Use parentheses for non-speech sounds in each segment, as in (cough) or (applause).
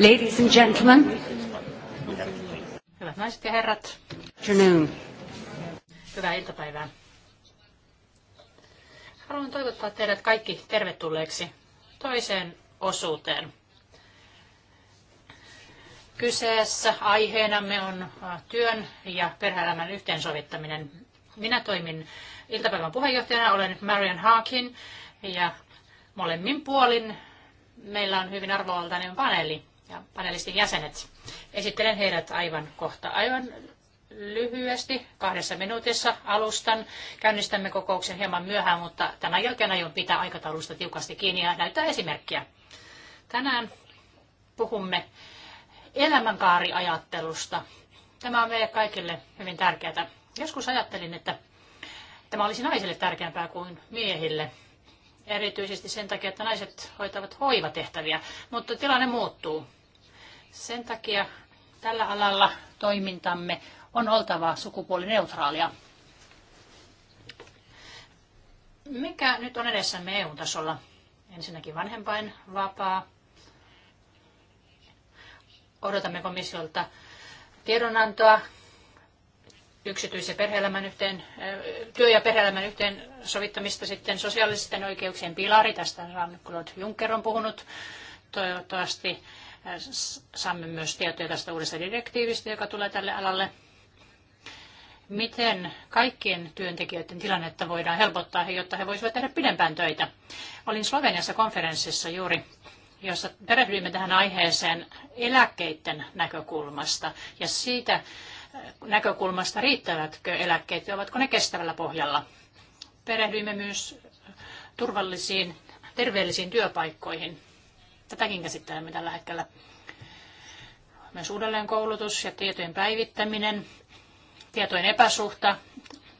Ladies and gentlemen. Hyvät naiset ja herrat. Afternoon. Hyvää iltapäivää. Haluan toivottaa teidät kaikki tervetulleeksi toiseen osuuteen. Kyseessä aiheenamme on työn ja perheelämän yhteensovittaminen. Minä toimin iltapäivän puheenjohtajana, olen Marian Harkin ja molemmin puolin meillä on hyvin arvovaltainen paneeli ja panelistin jäsenet. Esittelen heidät aivan kohta. Aivan lyhyesti, kahdessa minuutissa alustan. Käynnistämme kokouksen hieman myöhään, mutta tämän jälkeen aion pitää aikataulusta tiukasti kiinni ja näyttää esimerkkiä. Tänään puhumme elämänkaariajattelusta. Tämä on meille kaikille hyvin tärkeää. Joskus ajattelin, että tämä olisi naisille tärkeämpää kuin miehille. Erityisesti sen takia, että naiset hoitavat hoivatehtäviä, mutta tilanne muuttuu. Sen takia tällä alalla toimintamme on oltava sukupuolineutraalia. Mikä nyt on edessämme EU-tasolla? Ensinnäkin vanhempain vapaa. Odotamme komissiolta tiedonantoa yksityis- ja perheelämän yhteen, työ- ja perheelämän yhteen sovittamista sitten sosiaalisten oikeuksien pilari. Tästä Jean-Claude Juncker on puhunut. Toivottavasti Äh, saamme myös tietoja tästä uudesta direktiivistä, joka tulee tälle alalle. Miten kaikkien työntekijöiden tilannetta voidaan helpottaa, jotta he voisivat tehdä pidempään töitä? Olin Sloveniassa konferenssissa juuri, jossa perehdyimme tähän aiheeseen eläkkeiden näkökulmasta ja siitä äh, näkökulmasta, riittävätkö eläkkeet ja ovatko ne kestävällä pohjalla. Perehdyimme myös turvallisiin, terveellisiin työpaikkoihin Tätäkin käsittelemme tällä hetkellä. Myös uudelleenkoulutus ja tietojen päivittäminen, tietojen epäsuhta,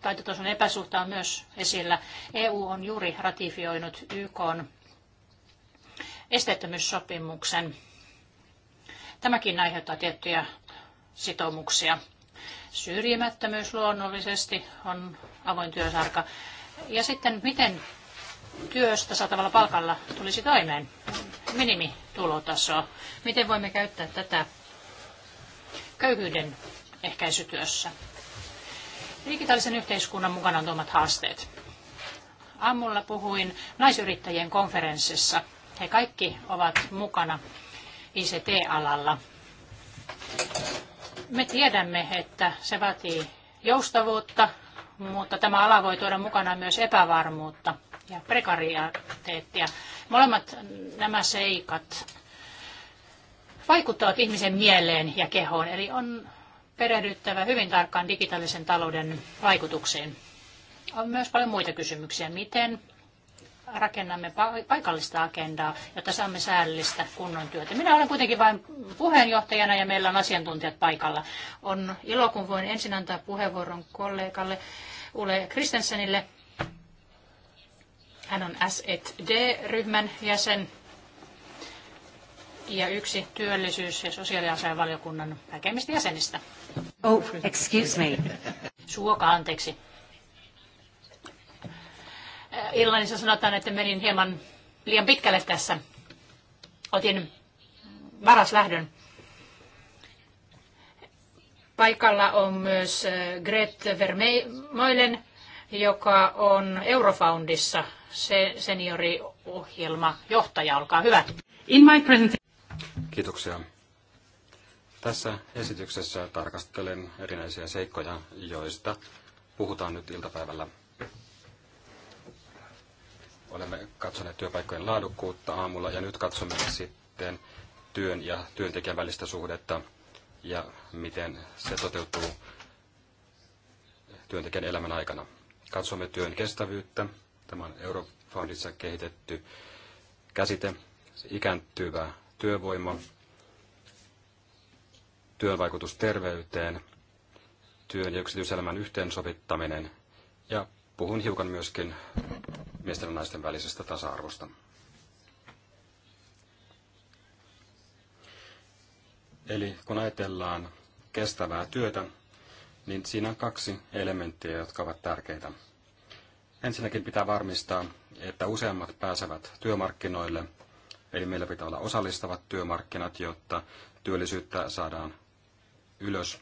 taitotason epäsuhta on myös esillä. EU on juuri ratifioinut YK esteettömyyssopimuksen. Tämäkin aiheuttaa tiettyjä sitoumuksia. Syrjimättömyys luonnollisesti on avoin työsarka. Ja sitten miten työstä saatavalla palkalla tulisi toimeen? minimitulotasoa. Miten voimme käyttää tätä köyhyyden ehkäisytyössä? Digitaalisen yhteiskunnan mukana on tuomat haasteet. Aamulla puhuin naisyrittäjien konferenssissa. He kaikki ovat mukana ICT-alalla. Me tiedämme, että se vaatii joustavuutta, mutta tämä ala voi tuoda mukana myös epävarmuutta ja prekariateettia. Molemmat nämä seikat vaikuttavat ihmisen mieleen ja kehoon, eli on perehdyttävä hyvin tarkkaan digitaalisen talouden vaikutuksiin. On myös paljon muita kysymyksiä. Miten rakennamme paikallista agendaa, jotta saamme säällistä kunnon työtä. Minä olen kuitenkin vain puheenjohtajana ja meillä on asiantuntijat paikalla. On ilo, kun voin ensin antaa puheenvuoron kollegalle Ule Kristensenille, hän on SED-ryhmän jäsen ja yksi työllisyys- ja sosiaaliasiainvaliokunnan tärkeimmistä jäsenistä. Oh, excuse me. Suoka anteeksi. Äh, Illanissa sanotaan, että menin hieman liian pitkälle tässä. Otin varas lähdön. Paikalla on myös äh, Gret Vermeulen, joka on Eurofoundissa se senioriohjelma johtaja, olkaa hyvä. In my Kiitoksia. Tässä esityksessä tarkastelen erinäisiä seikkoja, joista puhutaan nyt iltapäivällä. Olemme katsoneet työpaikkojen laadukkuutta aamulla ja nyt katsomme sitten työn ja työntekijän välistä suhdetta ja miten se toteutuu työntekijän elämän aikana. Katsomme työn kestävyyttä. Tämä on Euro- Oxfordissa kehitetty käsite, ikääntyvä työvoima, työn vaikutus terveyteen, työn ja yksityiselämän yhteensovittaminen ja puhun hiukan myöskin miesten ja naisten välisestä tasa-arvosta. Eli kun ajatellaan kestävää työtä, niin siinä on kaksi elementtiä, jotka ovat tärkeitä. Ensinnäkin pitää varmistaa, että useammat pääsevät työmarkkinoille, eli meillä pitää olla osallistavat työmarkkinat, jotta työllisyyttä saadaan ylös.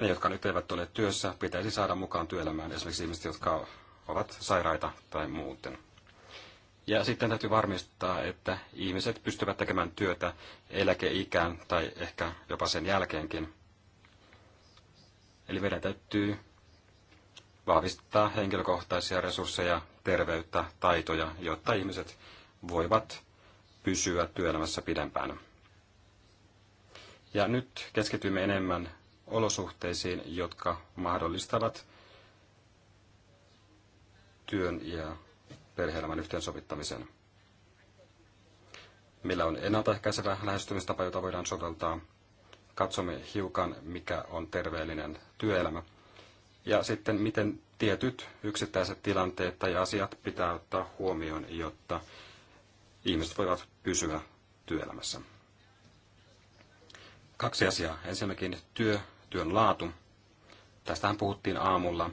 Ne, jotka nyt eivät ole työssä, pitäisi saada mukaan työelämään, esimerkiksi ihmiset, jotka ovat sairaita tai muuten. Ja sitten täytyy varmistaa, että ihmiset pystyvät tekemään työtä eläkeikään tai ehkä jopa sen jälkeenkin. Eli meidän täytyy vahvistaa henkilökohtaisia resursseja, terveyttä, taitoja, jotta ihmiset voivat pysyä työelämässä pidempään. Ja nyt keskitymme enemmän olosuhteisiin, jotka mahdollistavat työn ja perhe-elämän yhteensovittamisen. Meillä on ennaltaehkäisevä lähestymistapa, jota voidaan soveltaa. Katsomme hiukan, mikä on terveellinen työelämä ja sitten miten tietyt yksittäiset tilanteet tai asiat pitää ottaa huomioon, jotta ihmiset voivat pysyä työelämässä. Kaksi asiaa. Ensinnäkin työ, työn laatu. Tästähän puhuttiin aamulla.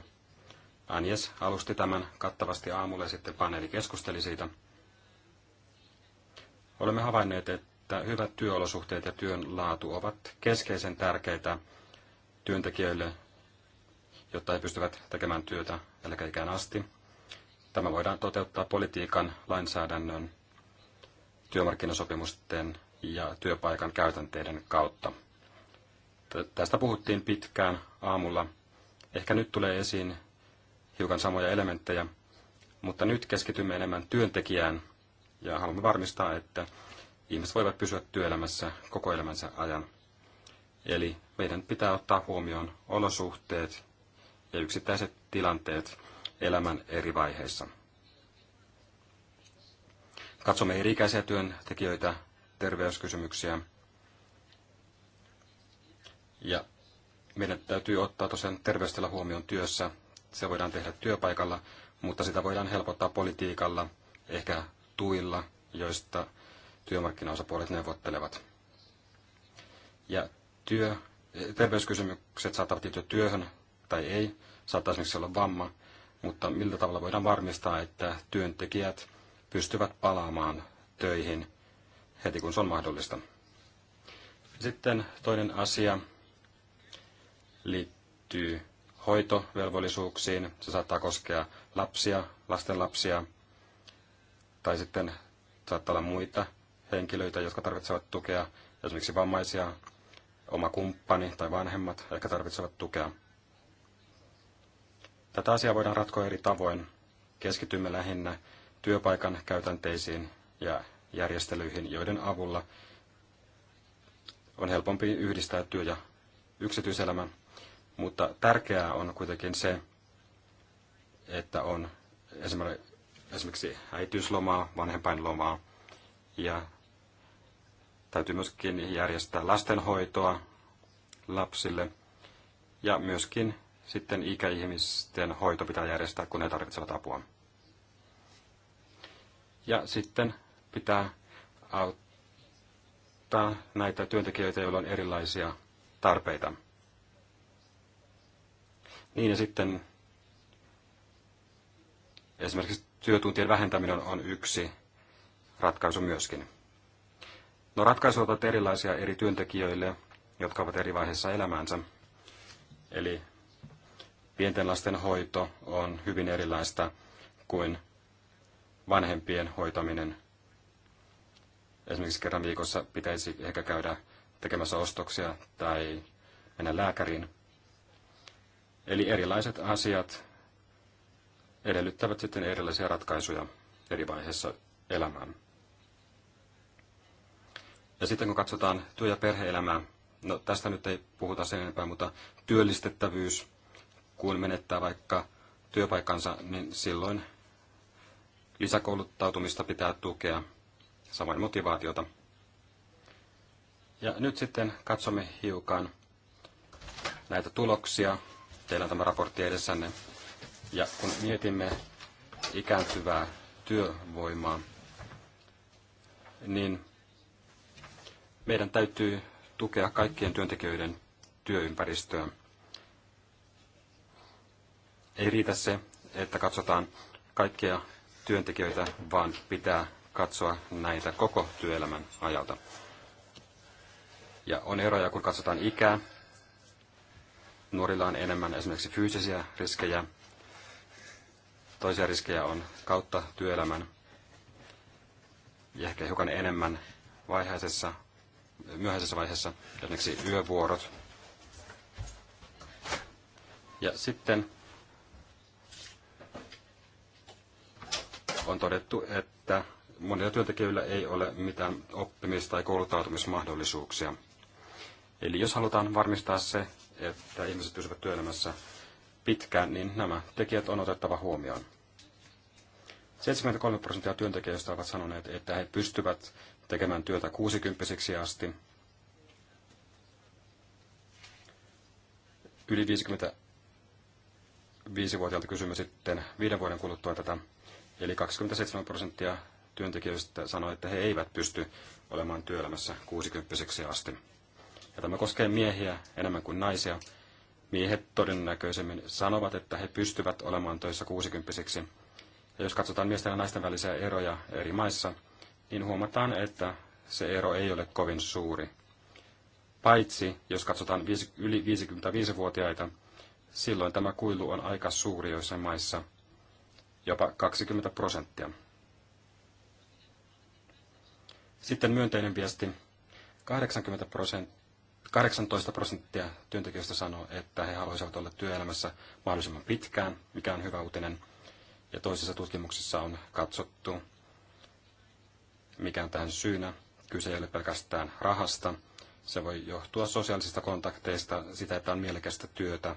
Anjes alusti tämän kattavasti aamulla ja sitten paneeli keskusteli siitä. Olemme havainneet, että hyvät työolosuhteet ja työn laatu ovat keskeisen tärkeitä työntekijöille jotta he pystyvät tekemään työtä eläkeikään asti. Tämä voidaan toteuttaa politiikan, lainsäädännön, työmarkkinasopimusten ja työpaikan käytänteiden kautta. Tästä puhuttiin pitkään aamulla. Ehkä nyt tulee esiin hiukan samoja elementtejä, mutta nyt keskitymme enemmän työntekijään ja haluamme varmistaa, että ihmiset voivat pysyä työelämässä koko elämänsä ajan. Eli meidän pitää ottaa huomioon olosuhteet ja yksittäiset tilanteet elämän eri vaiheissa. Katsomme eri-ikäisiä työntekijöitä, terveyskysymyksiä. Ja meidän täytyy ottaa tosiaan terveystila huomioon työssä. Se voidaan tehdä työpaikalla, mutta sitä voidaan helpottaa politiikalla, ehkä tuilla, joista työmarkkinaosapuolet neuvottelevat. Ja työ, terveyskysymykset saattavat liittyä työhön tai ei, saattaa esimerkiksi olla vamma, mutta millä tavalla voidaan varmistaa, että työntekijät pystyvät palaamaan töihin heti kun se on mahdollista. Sitten toinen asia liittyy hoitovelvollisuuksiin. Se saattaa koskea lapsia, lastenlapsia tai sitten saattaa olla muita henkilöitä, jotka tarvitsevat tukea, esimerkiksi vammaisia, oma kumppani tai vanhemmat jotka tarvitsevat tukea. Tätä asiaa voidaan ratkoa eri tavoin. Keskitymme lähinnä työpaikan käytänteisiin ja järjestelyihin, joiden avulla on helpompi yhdistää työ- ja yksityiselämä. Mutta tärkeää on kuitenkin se, että on esimerkiksi äitiyslomaa, vanhempainlomaa ja täytyy myöskin järjestää lastenhoitoa lapsille ja myöskin sitten ikäihmisten hoito pitää järjestää, kun he tarvitsevat apua. Ja sitten pitää auttaa näitä työntekijöitä, joilla on erilaisia tarpeita. Niin ja sitten esimerkiksi työtuntien vähentäminen on yksi ratkaisu myöskin. No ratkaisut ovat erilaisia eri työntekijöille, jotka ovat eri vaiheessa elämäänsä. Eli pienten lasten hoito on hyvin erilaista kuin vanhempien hoitaminen. Esimerkiksi kerran viikossa pitäisi ehkä käydä tekemässä ostoksia tai mennä lääkäriin. Eli erilaiset asiat edellyttävät sitten erilaisia ratkaisuja eri vaiheissa elämään. Ja sitten kun katsotaan työ- ja perhe-elämää, no tästä nyt ei puhuta sen enempää, mutta työllistettävyys – kun menettää vaikka työpaikkansa, niin silloin lisäkouluttautumista pitää tukea, samoin motivaatiota. Ja nyt sitten katsomme hiukan näitä tuloksia. Teillä on tämä raportti edessänne. Ja kun mietimme ikääntyvää työvoimaa, niin meidän täytyy tukea kaikkien työntekijöiden työympäristöä. Ei riitä se, että katsotaan kaikkia työntekijöitä, vaan pitää katsoa näitä koko työelämän ajalta. Ja on eroja, kun katsotaan ikää. Nuorilla on enemmän esimerkiksi fyysisiä riskejä. Toisia riskejä on kautta työelämän. Ja ehkä hiukan enemmän vaiheisessa, myöhäisessä vaiheessa, esimerkiksi yövuorot. Ja sitten on todettu, että monilla työntekijöillä ei ole mitään oppimis- tai kouluttautumismahdollisuuksia. Eli jos halutaan varmistaa se, että ihmiset pysyvät työelämässä pitkään, niin nämä tekijät on otettava huomioon. 73 prosenttia työntekijöistä ovat sanoneet, että he pystyvät tekemään työtä 60 asti. Yli 55-vuotiaalta kysymme sitten viiden vuoden kuluttua tätä Eli 27 prosenttia työntekijöistä sanoi, että he eivät pysty olemaan työelämässä 60 asti. Ja tämä koskee miehiä enemmän kuin naisia. Miehet todennäköisemmin sanovat, että he pystyvät olemaan töissä 60 Ja jos katsotaan miesten ja naisten välisiä eroja eri maissa, niin huomataan, että se ero ei ole kovin suuri. Paitsi jos katsotaan yli 55-vuotiaita, silloin tämä kuilu on aika suuri joissain maissa – jopa 20 prosenttia. Sitten myönteinen viesti. 80 prosent, 18 prosenttia työntekijöistä sanoo, että he haluaisivat olla työelämässä mahdollisimman pitkään, mikä on hyvä uutinen. Ja toisessa tutkimuksessa on katsottu, mikä on tähän syynä. Kyse ei ole pelkästään rahasta. Se voi johtua sosiaalisista kontakteista, sitä, että on mielekästä työtä,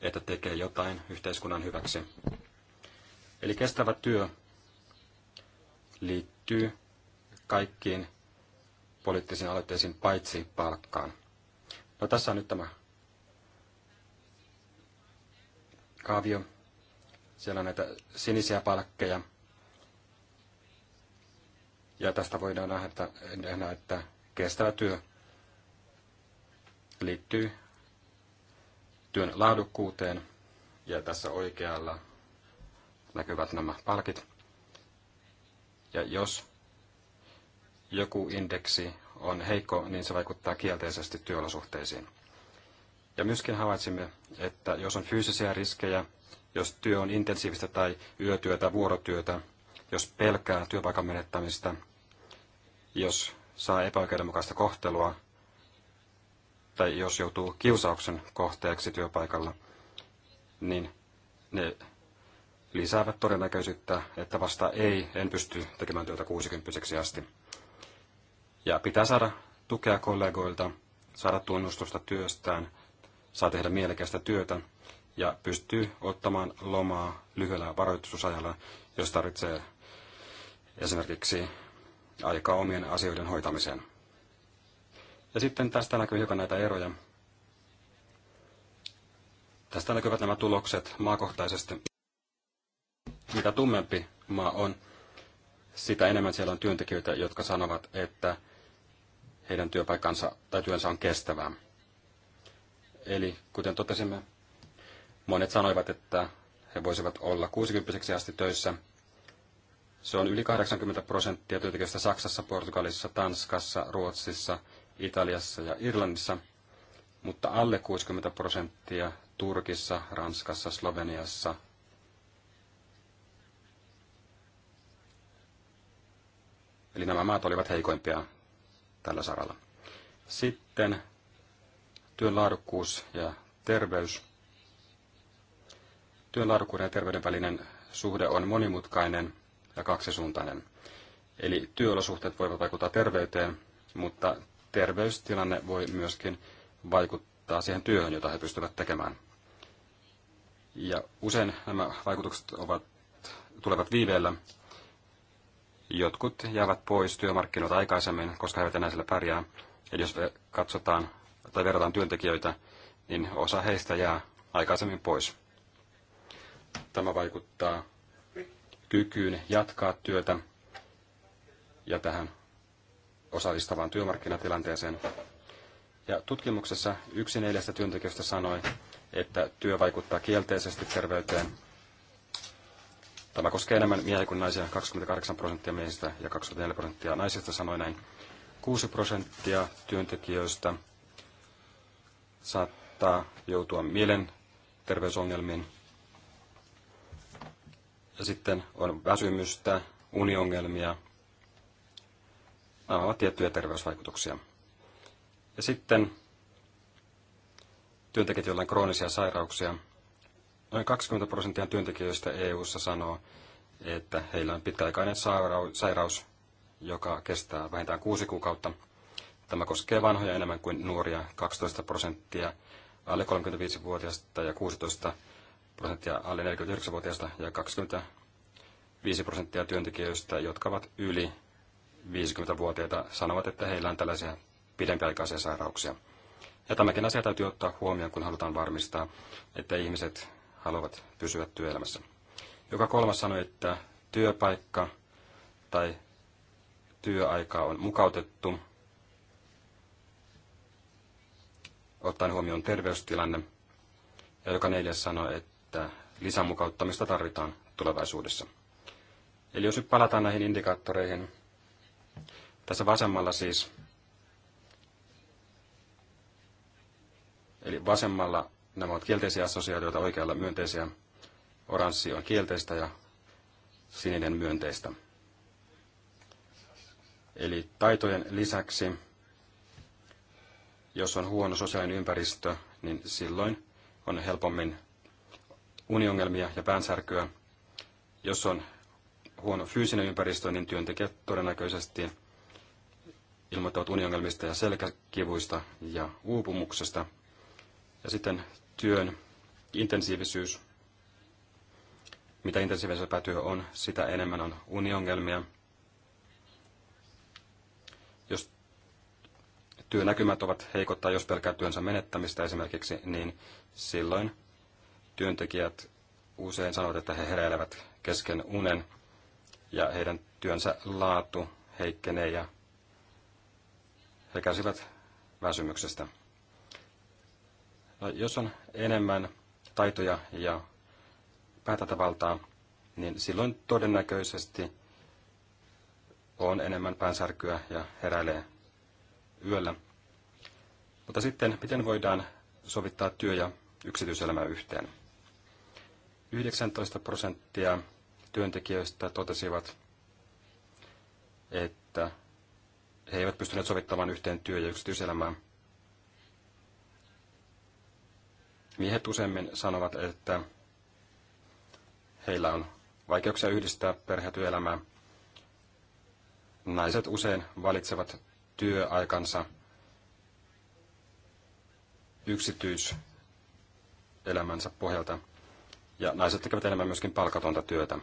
että tekee jotain yhteiskunnan hyväksi. Eli kestävä työ liittyy kaikkiin poliittisiin aloitteisiin paitsi palkkaan. No tässä on nyt tämä kaavio. Siellä on näitä sinisiä palkkeja. Ja tästä voidaan nähdä, että kestävä työ liittyy työn laadukkuuteen. Ja tässä oikealla näkyvät nämä palkit. Ja jos joku indeksi on heikko, niin se vaikuttaa kielteisesti työolosuhteisiin. Ja myöskin havaitsimme, että jos on fyysisiä riskejä, jos työ on intensiivistä tai yötyötä, vuorotyötä, jos pelkää työpaikan menettämistä, jos saa epäoikeudenmukaista kohtelua tai jos joutuu kiusauksen kohteeksi työpaikalla, niin ne lisäävät todennäköisyyttä, että vasta ei, en pysty tekemään työtä 60 asti. Ja pitää saada tukea kollegoilta, saada tunnustusta työstään, saa tehdä mielekästä työtä ja pystyy ottamaan lomaa lyhyellä varoitusajalla, jos tarvitsee esimerkiksi aikaa omien asioiden hoitamiseen. Ja sitten tästä näkyy hiukan näitä eroja. Tästä näkyvät nämä tulokset maakohtaisesti mitä tummempi maa on, sitä enemmän siellä on työntekijöitä, jotka sanovat, että heidän työpaikansa tai työnsä on kestävää. Eli kuten totesimme, monet sanoivat, että he voisivat olla 60 asti töissä. Se on yli 80 prosenttia työntekijöistä Saksassa, Portugalissa, Tanskassa, Ruotsissa, Italiassa ja Irlannissa, mutta alle 60 prosenttia Turkissa, Ranskassa, Sloveniassa, Eli nämä maat olivat heikoimpia tällä saralla. Sitten työn laadukkuus ja terveys. Työn laadukkuuden ja terveyden välinen suhde on monimutkainen ja kaksisuuntainen. Eli työolosuhteet voivat vaikuttaa terveyteen, mutta terveystilanne voi myöskin vaikuttaa siihen työhön, jota he pystyvät tekemään. Ja usein nämä vaikutukset ovat, tulevat viiveellä, Jotkut jäävät pois työmarkkinoilta aikaisemmin, koska he eivät enää siellä pärjää. Eli jos katsotaan tai verrataan työntekijöitä, niin osa heistä jää aikaisemmin pois. Tämä vaikuttaa kykyyn jatkaa työtä ja tähän osallistavaan työmarkkinatilanteeseen. Ja tutkimuksessa yksi neljästä työntekijöistä sanoi, että työ vaikuttaa kielteisesti terveyteen Tämä koskee enemmän miehiä kuin naisia. 28 prosenttia miehistä ja 24 prosenttia naisista sanoi näin. 6 prosenttia työntekijöistä saattaa joutua mielenterveysongelmiin. Ja sitten on väsymystä, uniongelmia. Nämä ovat tiettyjä terveysvaikutuksia. Ja sitten työntekijät, joilla on kroonisia sairauksia – Noin 20 prosenttia työntekijöistä EU:ssa sanoo, että heillä on pitkäaikainen sairaus, joka kestää vähintään kuusi kuukautta. Tämä koskee vanhoja enemmän kuin nuoria, 12 prosenttia alle 35-vuotiaista ja 16 prosenttia alle 49-vuotiaista ja 25 prosenttia työntekijöistä, jotka ovat yli 50-vuotiaita, sanovat, että heillä on tällaisia pidempiaikaisia sairauksia. Ja tämäkin asia täytyy ottaa huomioon, kun halutaan varmistaa, että ihmiset haluavat pysyä työelämässä. Joka kolmas sanoi, että työpaikka tai työaika on mukautettu, ottaen huomioon terveystilanne. Ja joka neljäs sanoi, että lisämukauttamista tarvitaan tulevaisuudessa. Eli jos nyt palataan näihin indikaattoreihin, tässä vasemmalla siis, eli vasemmalla Nämä ovat kielteisiä assosiaatioita oikealla myönteisiä. Oranssi on kielteistä ja sininen myönteistä. Eli taitojen lisäksi, jos on huono sosiaalinen ympäristö, niin silloin on helpommin uniongelmia ja päänsärkyä. Jos on huono fyysinen ympäristö, niin työntekijät todennäköisesti ilmoittavat uniongelmista ja selkäkivuista ja uupumuksesta. Ja sitten työn intensiivisyys. Mitä intensiivisempää työ on, sitä enemmän on uniongelmia. Jos työnäkymät ovat heikot tai jos pelkää työnsä menettämistä esimerkiksi, niin silloin työntekijät usein sanovat, että he heräilevät kesken unen ja heidän työnsä laatu heikkenee ja he kärsivät väsymyksestä. No, jos on enemmän taitoja ja päätäntävaltaa, niin silloin todennäköisesti on enemmän päänsärkyä ja heräilee yöllä. Mutta sitten, miten voidaan sovittaa työ ja yksityiselämä yhteen? 19 prosenttia työntekijöistä totesivat, että he eivät pystyneet sovittamaan yhteen työ- ja yksityiselämää – Miehet useimmin sanovat, että heillä on vaikeuksia yhdistää perhetyöelämää. Naiset usein valitsevat työaikansa yksityiselämänsä pohjalta, ja naiset tekevät enemmän myöskin palkatonta työtä.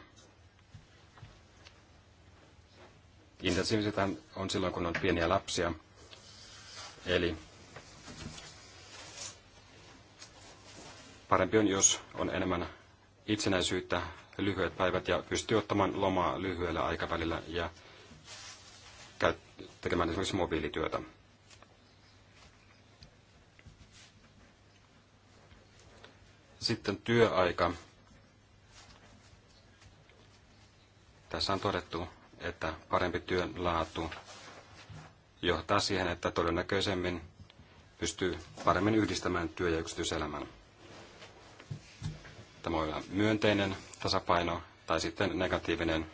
Intensiivisethän on silloin, kun on pieniä lapsia, eli Parempi on, jos on enemmän itsenäisyyttä, lyhyet päivät ja pystyy ottamaan lomaa lyhyellä aikavälillä ja tekemään esimerkiksi mobiilityötä. Sitten työaika. Tässä on todettu, että parempi työn laatu johtaa siihen, että todennäköisemmin pystyy paremmin yhdistämään työ- ja yksityiselämän. Tämä on myönteinen tasapaino tai sitten negatiivinen,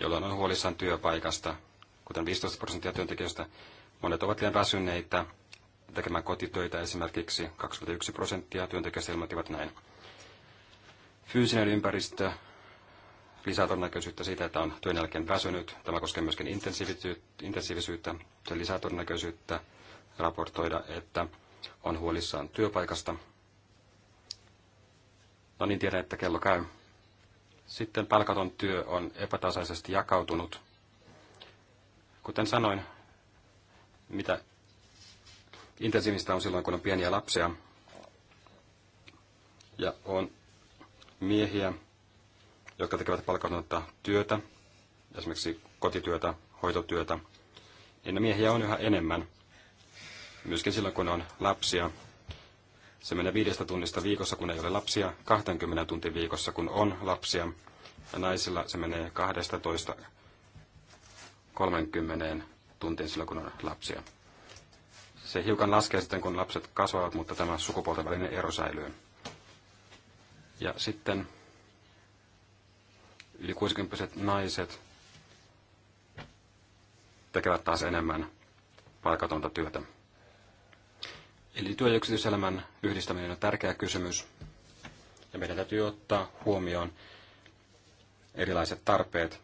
jolloin on huolissaan työpaikasta, kuten 15 prosenttia työntekijöistä. Monet ovat liian väsyneitä tekemään kotitöitä esimerkiksi 21 prosenttia työntekijöistä ilmoittivat näin. Fyysinen ympäristö lisää todennäköisyyttä siitä, että on työn jälkeen väsynyt. Tämä koskee myöskin intensiivisyyttä. Se lisää todennäköisyyttä raportoida, että on huolissaan työpaikasta. No niin, tiedän, että kello käy. Sitten palkaton työ on epätasaisesti jakautunut. Kuten sanoin, mitä intensiivistä on silloin, kun on pieniä lapsia ja on miehiä, jotka tekevät palkatonta työtä, esimerkiksi kotityötä, hoitotyötä, niin miehiä on yhä enemmän, myöskin silloin, kun on lapsia – se menee viidestä tunnista viikossa, kun ei ole lapsia, 20 tunti viikossa, kun on lapsia. Ja naisilla se menee 12 30 tuntiin silloin, kun on lapsia. Se hiukan laskee sitten, kun lapset kasvavat, mutta tämä sukupuolten välinen ero säilyy. Ja sitten yli 60 naiset tekevät taas enemmän palkatonta työtä. Eli työ- ja yksityiselämän yhdistäminen on tärkeä kysymys. Ja meidän täytyy ottaa huomioon erilaiset tarpeet.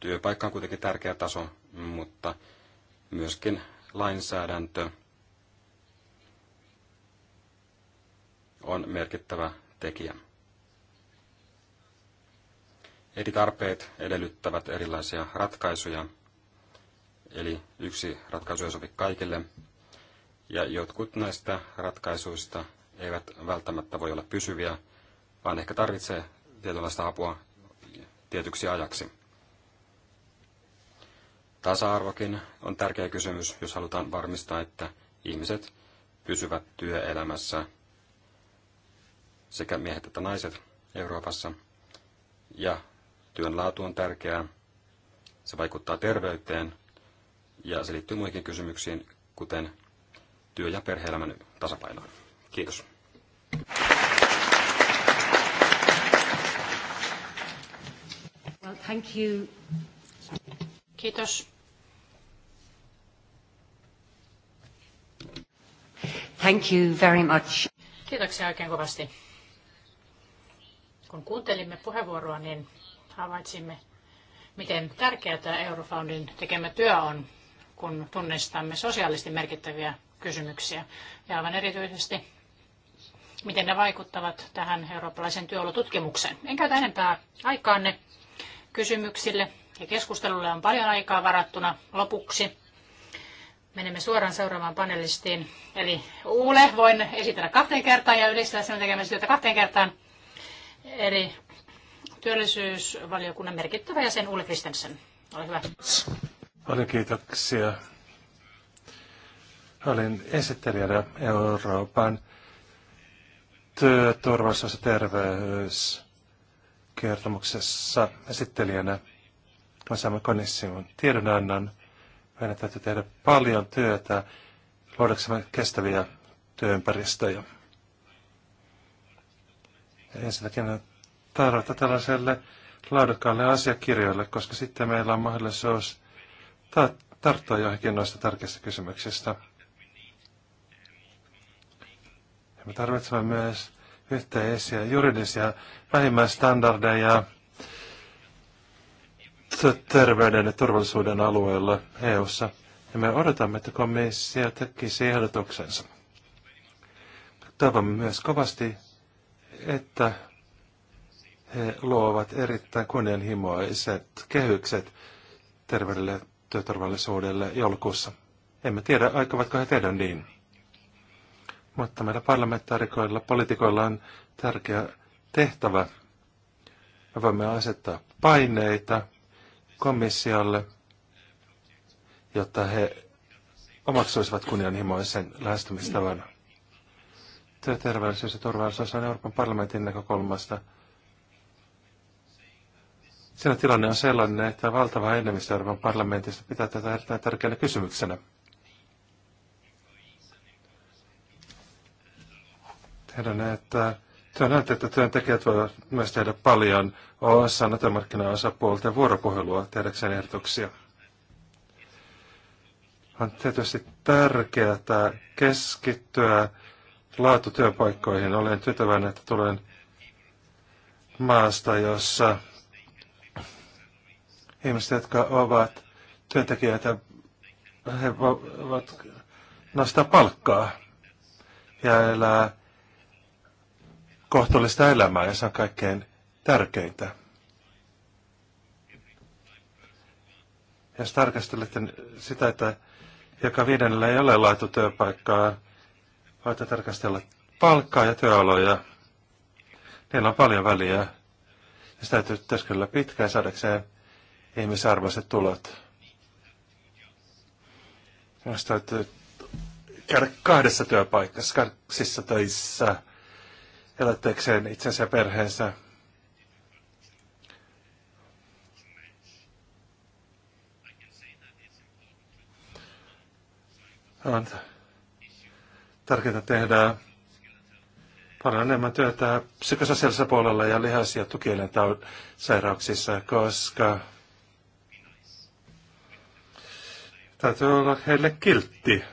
Työpaikka on kuitenkin tärkeä taso, mutta myöskin lainsäädäntö on merkittävä tekijä. Eri tarpeet edellyttävät erilaisia ratkaisuja, eli yksi ratkaisu ei sovi kaikille, ja jotkut näistä ratkaisuista eivät välttämättä voi olla pysyviä, vaan ehkä tarvitsee tietynlaista apua tietyksi ajaksi. Tasa-arvokin on tärkeä kysymys, jos halutaan varmistaa, että ihmiset pysyvät työelämässä sekä miehet että naiset Euroopassa. Ja työn laatu on tärkeää. Se vaikuttaa terveyteen ja se liittyy muihinkin kysymyksiin, kuten työ- ja perheelämän tasapainoon. Kiitos. Well, thank you. Kiitos. Thank you very much. Kiitoksia oikein kovasti. Kun kuuntelimme puheenvuoroa, niin havaitsimme, miten tärkeää tämä Eurofoundin tekemä työ on, kun tunnistamme sosiaalisesti merkittäviä kysymyksiä. Ja aivan erityisesti, miten ne vaikuttavat tähän eurooppalaisen työolotutkimukseen. En käytä enempää aikaanne kysymyksille ja keskustelulle on paljon aikaa varattuna lopuksi. Menemme suoraan seuraavaan panelistiin. Eli Uule voin esitellä kahteen kertaan ja ylistää sinun työtä kahteen kertaan. Eli työllisyysvaliokunnan merkittävä jäsen Uule Kristensen. Ole hyvä. Paljon kiitoksia. Olin esittelijänä Euroopan työturvallisuus- ja terveyskertomuksessa esittelijänä. Mä saamme konissimon tiedonannon. Meidän täytyy tehdä paljon työtä luodaksemme kestäviä työympäristöjä. Ensinnäkin on tarvetta tällaiselle laadukkaalle asiakirjoille, koska sitten meillä on mahdollisuus ta- tarttua johonkin noista tärkeistä kysymyksistä. Ja me tarvitsemme myös yhteisiä juridisia vähimmäistandardeja terveyden ja turvallisuuden alueella EU-ssa. Ja me odotamme, että komissio tekisi ehdotuksensa. Toivomme myös kovasti, että he luovat erittäin kunnianhimoiset kehykset terveydelle ja työturvallisuudelle joulukuussa. Emme tiedä, aikovatko he tehdä niin. Mutta meillä parlamentaarikoilla, poliitikoilla on tärkeä tehtävä. Me voimme asettaa paineita komissiolle, jotta he omaksuisivat kunnianhimoisen lähestymistavan. Työterveellisyys ja turvallisuus on Euroopan parlamentin näkökulmasta. Siinä tilanne on sellainen, että valtava enemmistö Euroopan parlamentista pitää tätä erittäin tärkeänä kysymyksenä. Hän näyttää, työnantajat että työntekijät voivat myös tehdä paljon osana työmarkkinaosapuolten vuoropuhelua tehdäkseen ehdotuksia. On tietysti tärkeää keskittyä laatutyöpaikkoihin. Olen tyytyväinen, että tulen maasta, jossa ihmiset, jotka ovat työntekijöitä, he voivat nostaa palkkaa ja elää kohtuullista elämää ja se on kaikkein tärkeintä. Jos tarkastelette sitä, että joka viidennellä ei ole laitu työpaikkaa, voitte tarkastella palkkaa ja työoloja. Niillä on paljon väliä. Ja sitä täytyy työskennellä pitkään saadakseen ihmisarvoiset tulot. Jos täytyy käydä kahdessa työpaikassa, kaksissa töissä, elättäkseen itsensä ja perheensä. On tärkeää tehdä paljon enemmän työtä psykososiaalisella puolella ja lihas- ja tukielen sairauksissa, koska täytyy olla heille kiltti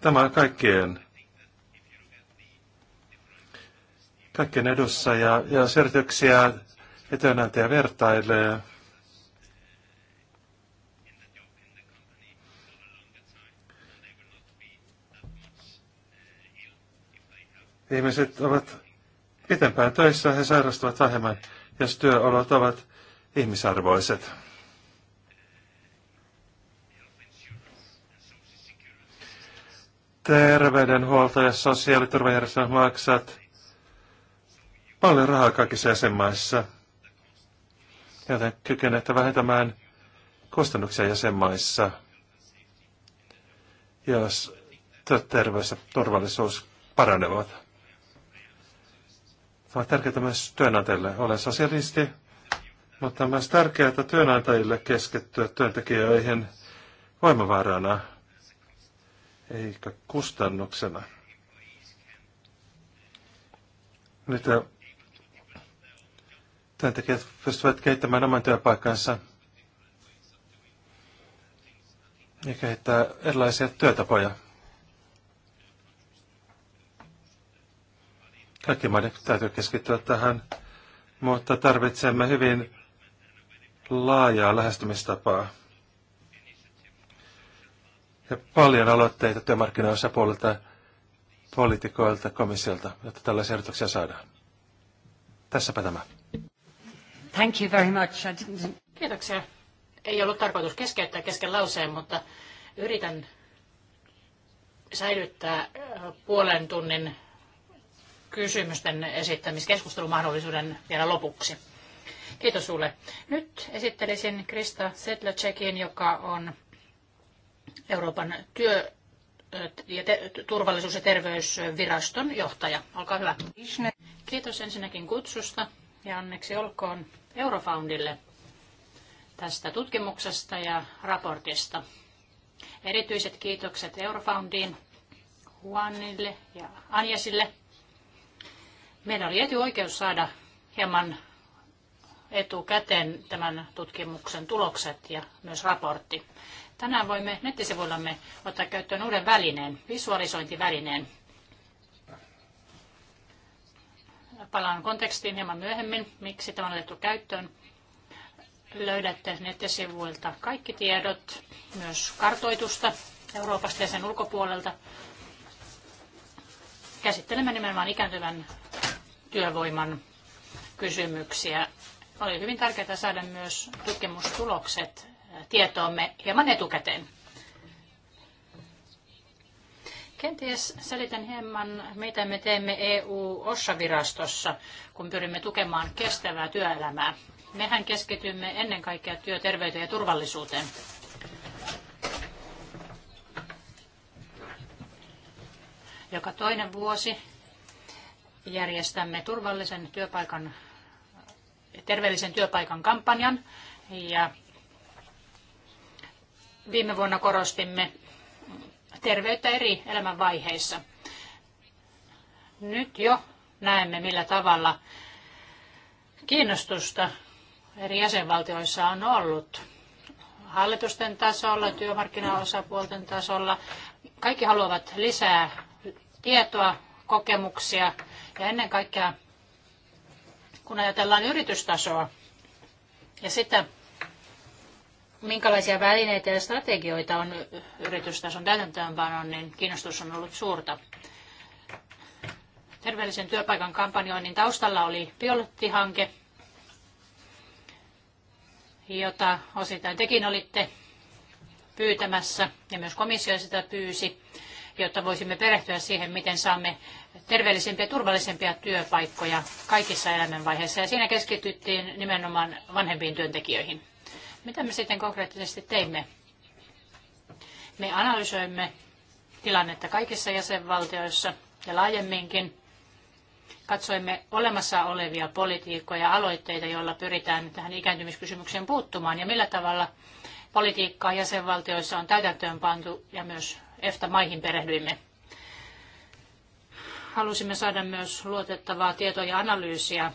Tämä on kaikkien, kaikkien edussa ja, ja selityksiä etyönantaja vertailee. Ihmiset ovat pitempään töissä, he sairastuvat vähemmän, jos työolot ovat ihmisarvoiset. terveydenhuolto ja sosiaaliturvajärjestelmä maksat paljon rahaa kaikissa jäsenmaissa, joten kykenette vähentämään kustannuksia jäsenmaissa, jos terveys ja turvallisuus paranevat. Tämä on tärkeää myös työnantajille. Olen sosialisti, mutta on myös tärkeää työnantajille keskittyä työntekijöihin voimavarana – eikä kustannuksena. Nyt työntekijät pystyvät kehittämään oman työpaikkansa ja kehittää erilaisia työtapoja. Kaikki maiden täytyy keskittyä tähän, mutta tarvitsemme hyvin laajaa lähestymistapaa ja paljon aloitteita työmarkkinaosapuolilta, poliitikoilta, komissiolta, jotta tällaisia ehdotuksia saadaan. Tässäpä tämä. Thank you very much. Kiitoksia. Ei ollut tarkoitus keskeyttää kesken lauseen, mutta yritän säilyttää puolen tunnin kysymysten esittämiskeskustelumahdollisuuden vielä lopuksi. Kiitos sulle. Nyt esittelisin Krista Sedlacekin, joka on Euroopan työ- ja te- turvallisuus- ja terveysviraston johtaja. Olkaa hyvä. Kiitos ensinnäkin kutsusta ja onneksi olkoon Eurofoundille tästä tutkimuksesta ja raportista. Erityiset kiitokset Eurofoundiin, Juanille ja Anjasille. Meillä oli etuoikeus saada hieman etukäteen tämän tutkimuksen tulokset ja myös raportti. Tänään voimme nettisivuillamme ottaa käyttöön uuden välineen, visualisointivälineen. Palaan kontekstiin hieman myöhemmin, miksi tämä on otettu käyttöön. Löydätte nettisivuilta kaikki tiedot, myös kartoitusta Euroopasta ja sen ulkopuolelta. Käsittelemme nimenomaan ikääntyvän työvoiman kysymyksiä. Oli hyvin tärkeää saada myös tutkimustulokset tietoomme hieman etukäteen. Kenties selitän hieman, mitä me teemme EU-OSSA-virastossa, kun pyrimme tukemaan kestävää työelämää. Mehän keskitymme ennen kaikkea työterveyteen ja turvallisuuteen. Joka toinen vuosi järjestämme turvallisen työpaikan, terveellisen työpaikan kampanjan ja viime vuonna korostimme terveyttä eri elämänvaiheissa. Nyt jo näemme, millä tavalla kiinnostusta eri jäsenvaltioissa on ollut hallitusten tasolla, työmarkkinaosapuolten tasolla. Kaikki haluavat lisää tietoa, kokemuksia ja ennen kaikkea kun ajatellaan yritystasoa ja sitä, minkälaisia välineitä ja strategioita on yritystason täytäntöönpanon, niin kiinnostus on ollut suurta. Terveellisen työpaikan kampanjoinnin taustalla oli pilottihanke, jota osittain tekin olitte pyytämässä ja myös komissio sitä pyysi, jotta voisimme perehtyä siihen, miten saamme terveellisempiä ja turvallisempia työpaikkoja kaikissa elämänvaiheissa. Ja siinä keskityttiin nimenomaan vanhempiin työntekijöihin. Mitä me sitten konkreettisesti teimme? Me analysoimme tilannetta kaikissa jäsenvaltioissa ja laajemminkin. Katsoimme olemassa olevia politiikkoja ja aloitteita, joilla pyritään tähän ikääntymiskysymykseen puuttumaan ja millä tavalla politiikkaa jäsenvaltioissa on täytäntöön pantu ja myös EFTA-maihin perehdyimme. Halusimme saada myös luotettavaa tietoa ja analyysiä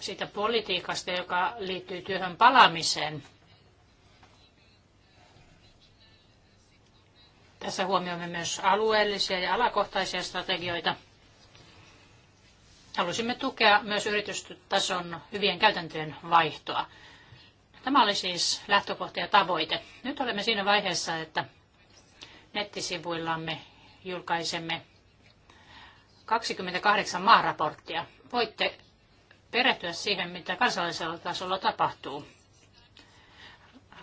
siitä politiikasta, joka liittyy työhön palaamiseen. Tässä huomioimme myös alueellisia ja alakohtaisia strategioita. Halusimme tukea myös yritystason hyvien käytäntöjen vaihtoa. Tämä oli siis lähtökohta ja tavoite. Nyt olemme siinä vaiheessa, että nettisivuillamme julkaisemme 28 maaraporttia. Voitte perehtyä siihen, mitä kansallisella tasolla tapahtuu.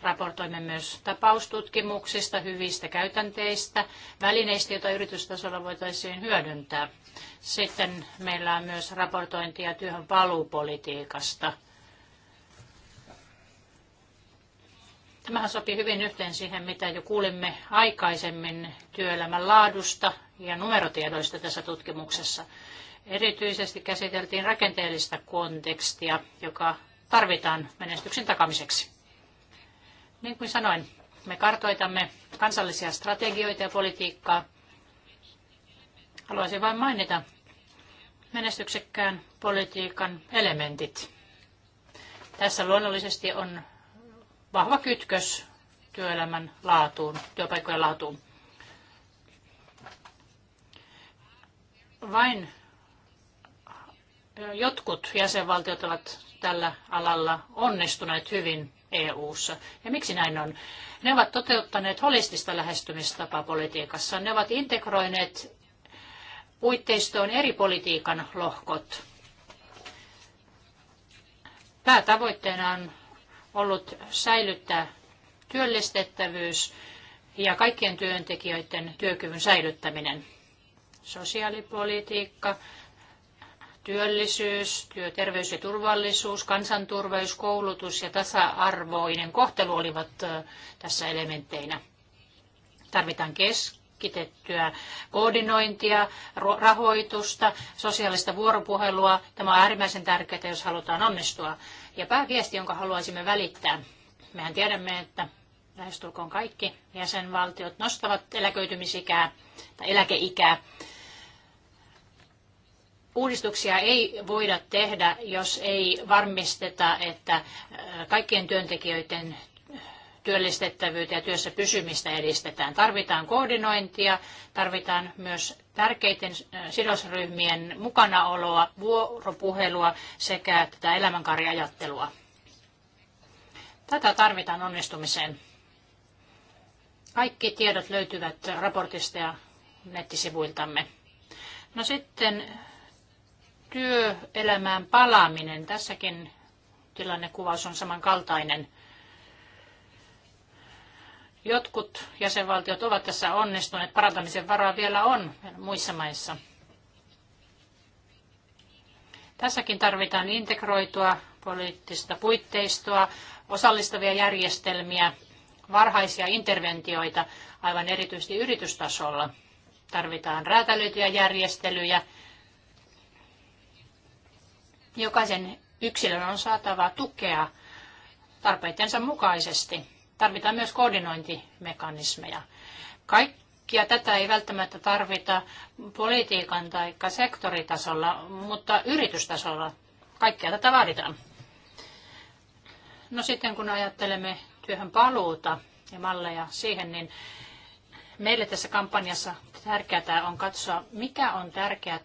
Raportoimme myös tapaustutkimuksista, hyvistä käytänteistä, välineistä, joita yritystasolla voitaisiin hyödyntää. Sitten meillä on myös raportointia työhön paluupolitiikasta. Tämähän sopii hyvin yhteen siihen, mitä jo kuulimme aikaisemmin työelämän laadusta ja numerotiedoista tässä tutkimuksessa. Erityisesti käsiteltiin rakenteellista kontekstia, joka tarvitaan menestyksen takamiseksi. Niin kuin sanoin, me kartoitamme kansallisia strategioita ja politiikkaa. Haluaisin vain mainita menestyksekkään politiikan elementit. Tässä luonnollisesti on vahva kytkös työelämän laatuun, työpaikkojen laatuun. Vain jotkut jäsenvaltiot ovat tällä alalla onnistuneet hyvin EU:ssa. Ja miksi näin on? Ne ovat toteuttaneet holistista lähestymistapaa politiikassa. Ne ovat integroineet puitteistoon eri politiikan lohkot. Päätavoitteena on ollut säilyttää työllistettävyys ja kaikkien työntekijöiden työkyvyn säilyttäminen. Sosiaalipolitiikka, Työllisyys, työterveys ja turvallisuus, kansanturvallisuus, koulutus ja tasa-arvoinen kohtelu olivat tässä elementteinä. Tarvitaan keskitettyä koordinointia, rahoitusta, sosiaalista vuoropuhelua. Tämä on äärimmäisen tärkeää, jos halutaan onnistua. Ja pääviesti, jonka haluaisimme välittää. Mehän tiedämme, että lähestulkoon kaikki jäsenvaltiot nostavat eläköitymisikää tai eläkeikää uudistuksia ei voida tehdä, jos ei varmisteta, että äh, kaikkien työntekijöiden työllistettävyyttä ja työssä pysymistä edistetään. Tarvitaan koordinointia, tarvitaan myös tärkeiden äh, sidosryhmien mukanaoloa, vuoropuhelua sekä tätä elämänkaariajattelua. Tätä tarvitaan onnistumiseen. Kaikki tiedot löytyvät raportista ja nettisivuiltamme. No sitten työelämään palaaminen. Tässäkin tilannekuvaus on samankaltainen. Jotkut jäsenvaltiot ovat tässä onnistuneet, parantamisen varaa vielä on muissa maissa. Tässäkin tarvitaan integroitua poliittista puitteistoa, osallistavia järjestelmiä, varhaisia interventioita, aivan erityisesti yritystasolla. Tarvitaan räätälöityjä järjestelyjä – Jokaisen yksilön on saatava tukea tarpeitensa mukaisesti. Tarvitaan myös koordinointimekanismeja. Kaikkia tätä ei välttämättä tarvita politiikan tai sektoritasolla, mutta yritystasolla kaikkea tätä vaaditaan. No sitten kun ajattelemme työhön paluuta ja malleja siihen, niin meille tässä kampanjassa tärkeää on katsoa, mikä on tärkeää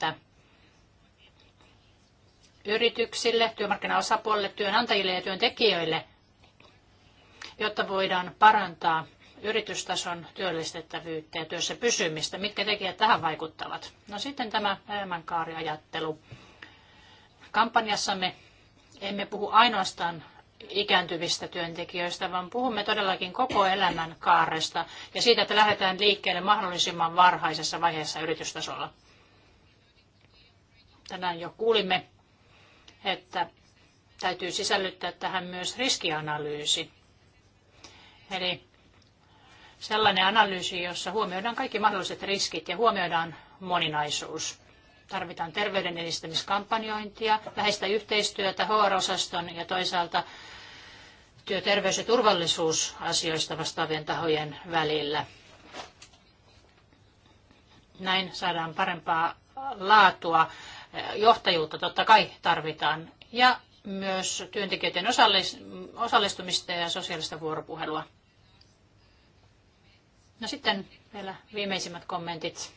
yrityksille, työmarkkinaosapuolille, työnantajille ja työntekijöille, jotta voidaan parantaa yritystason työllistettävyyttä ja työssä pysymistä. Mitkä tekijät tähän vaikuttavat? No sitten tämä elämänkaariajattelu. Kampanjassamme emme puhu ainoastaan ikääntyvistä työntekijöistä, vaan puhumme todellakin koko elämän kaaresta ja siitä, että lähdetään liikkeelle mahdollisimman varhaisessa vaiheessa yritystasolla. Tänään jo kuulimme että täytyy sisällyttää tähän myös riskianalyysi. Eli sellainen analyysi, jossa huomioidaan kaikki mahdolliset riskit ja huomioidaan moninaisuus. Tarvitaan terveyden edistämiskampanjointia, läheistä yhteistyötä HR-osaston ja toisaalta työterveys- ja turvallisuusasioista vastaavien tahojen välillä. Näin saadaan parempaa laatua johtajuutta totta kai tarvitaan ja myös työntekijöiden osallistumista ja sosiaalista vuoropuhelua. No sitten vielä viimeisimmät kommentit.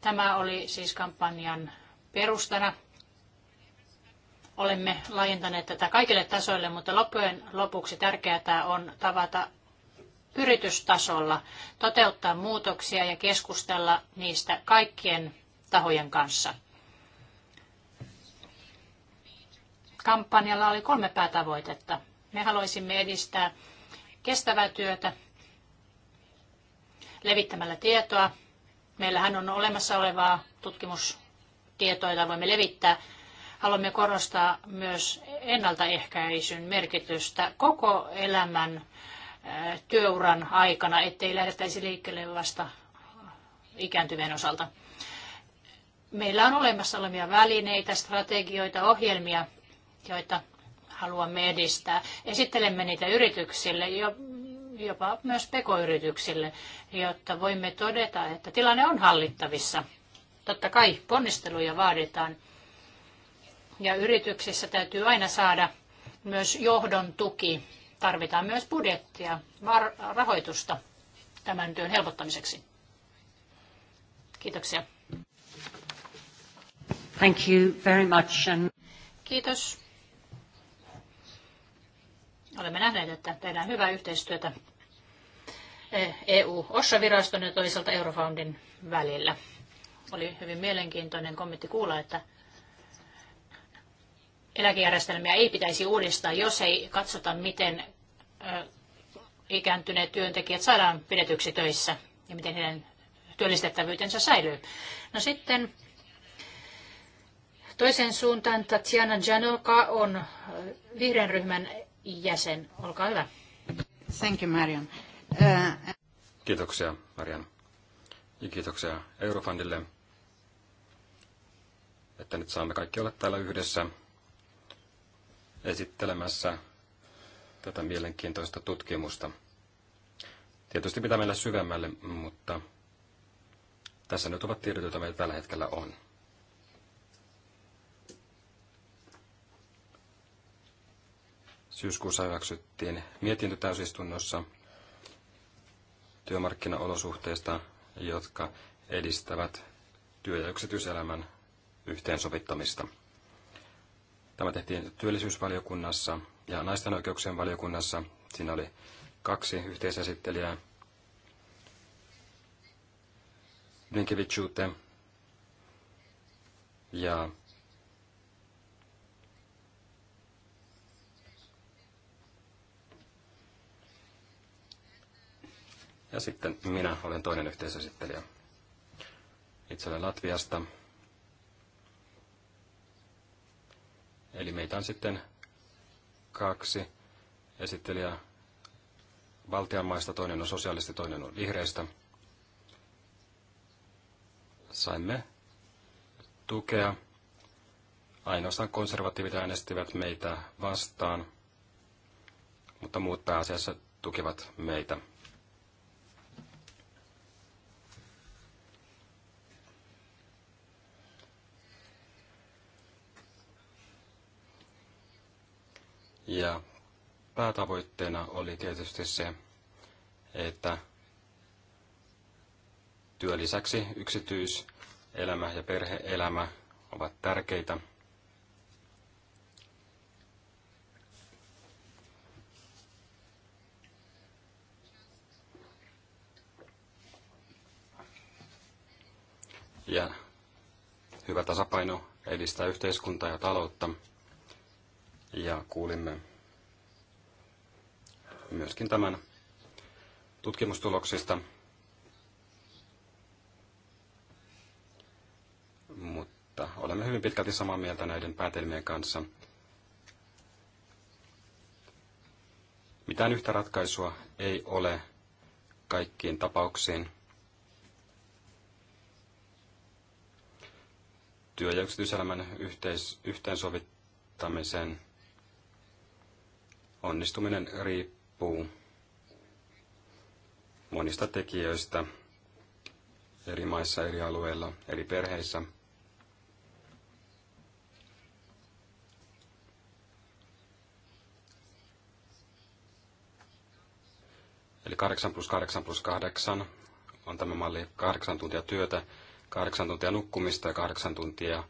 Tämä oli siis kampanjan perustana. Olemme laajentaneet tätä kaikille tasoille, mutta loppujen lopuksi tärkeää on tavata yritystasolla, toteuttaa muutoksia ja keskustella niistä kaikkien tahojen kanssa. kampanjalla oli kolme päätavoitetta. Me haluaisimme edistää kestävää työtä levittämällä tietoa. Meillähän on olemassa olevaa tutkimustietoa, jota voimme levittää. Haluamme korostaa myös ennaltaehkäisyn merkitystä koko elämän eh, työuran aikana, ettei lähdettäisi liikkeelle vasta ikääntyvien osalta. Meillä on olemassa olevia välineitä, strategioita, ohjelmia, joita haluamme edistää. Esittelemme niitä yrityksille, jopa myös pekoyrityksille, jotta voimme todeta, että tilanne on hallittavissa. Totta kai ponnisteluja vaaditaan. Ja yrityksissä täytyy aina saada myös johdon tuki. Tarvitaan myös budjettia, rahoitusta tämän työn helpottamiseksi. Kiitoksia. Thank you very much. Kiitos. Olemme nähneet, että tehdään hyvää yhteistyötä EU-OSHA-viraston eh, e ja toisaalta Eurofoundin välillä. Oli hyvin mielenkiintoinen kommentti kuulla, että eläkejärjestelmiä ei pitäisi uudistaa, jos ei katsota, miten eh, ikääntyneet työntekijät saadaan pidetyksi töissä ja miten heidän työllistettävyytensä säilyy. No sitten toiseen suuntaan Tatjana Janoka on eh, vihreän ryhmän jäsen. Olkaa hyvä. Thank you, Marian. Uh... Kiitoksia, Marian. Ja kiitoksia Eurofundille, että nyt saamme kaikki olla täällä yhdessä esittelemässä tätä mielenkiintoista tutkimusta. Tietysti pitää mennä syvemmälle, mutta tässä nyt ovat tiedot, joita meillä tällä hetkellä on. Syyskuussa hyväksyttiin mietintö täysistunnossa työmarkkinaolosuhteista, jotka edistävät työ- ja yksityiselämän yhteensovittamista. Tämä tehtiin työllisyysvaliokunnassa ja naisten oikeuksien valiokunnassa. Siinä oli kaksi yhteisesittelijää. Blinkevichute ja Ja sitten minä olen toinen yhteisesittelijä. Itse olen Latviasta. Eli meitä on sitten kaksi esittelijää maista, toinen on sosiaalisti, toinen on vihreistä. Saimme tukea. Ainoastaan konservatiivit äänestivät meitä vastaan, mutta muut pääasiassa tukivat meitä. Ja päätavoitteena oli tietysti se, että työ lisäksi yksityiselämä ja perheelämä ovat tärkeitä. Ja hyvä tasapaino edistää yhteiskuntaa ja taloutta ja kuulimme myöskin tämän tutkimustuloksista. Mutta olemme hyvin pitkälti samaa mieltä näiden päätelmien kanssa. Mitään yhtä ratkaisua ei ole kaikkiin tapauksiin. Työ- ja yksityiselämän yhteis- yhteensovittamisen onnistuminen riippuu monista tekijöistä eri maissa, eri alueilla, eri perheissä. Eli 8 plus 8 plus 8 on tämä malli 8 tuntia työtä, 8 tuntia nukkumista ja 8 tuntia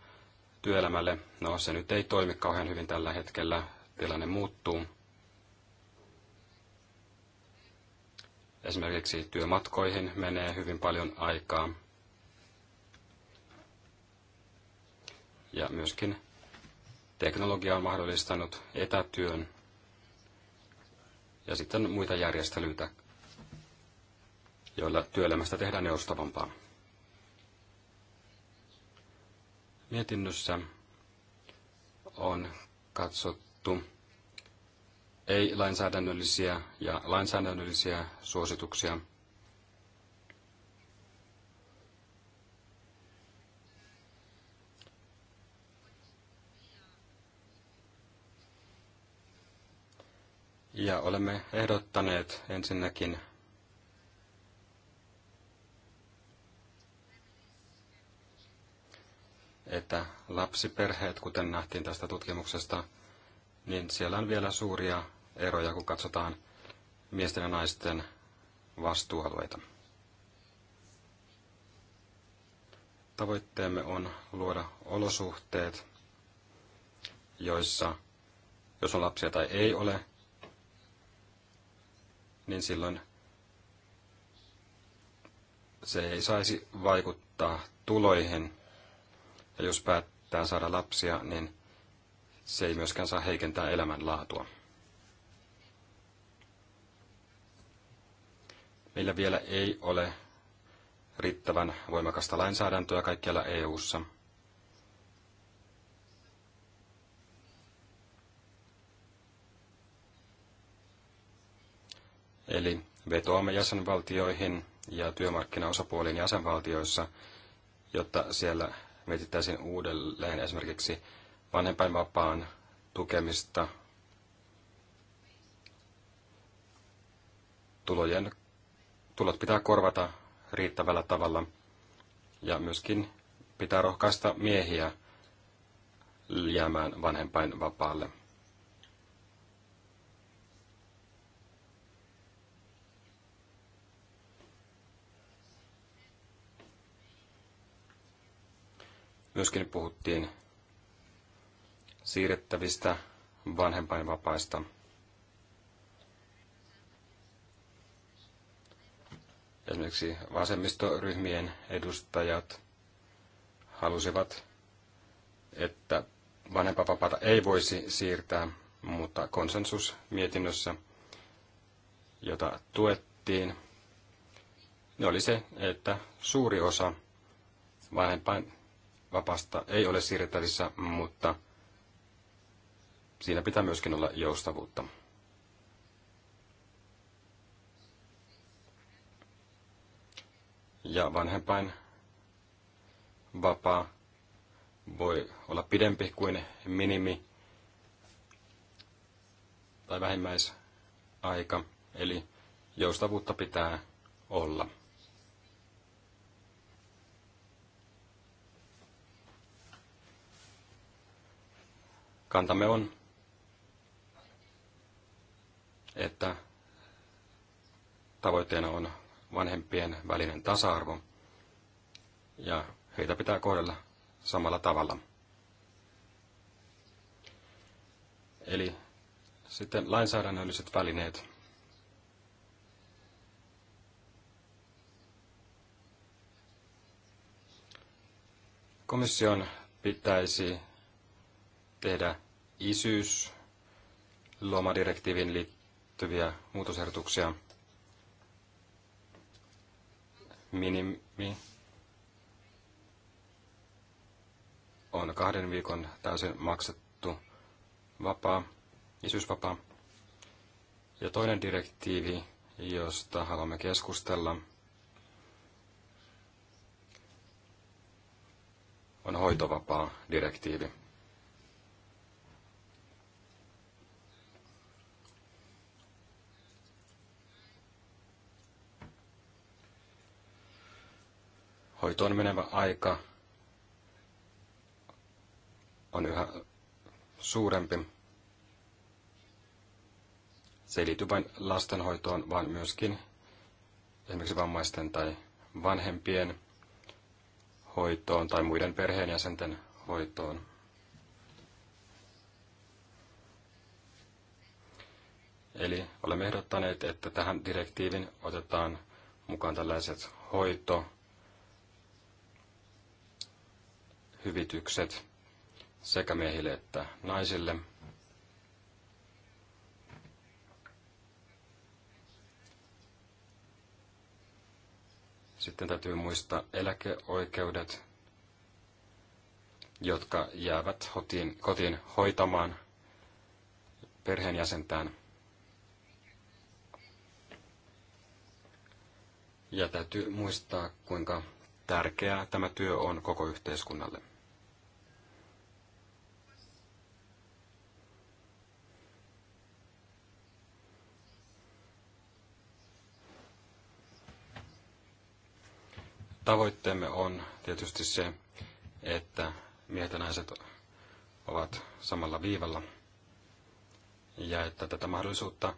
työelämälle. No se nyt ei toimi kauhean hyvin tällä hetkellä, tilanne muuttuu. Esimerkiksi työmatkoihin menee hyvin paljon aikaa. Ja myöskin teknologia on mahdollistanut etätyön ja sitten muita järjestelyitä, joilla työelämästä tehdään joustavampaa. Mietinnössä on katsottu ei-lainsäädännöllisiä ja lainsäädännöllisiä suosituksia. Ja olemme ehdottaneet ensinnäkin että lapsiperheet, kuten nähtiin tästä tutkimuksesta, niin siellä on vielä suuria eroja, kun katsotaan miesten ja naisten vastuualueita. Tavoitteemme on luoda olosuhteet, joissa, jos on lapsia tai ei ole, niin silloin se ei saisi vaikuttaa tuloihin. Ja jos päättää saada lapsia, niin se ei myöskään saa heikentää elämänlaatua. Meillä vielä ei ole riittävän voimakasta lainsäädäntöä kaikkialla EU:ssa. Eli vetoamme jäsenvaltioihin ja työmarkkinaosapuoliin jäsenvaltioissa, jotta siellä mietittäisiin uudelleen esimerkiksi vanhempainvapaan tukemista tulojen tulot pitää korvata riittävällä tavalla ja myöskin pitää rohkaista miehiä jäämään vanhempain vapaalle. Myöskin puhuttiin siirrettävistä vanhempainvapaista. esimerkiksi vasemmistoryhmien edustajat halusivat, että vanhempapapata ei voisi siirtää, mutta konsensus mietinnössä, jota tuettiin, niin oli se, että suuri osa vanhempainvapaasta ei ole siirrettävissä, mutta siinä pitää myöskin olla joustavuutta. ja vanhempain vapaa voi olla pidempi kuin minimi tai vähimmäisaika, eli joustavuutta pitää olla. Kantamme on, että tavoitteena on vanhempien välinen tasa-arvo ja heitä pitää kohdella samalla tavalla. Eli sitten lainsäädännölliset välineet. Komission pitäisi tehdä isyys lomadirektiivin liittyviä muutosehdotuksia. minimi on kahden viikon täysin maksettu vapaa, isyysvapaa. Ja toinen direktiivi, josta haluamme keskustella, on hoitovapaa direktiivi. hoitoon menevä aika on yhä suurempi. Se ei liity vain lastenhoitoon, vaan myöskin esimerkiksi vammaisten tai vanhempien hoitoon tai muiden perheenjäsenten hoitoon. Eli olemme ehdottaneet, että tähän direktiivin otetaan mukaan tällaiset hoito- hyvitykset sekä miehille että naisille. Sitten täytyy muistaa eläkeoikeudet, jotka jäävät hotiin, kotiin hoitamaan perheenjäsentään. Ja täytyy muistaa, kuinka tärkeää tämä työ on koko yhteiskunnalle. tavoitteemme on tietysti se, että miehet ja naiset ovat samalla viivalla ja että tätä mahdollisuutta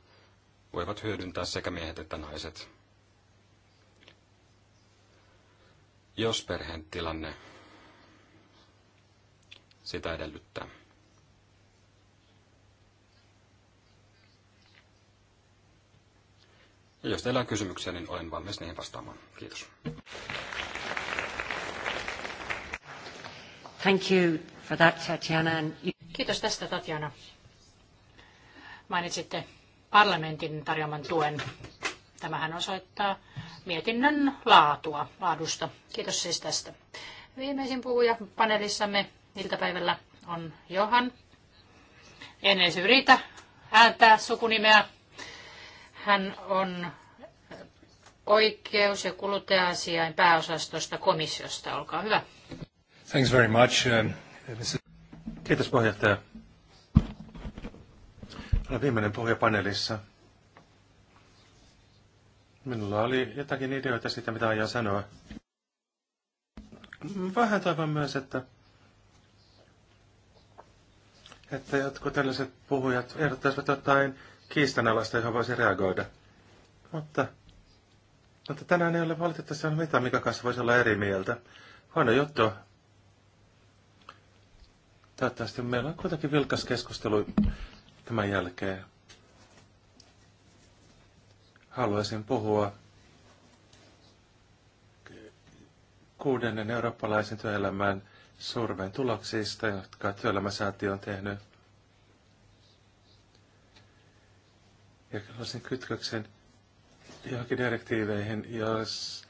voivat hyödyntää sekä miehet että naiset. Jos perheen tilanne sitä edellyttää. Ja jos teillä on kysymyksiä, niin olen valmis niihin vastaamaan. Kiitos. Thank you for that, Tatjana. Kiitos tästä, Tatjana. Mainitsitte parlamentin tarjoaman tuen. Tämähän osoittaa mietinnön laatua, laadusta. Kiitos siis tästä. Viimeisin puhuja paneelissamme iltapäivällä on Johan. En edes yritä ääntää sukunimeä. Hän on oikeus- ja kuluttaja-asiain pääosastosta komissiosta. Olkaa hyvä. Thanks very much. Uh, Kiitos puheenjohtaja. Olen viimeinen puhuja paneelissa. Minulla oli jotakin ideoita siitä, mitä aion sanoa. Vähän toivon myös, että, että jotkut tällaiset puhujat ehdottaisivat jotain kiistanalaista, johon voisi reagoida. Mutta, mutta tänään ei ole valitettavasti mitään, mikä kanssa voisi olla eri mieltä. Huono juttu. Toivottavasti meillä on kuitenkin vilkas keskustelu tämän jälkeen. Haluaisin puhua kuudennen eurooppalaisen työelämän surven tuloksista, jotka työelämäsäätiö on tehnyt ja sen kytköksen johonkin direktiiveihin, jos,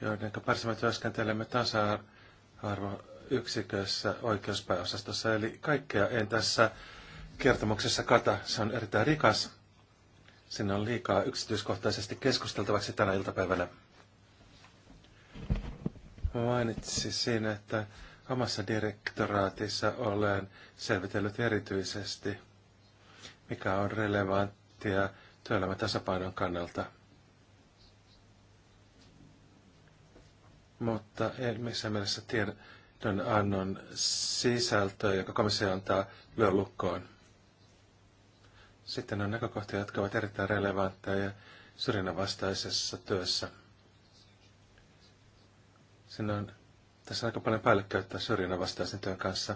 joiden parissa me työskentelemme tasa-arvoyksikössä oikeuspääosastossa. Eli kaikkea en tässä kertomuksessa kata. Se on erittäin rikas. Sinne on liikaa yksityiskohtaisesti keskusteltavaksi tänä iltapäivänä. Mä mainitsin siinä, että omassa direktoraatissa olen selvitellyt erityisesti, mikä on relevantti prosenttia työelämän tasapainon kannalta. Mutta en missään mielessä tiedon annon sisältöä, joka komissio antaa, lyö lukkoon. Sitten on näkökohtia, jotka ovat erittäin relevantteja syrjinnän vastaisessa työssä. Siinä on, tässä on aika paljon päällekkäyttä syrjinnän vastaisen työn kanssa.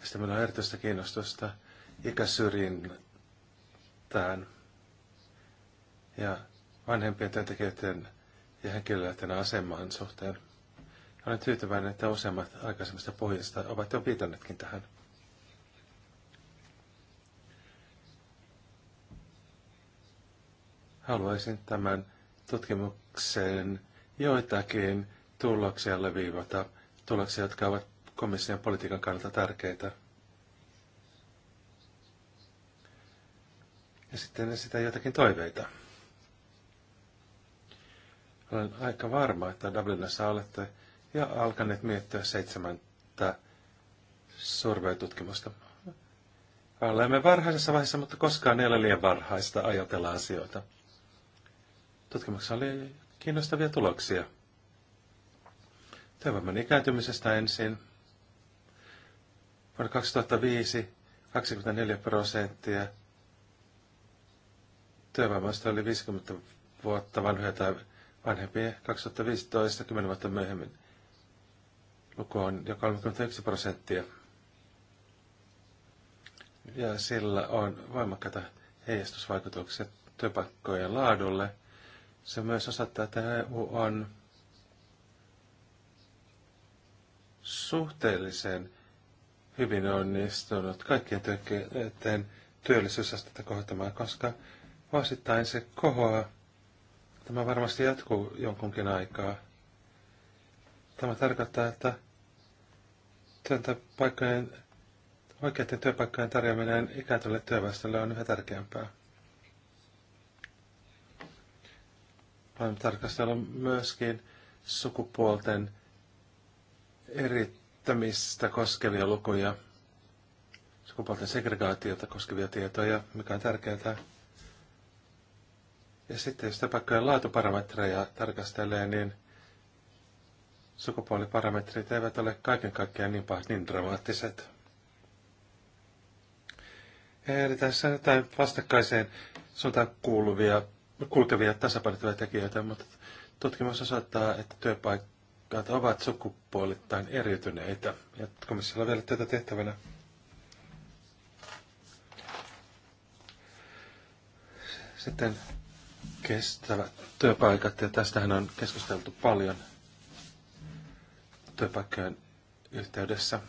Ja sitten meillä on erityistä kiinnostusta ikäsyrjinnän ja vanhempien työntekijöiden ja henkilöiden asemaan suhteen. Olen tyytyväinen, että useammat aikaisemmista pohjista ovat jo viitanneetkin tähän. Haluaisin tämän tutkimuksen joitakin tuloksia leviivata, tuloksia, jotka ovat komission politiikan kannalta tärkeitä. ja sitten sitä jotakin toiveita. Olen aika varma, että Dublinissa olette ja alkaneet miettiä seitsemäntä surveitutkimusta. Olemme varhaisessa vaiheessa, mutta koskaan ei ole liian varhaista ajatella asioita. Tutkimuksessa oli kiinnostavia tuloksia. Työvoiman ikääntymisestä ensin. Vuonna 2005 24 prosenttia työvoimasta oli 50 vuotta vanhoja tai vanhempia 2015, 10 vuotta myöhemmin. Luku on jo 31 prosenttia. Ja sillä on voimakkaita heijastusvaikutuksia työpaikkojen laadulle. Se myös osoittaa, että EU on suhteellisen hyvin onnistunut kaikkien työllisyysastetta kohtamaan, koska Vuosittain se kohoaa. Tämä varmasti jatkuu jonkunkin aikaa. Tämä tarkoittaa, että työntöpaikkojen, oikeiden työpaikkojen tarjoaminen ikääntyvälle työväestölle on yhä tärkeämpää. Voimme tarkastella myöskin sukupuolten erittämistä koskevia lukuja, sukupuolten segregaatiota koskevia tietoja, mikä on tärkeää ja sitten jos tapakkojen laatuparametreja tarkastelee, niin sukupuoliparametrit eivät ole kaiken kaikkiaan niin pahat, niin dramaattiset. Eli tässä on jotain vastakkaiseen suuntaan kuuluvia, kulkevia tasapainottavia tekijöitä, mutta tutkimus osoittaa, että työpaikat ovat sukupuolittain eriytyneitä. Ja komissiolla on vielä tätä tehtävänä. Sitten kestävät työpaikat, ja tästähän on keskusteltu paljon työpaikkojen yhteydessä.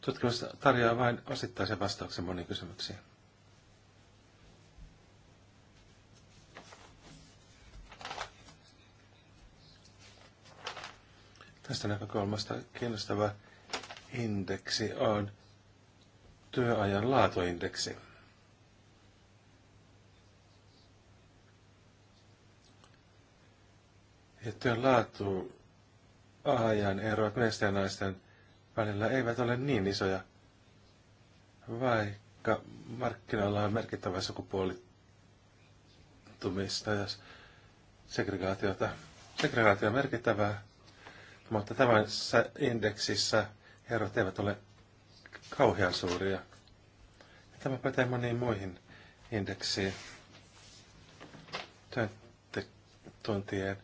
Tutkimus tarjoaa vain osittaisen vastauksen moniin kysymyksiin. Tästä näkökulmasta kiinnostavaa indeksi on työajan laatuindeksi. Ja työn laatu ajan erot miesten ja naisten välillä eivät ole niin isoja, vaikka markkinoilla on merkittävä sukupuolittumista ja segregaatiota. Segregaatio on merkittävää, mutta tämän indeksissä – erot eivät ole kauhean suuria. Ja tämä pätee moniin muihin indeksiin. Työntituntien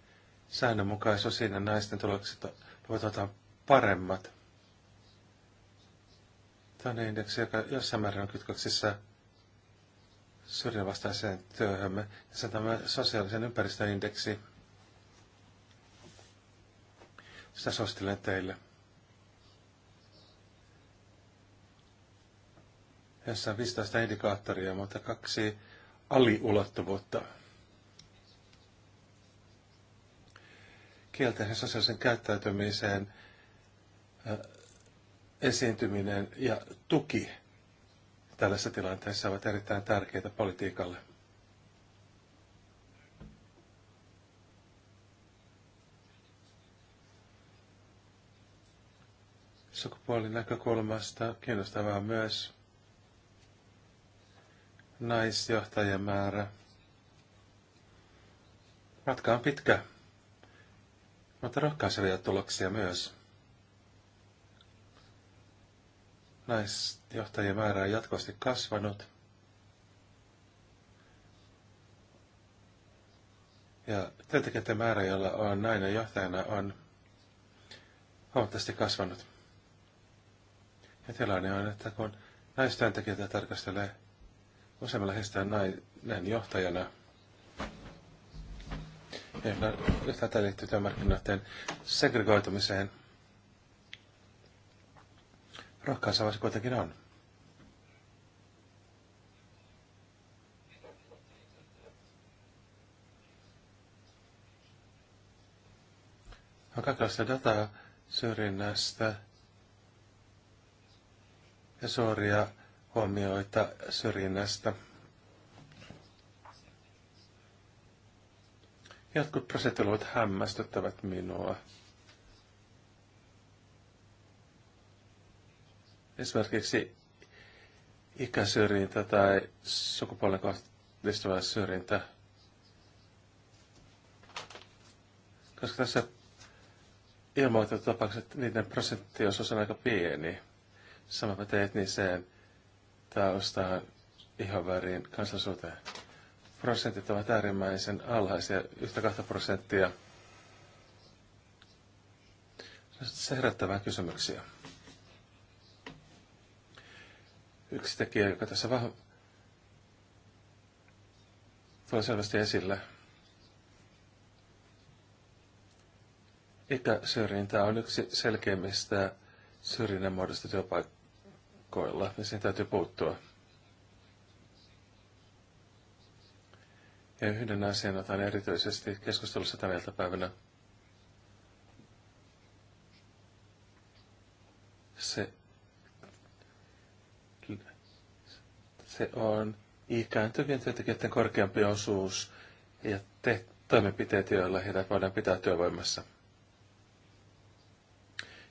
säännönmukaisuus siinä naisten tulokset ovat olla paremmat. on indeksi, joka jossain määrin on kytköksissä syrjävastaiseen työhömme, ja se on tämä sosiaalisen indeksi. Sitä suosittelen teille. jossa on 15 indikaattoria, mutta kaksi aliulottuvuutta. Kielteisen sosiaalisen käyttäytymiseen esiintyminen ja tuki tällaisessa tilanteessa ovat erittäin tärkeitä politiikalle. Sukupuolinäkökulmasta kiinnostavaa myös naisjohtajien määrä. Matka on pitkä, mutta rohkaisevia tuloksia myös. Naisjohtajien määrä on jatkuvasti kasvanut. Ja työntekijöiden määrä, jolla on nainen johtajana, on huomattavasti kasvanut. Ja tilanne on, että kun naistyöntekijöitä tarkastelee vasemmalla heistä on näin johtajana. Ja yhtäältä liittyy työmarkkinoiden segregoitumiseen. Rohkaiseva se kuitenkin on. on kaikenlaista dataa syrjinnästä ja suoria huomioita syrjinnästä. Jotkut prosenttiluvut hämmästyttävät minua. Esimerkiksi ikäsyrjintä tai sukupuolen kohdistuva syrjintä. Koska tässä ilmoitetut tapaukset, niiden prosenttiosuus on aika pieni. Sama pätee etniseen ostaa ihonväriin, kansansuuteen. Prosentit ovat äärimmäisen alhaisia, yhtä kahta prosenttia. Se herättää vähän kysymyksiä. Yksi tekijä, joka tässä vähän tulee selvästi esille, ikäsyrjintä on yksi selkeimmistä syrjinnän muodosta työpaikka lakoilla, niin siihen täytyy puuttua. Ja yhden asian otan erityisesti keskustelussa tänä iltapäivänä. Se, se on ikääntyvien työntekijöiden korkeampi osuus ja te, toimenpiteet, joilla heidät voidaan pitää työvoimassa.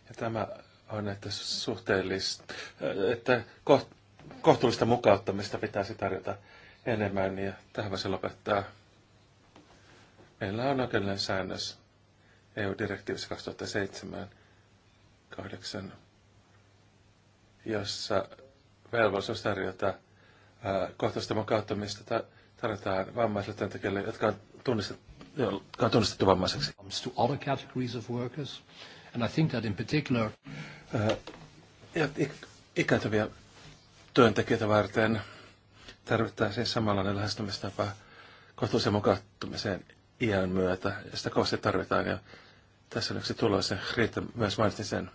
Ja tämä on, että suhteellista, että kohtuullista mukauttamista pitäisi tarjota enemmän ja tähän voisi lopettaa. Meillä on oikeudellinen säännös EU-direktiivissä 2007 8, jossa velvollisuus tarjota kohtuullista mukauttamista tarjotaan vammaisille työntekijöille, jotka on tunnistettu, jotka on tunnistettu vammaiseksi. And I think that in particular... Äh, ikääntyviä työntekijöitä varten tarvittaisiin samanlainen lähestymistapa kohtuullisen mukauttumiseen iän myötä, ja sitä kovasti tarvitaan, ja tässä on yksi tulos, Riitta myös mainitsi sen.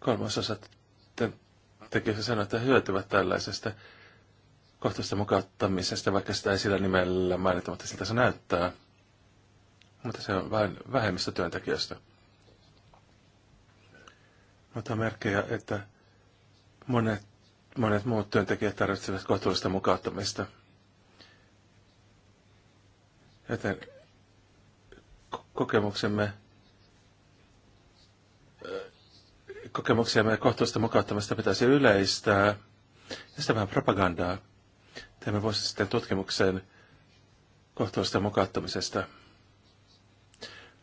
Kolmasosa tekijöistä sanoi, että hyötyvät tällaisesta kohtuullisesta mukauttamisesta, vaikka sitä ei sillä nimellä mainita, mutta siltä se näyttää mutta se on vain vähemmistä työntekijöistä. Mutta merkkejä, että monet, monet muut työntekijät tarvitsevat kohtuullista mukauttamista. Joten kokemuksemme kokemuksemme ja kohtuullista mukauttamista pitäisi yleistää. Ja sitä vähän propagandaa. Teemme vuosi sitten tutkimuksen kohtuullista mukauttamisesta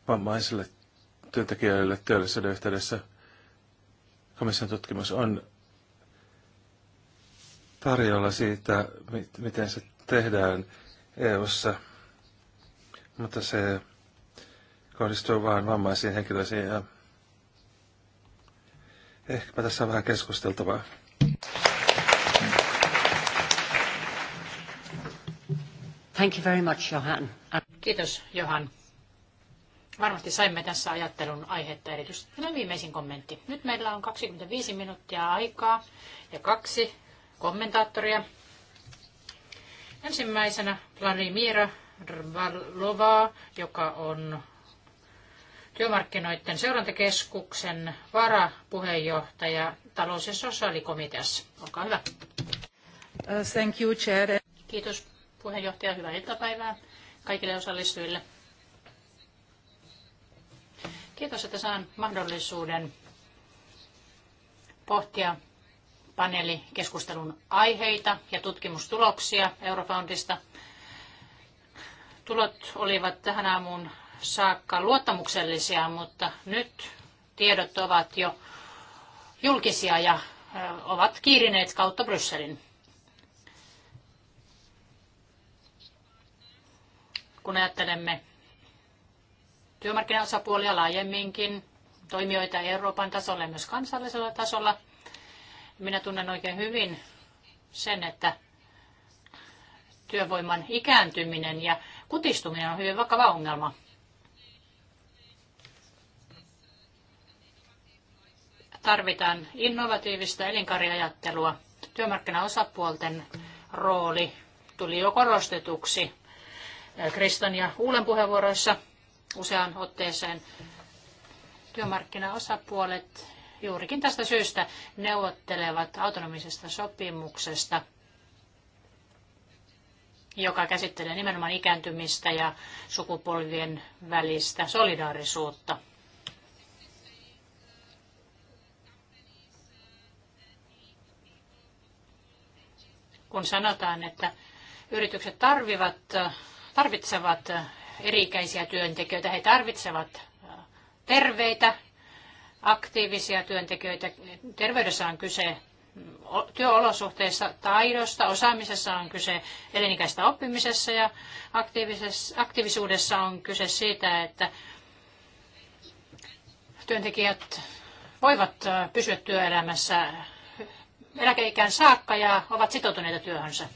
vammaisille työntekijöille työllisyyden yhteydessä. Komission tutkimus on tarjolla siitä, miten se tehdään EU-ssa, mutta se kohdistuu vain vammaisiin henkilöisiin ja ehkäpä tässä on vähän keskusteltavaa. Thank you very much, Johan. Kiitos, Johan. Varmasti saimme tässä ajattelun aihetta erityisesti. Tämä viimeisin kommentti. Nyt meillä on 25 minuuttia aikaa ja kaksi kommentaattoria. Ensimmäisenä Vladimira Rvalova, joka on työmarkkinoiden seurantakeskuksen varapuheenjohtaja talous- ja sosiaalikomiteassa. Olkaa hyvä. Thank you, Chair. Kiitos puheenjohtaja. Hyvää iltapäivää kaikille osallistujille. Kiitos, että saan mahdollisuuden pohtia paneelikeskustelun aiheita ja tutkimustuloksia Eurofoundista. Tulot olivat tähän aamuun saakka luottamuksellisia, mutta nyt tiedot ovat jo julkisia ja ovat kiirineet kautta Brysselin. Kun ajattelemme työmarkkinaosapuolia laajemminkin, toimijoita Euroopan tasolla ja myös kansallisella tasolla. Minä tunnen oikein hyvin sen, että työvoiman ikääntyminen ja kutistuminen on hyvin vakava ongelma. Tarvitaan innovatiivista elinkaariajattelua. Työmarkkinaosapuolten rooli tuli jo korostetuksi Kristan ja Uulen puheenvuoroissa – useaan otteeseen. Työmarkkinaosapuolet juurikin tästä syystä neuvottelevat autonomisesta sopimuksesta, joka käsittelee nimenomaan ikääntymistä ja sukupolvien välistä solidaarisuutta. Kun sanotaan, että yritykset tarvivat, tarvitsevat erikäisiä työntekijöitä. He tarvitsevat äh, terveitä, aktiivisia työntekijöitä. Terveydessä on kyse mm, työolosuhteissa taidosta, osaamisessa on kyse elinikäistä oppimisessa ja aktiivisuudessa on kyse siitä, että työntekijät voivat äh, pysyä työelämässä eläkeikään saakka ja ovat sitoutuneita työhönsä.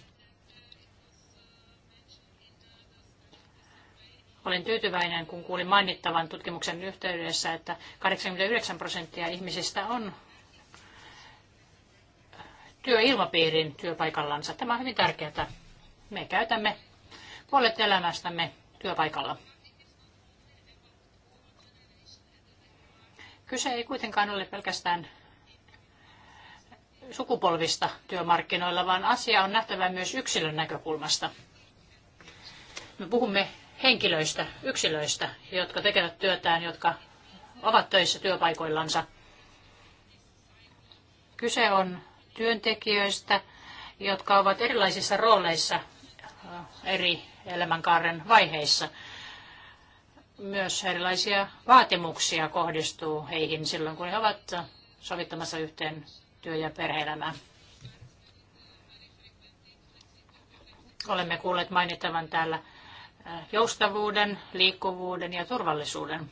Olen tyytyväinen, kun kuulin mainittavan tutkimuksen yhteydessä, että 89 prosenttia ihmisistä on työilmapiirin työpaikallansa. Tämä on hyvin tärkeää. Me käytämme puolet elämästämme työpaikalla. Kyse ei kuitenkaan ole pelkästään sukupolvista työmarkkinoilla, vaan asia on nähtävä myös yksilön näkökulmasta. Me puhumme henkilöistä, yksilöistä, jotka tekevät työtään, jotka ovat töissä työpaikoillansa. Kyse on työntekijöistä, jotka ovat erilaisissa rooleissa äh, eri elämänkaaren vaiheissa. Myös erilaisia vaatimuksia kohdistuu heihin silloin, kun he ovat sovittamassa yhteen työ- ja perheelämää. Olemme kuulleet mainittavan täällä joustavuuden, liikkuvuuden ja turvallisuuden.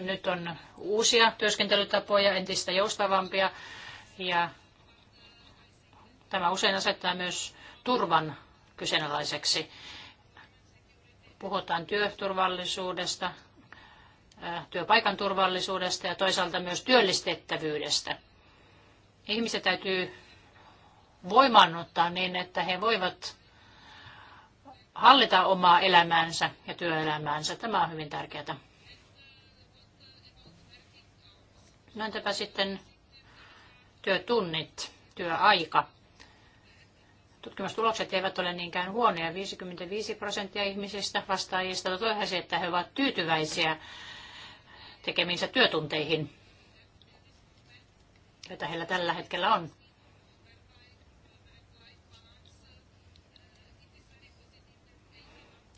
Nyt on uusia työskentelytapoja, entistä joustavampia ja tämä usein asettaa myös turvan kyseenalaiseksi. Puhutaan työturvallisuudesta, työpaikan turvallisuudesta ja toisaalta myös työllistettävyydestä. Ihmiset täytyy voimannuttaa niin, että he voivat hallita omaa elämäänsä ja työelämäänsä. Tämä on hyvin tärkeää. No entäpä sitten työtunnit, työaika? Tutkimustulokset eivät ole niinkään huonoja. 55 prosenttia ihmisistä vastaajista toivoisi, että he ovat tyytyväisiä tekemiinsä työtunteihin, joita heillä tällä hetkellä on.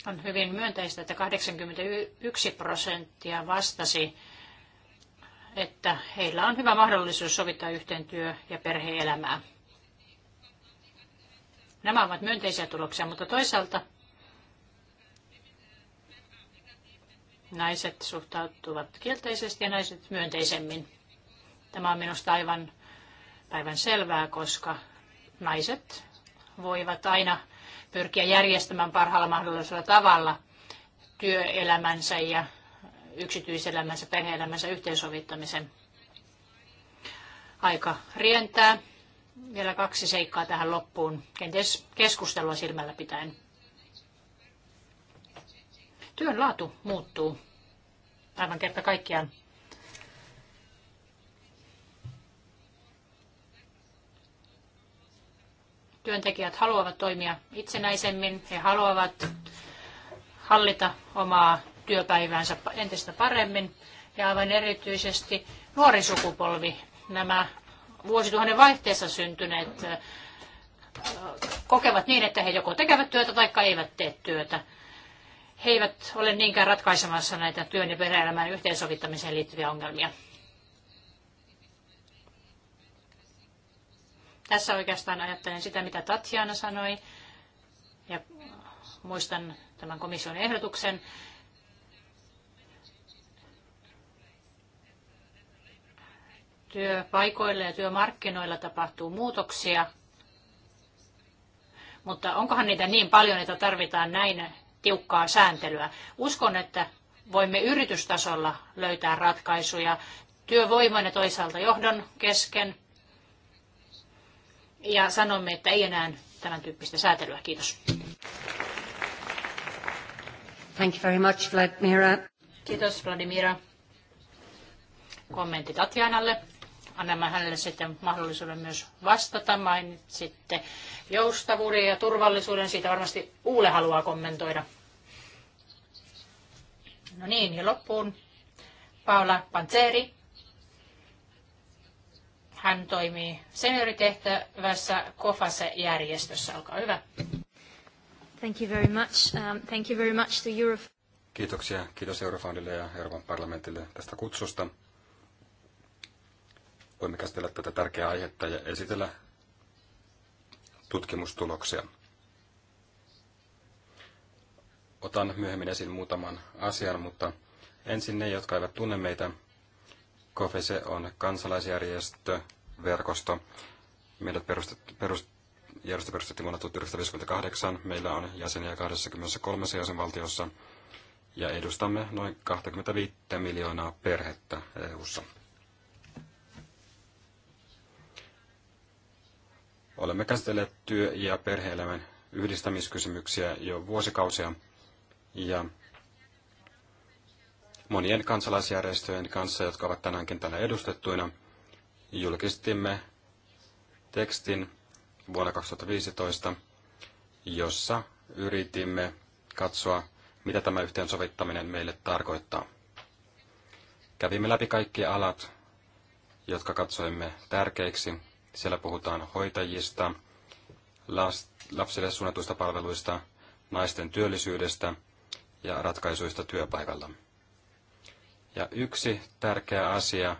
On hyvin myönteistä, että 81 prosenttia vastasi, että heillä on hyvä mahdollisuus sovittaa yhteen työ- ja perheelämää. Nämä ovat myönteisiä tuloksia, mutta toisaalta naiset suhtautuvat kielteisesti ja naiset myönteisemmin. Tämä on minusta aivan päivän selvää, koska naiset voivat aina pyrkiä järjestämään parhaalla mahdollisella tavalla työelämänsä ja yksityiselämänsä, perheelämänsä yhteensovittamisen. Aika rientää. Vielä kaksi seikkaa tähän loppuun, kenties keskustelua silmällä pitäen. Työn laatu muuttuu aivan kerta kaikkiaan. työntekijät haluavat toimia itsenäisemmin, he haluavat hallita omaa työpäiväänsä entistä paremmin ja aivan erityisesti nuori sukupolvi, nämä vuosituhannen vaihteessa syntyneet kokevat niin, että he joko tekevät työtä tai eivät tee työtä. He eivät ole niinkään ratkaisemassa näitä työn ja perheelämän yhteensovittamiseen liittyviä ongelmia. Tässä oikeastaan ajattelen sitä, mitä Tatjana sanoi, ja muistan tämän komission ehdotuksen. Työpaikoille ja työmarkkinoilla tapahtuu muutoksia, mutta onkohan niitä niin paljon, että tarvitaan näin tiukkaa sääntelyä? Uskon, että voimme yritystasolla löytää ratkaisuja työvoiman ja toisaalta johdon kesken – ja sanomme, että ei enää tämän tyyppistä säätelyä. Kiitos. Thank you very much, Vladimira. Kiitos, Vladimira. Kommentti Tatjanalle. Annamme hänelle sitten mahdollisuuden myös vastata. Mainitsitte joustavuuden ja turvallisuuden. Siitä varmasti Uule haluaa kommentoida. No niin, ja loppuun Paula Panzeri hän toimii senioritehtävässä kofase järjestössä Olkaa hyvä. Thank you very much. Um, thank you very much to Europe. Kiitoksia. Kiitos Eurofoundille ja Euroopan parlamentille tästä kutsusta. Voimme käsitellä tätä tärkeää aihetta ja esitellä tutkimustuloksia. Otan myöhemmin esiin muutaman asian, mutta ensin ne, jotka eivät tunne meitä, KFC on kansalaisjärjestö, verkosto. Meidät perustettiin perust, vuonna 1958. Meillä on jäseniä 23 jäsenvaltiossa ja edustamme noin 25 miljoonaa perhettä EU-ssa. Olemme käsitelleet työ- ja perhe-elämän yhdistämiskysymyksiä jo vuosikausia ja monien kansalaisjärjestöjen kanssa, jotka ovat tänäänkin täällä edustettuina. Julkistimme tekstin vuonna 2015, jossa yritimme katsoa, mitä tämä yhteensovittaminen meille tarkoittaa. Kävimme läpi kaikki alat, jotka katsoimme tärkeiksi. Siellä puhutaan hoitajista, lapsille suunnatuista palveluista, naisten työllisyydestä ja ratkaisuista työpaikalla. Ja yksi tärkeä asia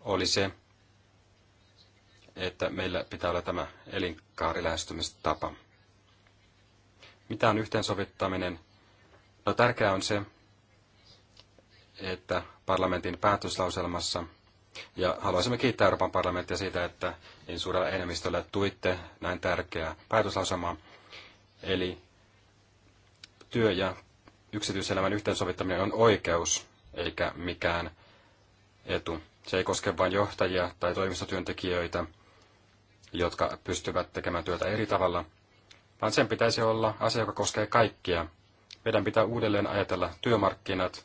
oli se, että meillä pitää olla tämä elinkaarilähestymistapa. Mitä on yhteensovittaminen? No tärkeää on se, että parlamentin päätöslauselmassa, ja haluaisimme kiittää Euroopan parlamenttia siitä, että niin suurella enemmistöllä tuitte näin tärkeää päätöslauselmaa, eli työ ja yksityiselämän yhteensovittaminen on oikeus eikä mikään etu. Se ei koske vain johtajia tai toimistotyöntekijöitä, jotka pystyvät tekemään työtä eri tavalla, vaan sen pitäisi olla asia, joka koskee kaikkia. Meidän pitää uudelleen ajatella työmarkkinat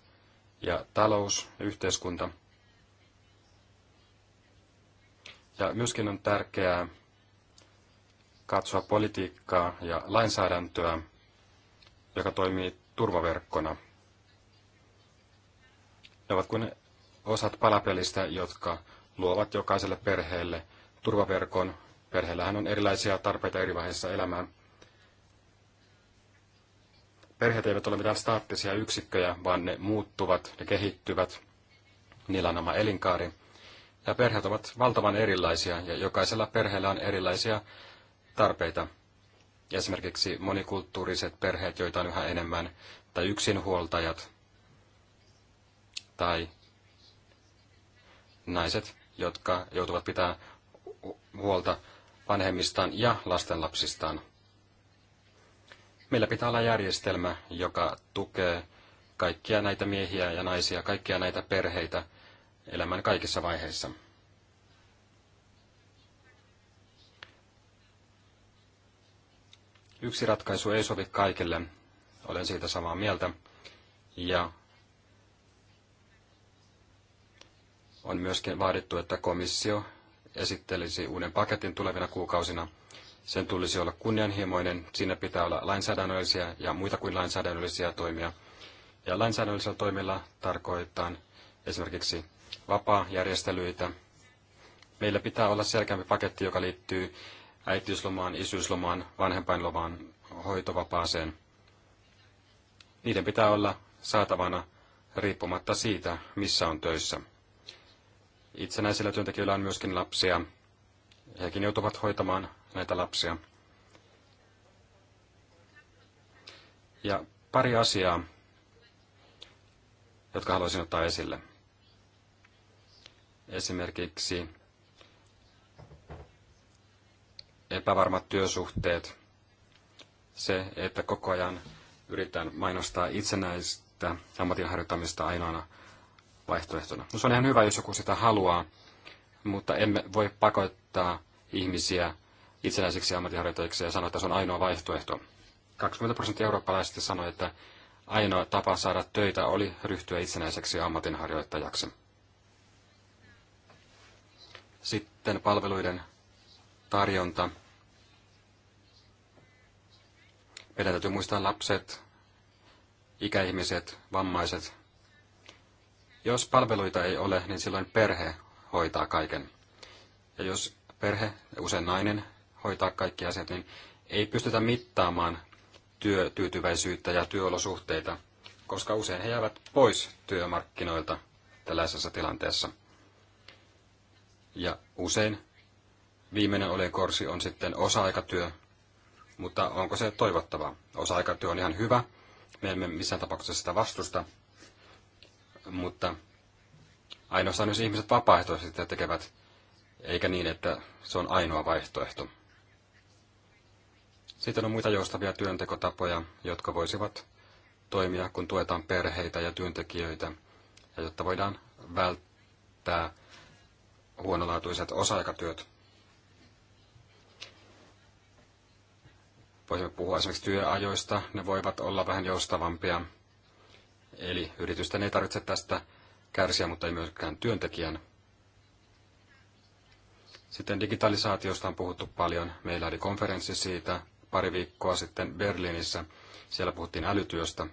ja talous ja yhteiskunta. Ja myöskin on tärkeää katsoa politiikkaa ja lainsäädäntöä, joka toimii turvaverkkona. Ne ovat kuin osat palapelistä, jotka luovat jokaiselle perheelle turvaverkon. Perheellähän on erilaisia tarpeita eri vaiheissa elämää. Perheet eivät ole mitään staattisia yksikköjä, vaan ne muuttuvat, ne kehittyvät, niillä on oma elinkaari. Ja perheet ovat valtavan erilaisia ja jokaisella perheellä on erilaisia tarpeita. Esimerkiksi monikulttuuriset perheet, joita on yhä enemmän, tai yksinhuoltajat, tai naiset, jotka joutuvat pitää huolta vanhemmistaan ja lastenlapsistaan. Meillä pitää olla järjestelmä, joka tukee kaikkia näitä miehiä ja naisia, kaikkia näitä perheitä elämän kaikissa vaiheissa. Yksi ratkaisu ei sovi kaikille, olen siitä samaa mieltä. Ja on myöskin vaadittu, että komissio esittelisi uuden paketin tulevina kuukausina. Sen tulisi olla kunnianhimoinen, siinä pitää olla lainsäädännöllisiä ja muita kuin lainsäädännöllisiä toimia. Ja lainsäädännöllisillä toimilla tarkoitetaan esimerkiksi vapaa-järjestelyitä. Meillä pitää olla selkeämpi paketti, joka liittyy äitiyslomaan, isyyslomaan, vanhempainlomaan, hoitovapaaseen. Niiden pitää olla saatavana riippumatta siitä, missä on töissä. Itsenäisillä työntekijöillä on myöskin lapsia. Hekin joutuvat hoitamaan näitä lapsia. Ja pari asiaa, jotka haluaisin ottaa esille. Esimerkiksi epävarmat työsuhteet, se, että koko ajan yritetään mainostaa itsenäistä ammatinharjoittamista ainoana vaihtoehtona. No, se on ihan hyvä, jos joku sitä haluaa, mutta emme voi pakottaa ihmisiä itsenäisiksi ammatinharjoittajiksi ja sanoa, että se on ainoa vaihtoehto. 20 prosenttia eurooppalaisista sanoi, että ainoa tapa saada töitä oli ryhtyä itsenäiseksi ammatinharjoittajaksi. Sitten palveluiden tarjonta. Meidän täytyy muistaa lapset, ikäihmiset, vammaiset. Jos palveluita ei ole, niin silloin perhe hoitaa kaiken. Ja jos perhe, usein nainen, hoitaa kaikki asiat, niin ei pystytä mittaamaan työtyytyväisyyttä ja työolosuhteita, koska usein he jäävät pois työmarkkinoilta tällaisessa tilanteessa. Ja usein viimeinen korsi on sitten osa-aikatyö, mutta onko se toivottavaa? Osa-aikatyö on ihan hyvä, me emme missään tapauksessa sitä vastusta, mutta ainoastaan jos ihmiset vapaaehtoisesti sitä tekevät, eikä niin, että se on ainoa vaihtoehto. Sitten on muita joustavia työntekotapoja, jotka voisivat toimia, kun tuetaan perheitä ja työntekijöitä, ja jotta voidaan välttää huonolaatuiset osa-aikatyöt. Voisimme puhua esimerkiksi työajoista, ne voivat olla vähän joustavampia. Eli yritysten ei tarvitse tästä kärsiä, mutta ei myöskään työntekijän. Sitten digitalisaatiosta on puhuttu paljon. Meillä oli konferenssi siitä pari viikkoa sitten Berliinissä. Siellä puhuttiin älytyöstä.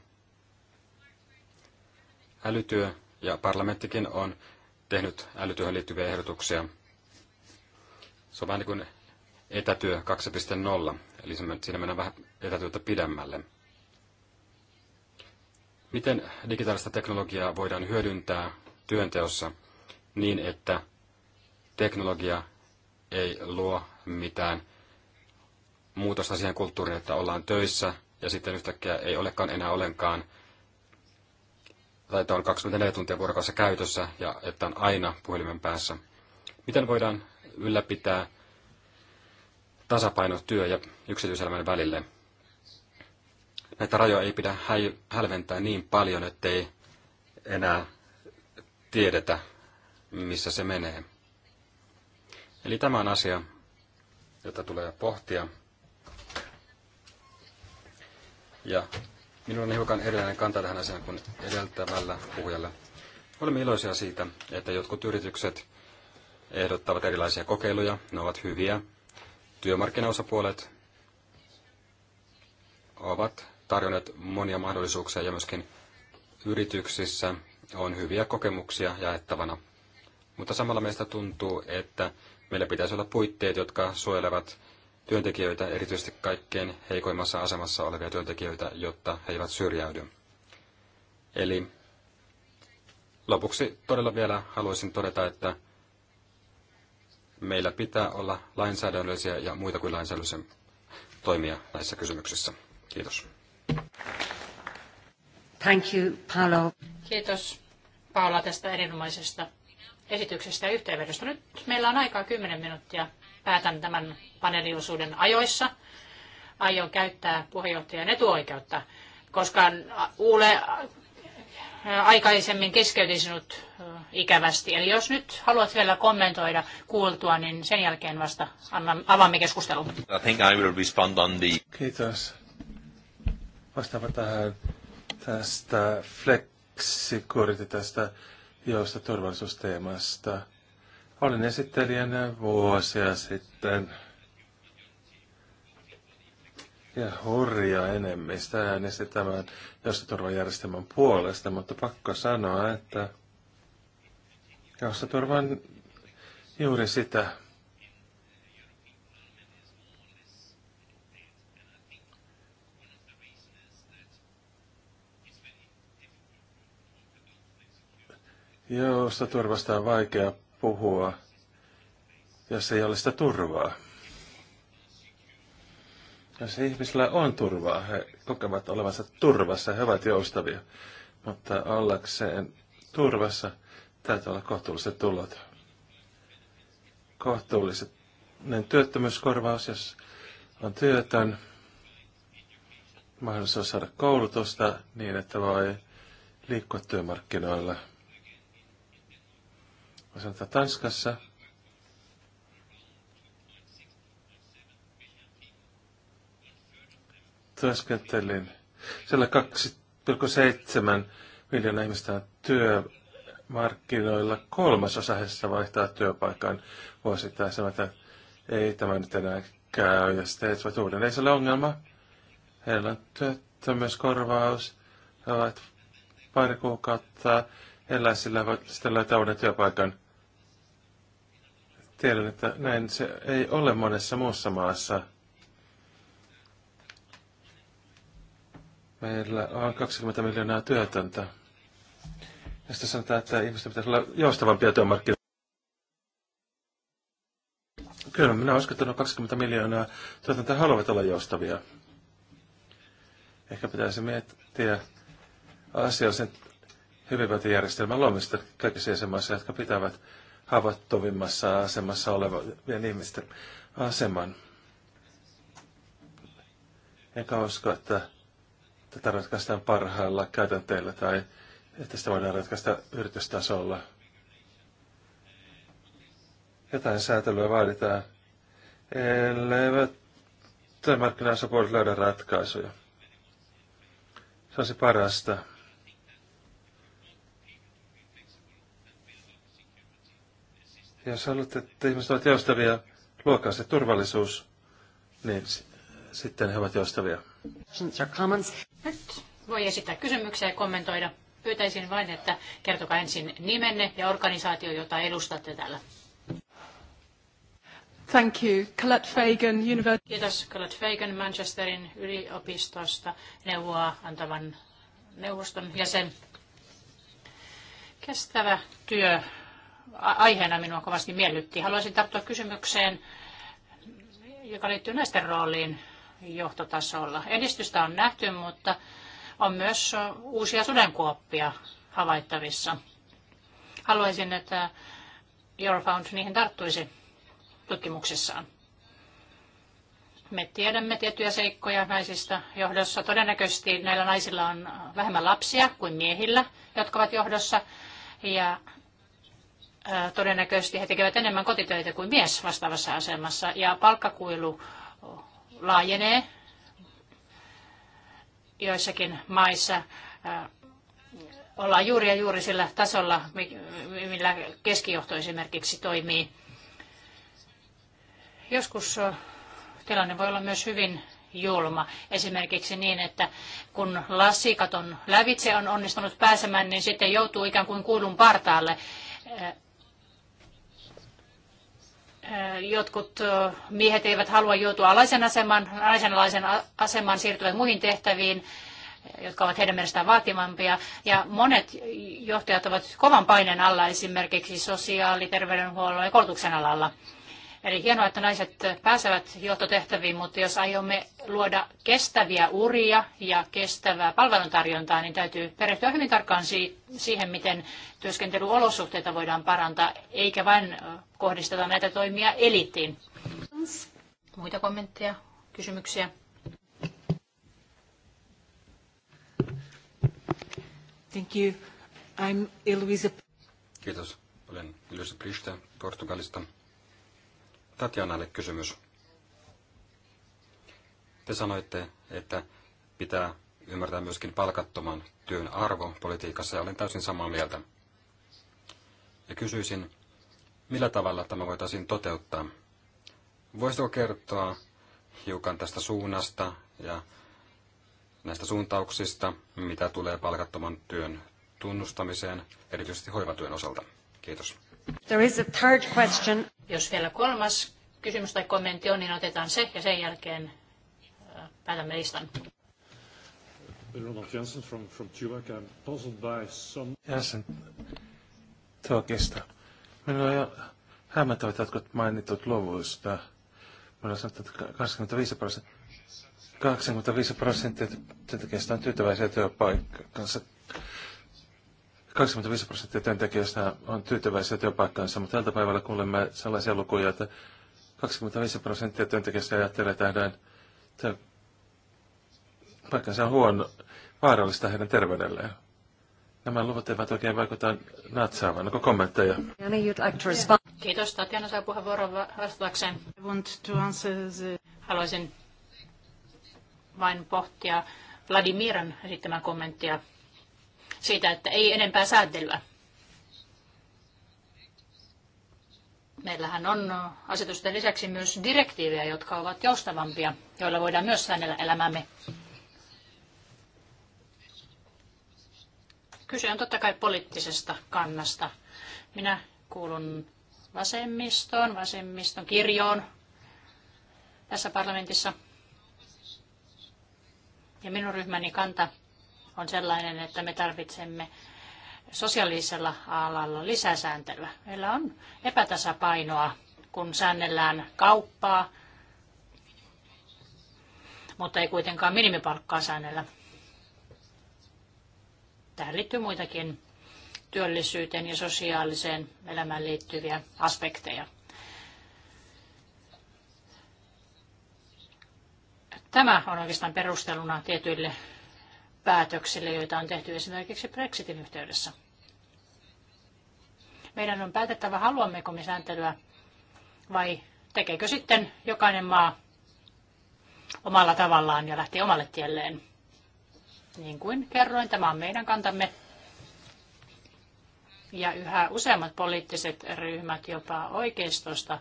Älytyö ja parlamenttikin on tehnyt älytyöhön liittyviä ehdotuksia. Se on vähän niin kuin etätyö 2.0. Eli siinä mennään vähän etätyötä pidemmälle. Miten digitaalista teknologiaa voidaan hyödyntää työnteossa niin, että teknologia ei luo mitään muutosta siihen kulttuuriin, että ollaan töissä ja sitten yhtäkkiä ei olekaan enää ollenkaan, tai että on 24 tuntia vuorokaudessa käytössä ja että on aina puhelimen päässä. Miten voidaan ylläpitää tasapaino työ- ja yksityiselämän välille. Näitä rajoja ei pidä hälventää niin paljon, ettei enää tiedetä, missä se menee. Eli tämä on asia, jota tulee pohtia. Ja minulla on hiukan erilainen kanta tähän asiaan kuin edeltävällä puhujalla. Olemme iloisia siitä, että jotkut yritykset ehdottavat erilaisia kokeiluja. Ne ovat hyviä, työmarkkinaosapuolet ovat tarjonneet monia mahdollisuuksia ja myöskin yrityksissä on hyviä kokemuksia jaettavana. Mutta samalla meistä tuntuu, että meillä pitäisi olla puitteet, jotka suojelevat työntekijöitä, erityisesti kaikkein heikoimmassa asemassa olevia työntekijöitä, jotta he eivät syrjäydy. Eli lopuksi todella vielä haluaisin todeta, että meillä pitää olla lainsäädännöllisiä ja muita kuin lainsäädännöllisiä toimia näissä kysymyksissä. Kiitos. Thank you, Paolo. Kiitos Paula tästä erinomaisesta esityksestä ja yhteenvedosta. Nyt meillä on aikaa 10 minuuttia. Päätän tämän paneeliosuuden ajoissa. Aion käyttää puheenjohtajan etuoikeutta, koska Uule aikaisemmin keskeytin sinut ikävästi. Eli jos nyt haluat vielä kommentoida kuultua, niin sen jälkeen vasta annan, avaamme keskustelun. I think I will respond on the... Kiitos. Vastaava tähän tästä flexicurity, tästä jousta turvallisuusteemasta. Olin esittelijänä vuosia sitten ja hurja enemmistö äänesti tämän joustoturvajärjestelmän puolesta, mutta pakko sanoa, että joustoturva on juuri sitä. Joustoturvasta on vaikea puhua, jos ei ole sitä turvaa. Jos ihmisillä on turvaa, he kokevat olevansa turvassa, he ovat joustavia. Mutta ollakseen turvassa täytyy olla kohtuulliset tulot. Kohtuulliset työttömyyskorvaus, jos on työtön, mahdollisuus saada koulutusta niin, että voi liikkua työmarkkinoilla. Sanotaan, Tanskassa työskentelin. Siellä 2,7 miljoonaa ihmistä on työmarkkinoilla. Kolmasosa heistä vaihtaa työpaikan vuosittain. Sanoin, että ei tämä nyt enää käy ja sitten etsivät uuden. Ei se ole ongelma. Heillä on työttömyyskorvaus. He ovat pari kuukautta elää sillä, voit sitten löytää uuden työpaikan. Tiedän, että näin se ei ole monessa muussa maassa – Meillä on 20 miljoonaa työtöntä. Ja sitten sanotaan, että ihmisten pitäisi olla joustavampia työmarkkinoita. Kyllä, minä uskon, että 20 miljoonaa työtöntä haluavat olla joustavia. Ehkä pitäisi miettiä asiaa sen hyvinvointijärjestelmän luomista kaikissa jäsenmaissa, jotka pitävät haavoittuvimmassa asemassa olevien ihmisten aseman. Enkä usko, että tätä ratkaistaan parhailla käytänteillä tai että sitä voidaan ratkaista yritystasolla. Jotain säätelyä vaaditaan, elleivät työmarkkinaosapuolet löydä ratkaisuja. Se on se parasta. Jos haluatte, että ihmiset ovat joustavia, luokaa se turvallisuus, niin sitten he ovat joustavia. Nyt voi esittää kysymyksiä ja kommentoida. Pyytäisin vain, että kertokaa ensin nimenne ja organisaatio, jota edustatte täällä. Thank you. Colette Fagan, University. Kiitos Colette Fagan Manchesterin yliopistosta neuvoa antavan neuvoston jäsen. Kestävä työ aiheena minua kovasti miellytti. Haluaisin tarttua kysymykseen, joka liittyy naisten rooliin johtotasolla. Edistystä on nähty, mutta on myös uusia sudenkuoppia havaittavissa. Haluaisin, että Eurofound niihin tarttuisi tutkimuksissaan. Me tiedämme tiettyjä seikkoja naisista johdossa. Todennäköisesti näillä naisilla on vähemmän lapsia kuin miehillä, jotka ovat johdossa. Ja todennäköisesti he tekevät enemmän kotitöitä kuin mies vastaavassa asemassa. Ja palkkakuilu laajenee joissakin maissa äh, ollaan juuri ja juuri sillä tasolla, millä keskijohto esimerkiksi toimii. Joskus äh, tilanne voi olla myös hyvin julma. Esimerkiksi niin, että kun lasikaton lävitse on onnistunut pääsemään, niin sitten joutuu ikään kuin kuulun partaalle äh, Äh, jotkut äh, miehet eivät halua joutua alaisen aseman, naisen alaisen aseman siirtyvät muihin tehtäviin, jotka ovat heidän mielestään vaatimampia. Ja monet johtajat ovat kovan paineen alla esimerkiksi sosiaali-, terveydenhuollon ja koulutuksen alalla. Eli hienoa, että naiset pääsevät johtotehtäviin, mutta jos aiomme luoda kestäviä uria ja kestävää palveluntarjontaa, niin täytyy perehtyä hyvin tarkkaan siihen, miten työskentelyolosuhteita voidaan parantaa, eikä vain kohdisteta näitä toimia elitiin. Muita kommentteja, kysymyksiä? Thank you. I'm Kiitos. Olen Eloisa Prista Portugalista. Tatjanalle kysymys. Te sanoitte, että pitää ymmärtää myöskin palkattoman työn arvo politiikassa ja olen täysin samaa mieltä. Ja kysyisin, millä tavalla tämä voitaisiin toteuttaa? Voisitko kertoa hiukan tästä suunnasta ja näistä suuntauksista, mitä tulee palkattoman työn tunnustamiseen, erityisesti hoivatyön osalta? Kiitos. There is a third question. Jos vielä kolmas kysymys tai kommentti on, niin otetaan se ja sen jälkeen äh, päätämme listan. Ronald Jensen from, from puzzled by some... Jensen, Tuokista. Minulla on hämmentävät jotkut mainitut luvuista. Minulla on sanottu, että 25 prosenttia, 25 prosenttia työntekijästä on tyytyväisiä työpaikkansa 25 prosenttia työntekijöistä on tyytyväisiä työpaikkaansa, mutta tältä päivällä kuulemme sellaisia lukuja, että 25 prosenttia työntekijöistä ajattelee heidän paikkansa on huono, vaarallista heidän terveydelleen. Nämä luvut eivät oikein vaikuta natsaavan. Onko kommentteja? Kiitos. Tatjana saa puheenvuoron vastatakseen. Haluaisin vain pohtia Vladimiran esittämää kommenttia siitä, että ei enempää sääntelyä. Meillähän on asetusten lisäksi myös direktiivejä, jotka ovat joustavampia, joilla voidaan myös säännellä elämämme. Kyse on totta kai poliittisesta kannasta. Minä kuulun vasemmistoon, vasemmiston kirjoon tässä parlamentissa. Ja minun ryhmäni kanta on sellainen, että me tarvitsemme sosiaalisella alalla lisäsääntelyä. Meillä on epätasapainoa, kun säännellään kauppaa, mutta ei kuitenkaan minimipalkkaa säännellä. Tähän liittyy muitakin työllisyyteen ja sosiaaliseen elämään liittyviä aspekteja. Tämä on oikeastaan perusteluna tietyille päätöksille, joita on tehty esimerkiksi Brexitin yhteydessä. Meidän on päätettävä, haluammeko me sääntelyä vai tekeekö sitten jokainen maa omalla tavallaan ja lähtee omalle tielleen. Niin kuin kerroin, tämä on meidän kantamme. Ja yhä useammat poliittiset ryhmät jopa oikeistosta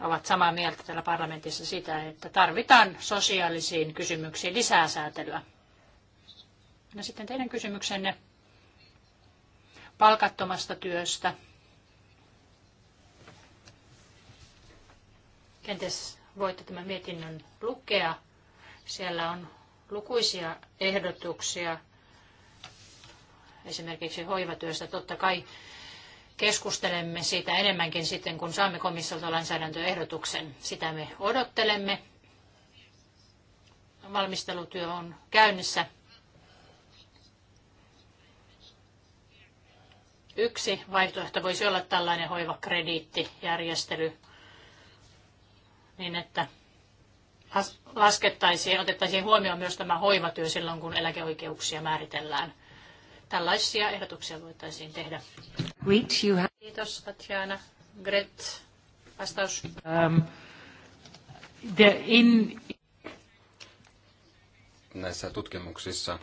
ovat samaa mieltä täällä parlamentissa sitä, että tarvitaan sosiaalisiin kysymyksiin lisää säätelyä. No sitten teidän kysymyksenne palkattomasta työstä. Kenties voitte tämän mietinnön lukea. Siellä on lukuisia ehdotuksia esimerkiksi hoivatyöstä. Totta kai keskustelemme siitä enemmänkin sitten, kun saamme komissiolta lainsäädäntöehdotuksen. Sitä me odottelemme. Valmistelutyö on käynnissä. Yksi vaihtoehto voisi olla tällainen hoivakrediittijärjestely, niin että laskettaisiin ja otettaisiin huomioon myös tämä hoivatyö silloin, kun eläkeoikeuksia määritellään – Tällaisia ehdotuksia voitaisiin tehdä. Great, you have... Kiitos Tatjana. Gret, vastaus. Um, the in... Näissä tutkimuksissa,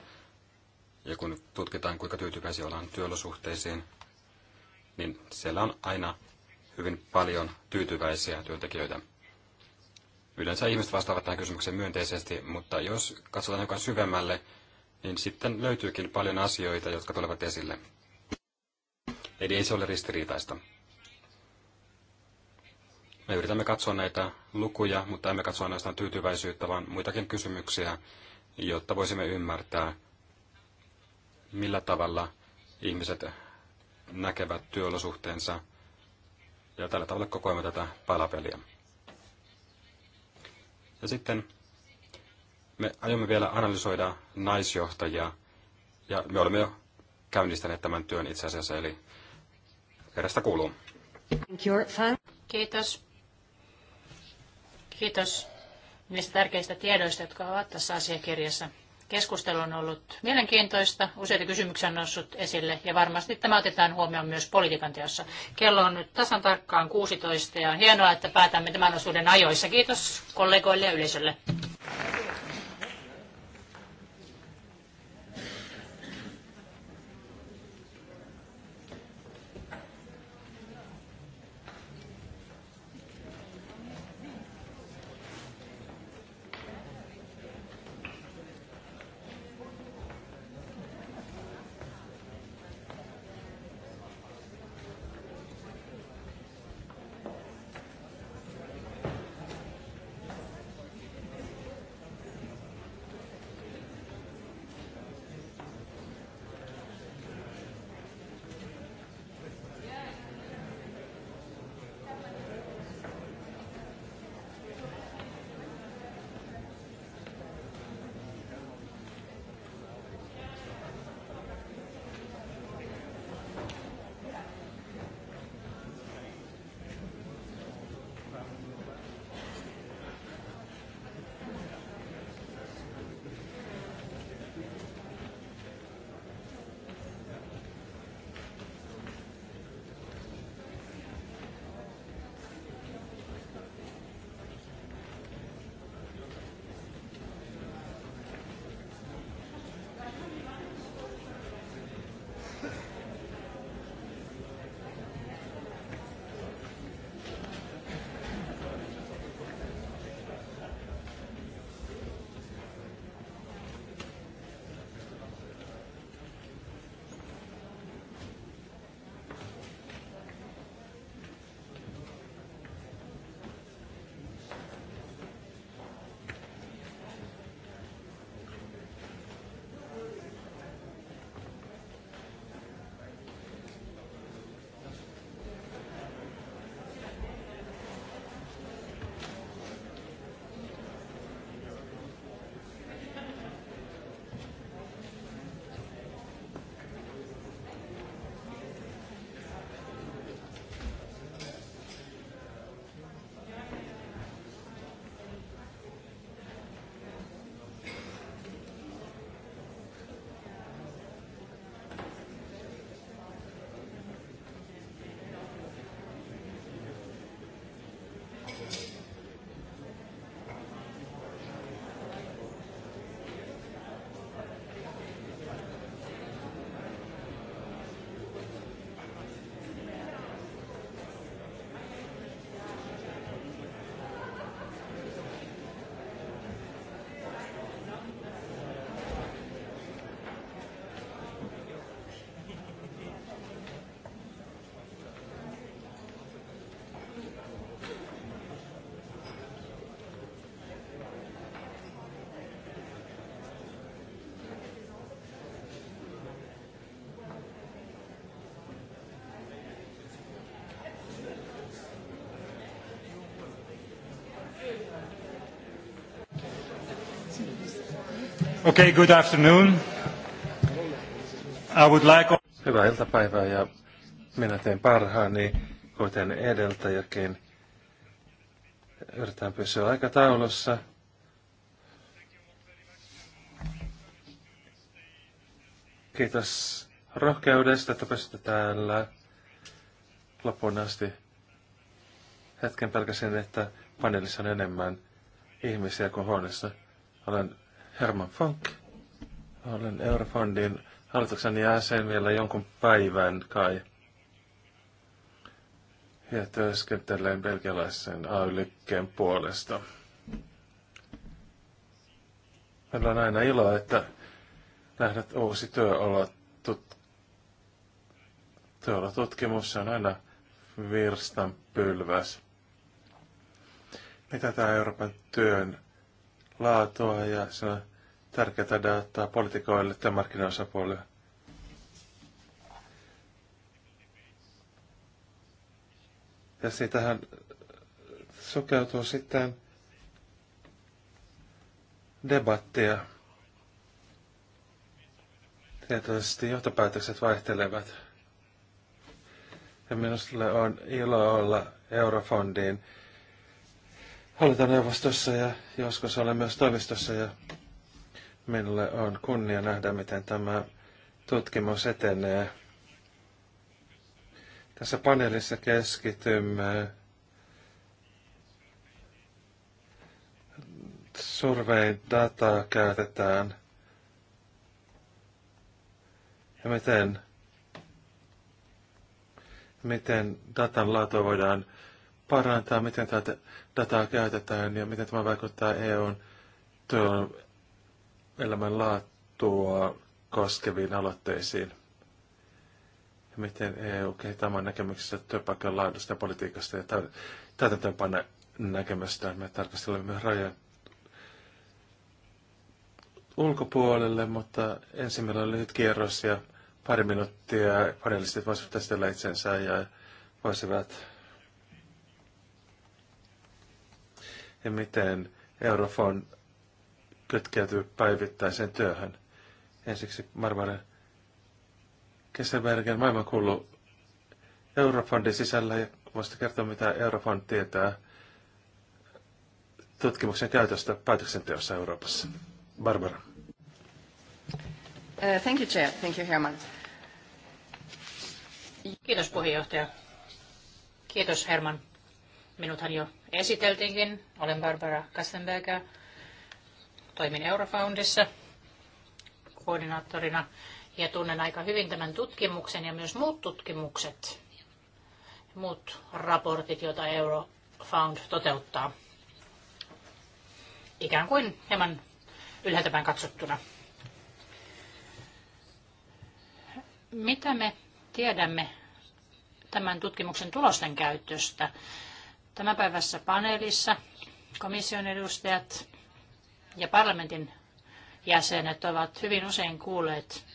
ja kun tutkitaan kuinka tyytyväisiä ollaan työolosuhteisiin, niin siellä on aina hyvin paljon tyytyväisiä työntekijöitä. Yleensä ihmiset vastaavat tähän kysymykseen myönteisesti, mutta jos katsotaan hiukan syvemmälle, niin sitten löytyykin paljon asioita, jotka tulevat esille. Eli ei se ole ristiriitaista. Me yritämme katsoa näitä lukuja, mutta emme katsoa ainoastaan tyytyväisyyttä, vaan muitakin kysymyksiä, jotta voisimme ymmärtää, millä tavalla ihmiset näkevät työolosuhteensa. Ja tällä tavalla kokoamme tätä palapeliä. Ja sitten me aiomme vielä analysoida naisjohtajia ja me olemme jo käynnistäneet tämän työn itse asiassa, eli perästä kuuluu. Kiitos. Kiitos niistä tärkeistä tiedoista, jotka ovat tässä asiakirjassa. Keskustelu on ollut mielenkiintoista, useita kysymyksiä on noussut esille ja varmasti tämä otetaan huomioon myös politiikan teossa. Kello on nyt tasan tarkkaan 16 ja on hienoa, että päätämme tämän osuuden ajoissa. Kiitos kollegoille ja yleisölle. Okay, good afternoon. I would like... Hyvää iltapäivää ja minä teen parhaani, kuten edeltäjäkin. Yritän pysyä aikataulussa. Kiitos rohkeudesta, että pysytte täällä loppuun asti. Hetken pelkäsin, että paneelissa on enemmän ihmisiä kuin huoneessa. Olen Herman Funk. Olen Eurofondin hallituksen jäsen vielä jonkun päivän kai. Ja työskentelen belgialaisen AY-liikkeen puolesta. Meillä on aina ilo, että lähdet uusi työolo, tut, Se on aina virstan pylväs. Mitä tämä Euroopan työn laatua ja se on tärkeää dataa politikoille tai markkinaosapuolille. Ja siitähän sukeutuu sitten debattia. Tietysti johtopäätökset vaihtelevat. Ja minusta on ilo olla Eurofondin hallintoneuvostossa ja joskus olen myös toimistossa ja minulle on kunnia nähdä, miten tämä tutkimus etenee. Tässä paneelissa keskitymme survein dataa käytetään ja miten, miten datan laatu voidaan parantaa, miten tätä dataa käytetään ja miten tämä vaikuttaa EUn työelämän laatua koskeviin aloitteisiin. Ja miten EU kehittää oman näkemyksensä työpaikan laadusta ja politiikasta ja täytäntöönpanna näkemystä. Me tarkastelemme myös rajan ulkopuolelle, mutta ensin meillä on lyhyt kierros ja pari minuuttia panelistit voisivat tästä itsensä ja voisivat ja miten Eurofon kytkeytyy päivittäiseen työhön. Ensiksi Marmaren Kesäbergen kuulu Eurofondin sisällä ja voisitte kertoa, mitä Eurofond tietää tutkimuksen käytöstä päätöksenteossa Euroopassa. Barbara. Uh, thank you, Chair. Thank you, Herman. Kiitos puheenjohtaja. Kiitos Herman Minuthan jo esiteltiinkin. Olen Barbara Kastenberger. Toimin Eurofoundissa koordinaattorina ja tunnen aika hyvin tämän tutkimuksen ja myös muut tutkimukset, muut raportit, joita Eurofound toteuttaa. Ikään kuin hieman ylhäältäpäin katsottuna. Mitä me tiedämme tämän tutkimuksen tulosten käytöstä? Tämän päivässä paneelissa komission edustajat ja parlamentin jäsenet ovat hyvin usein kuulleet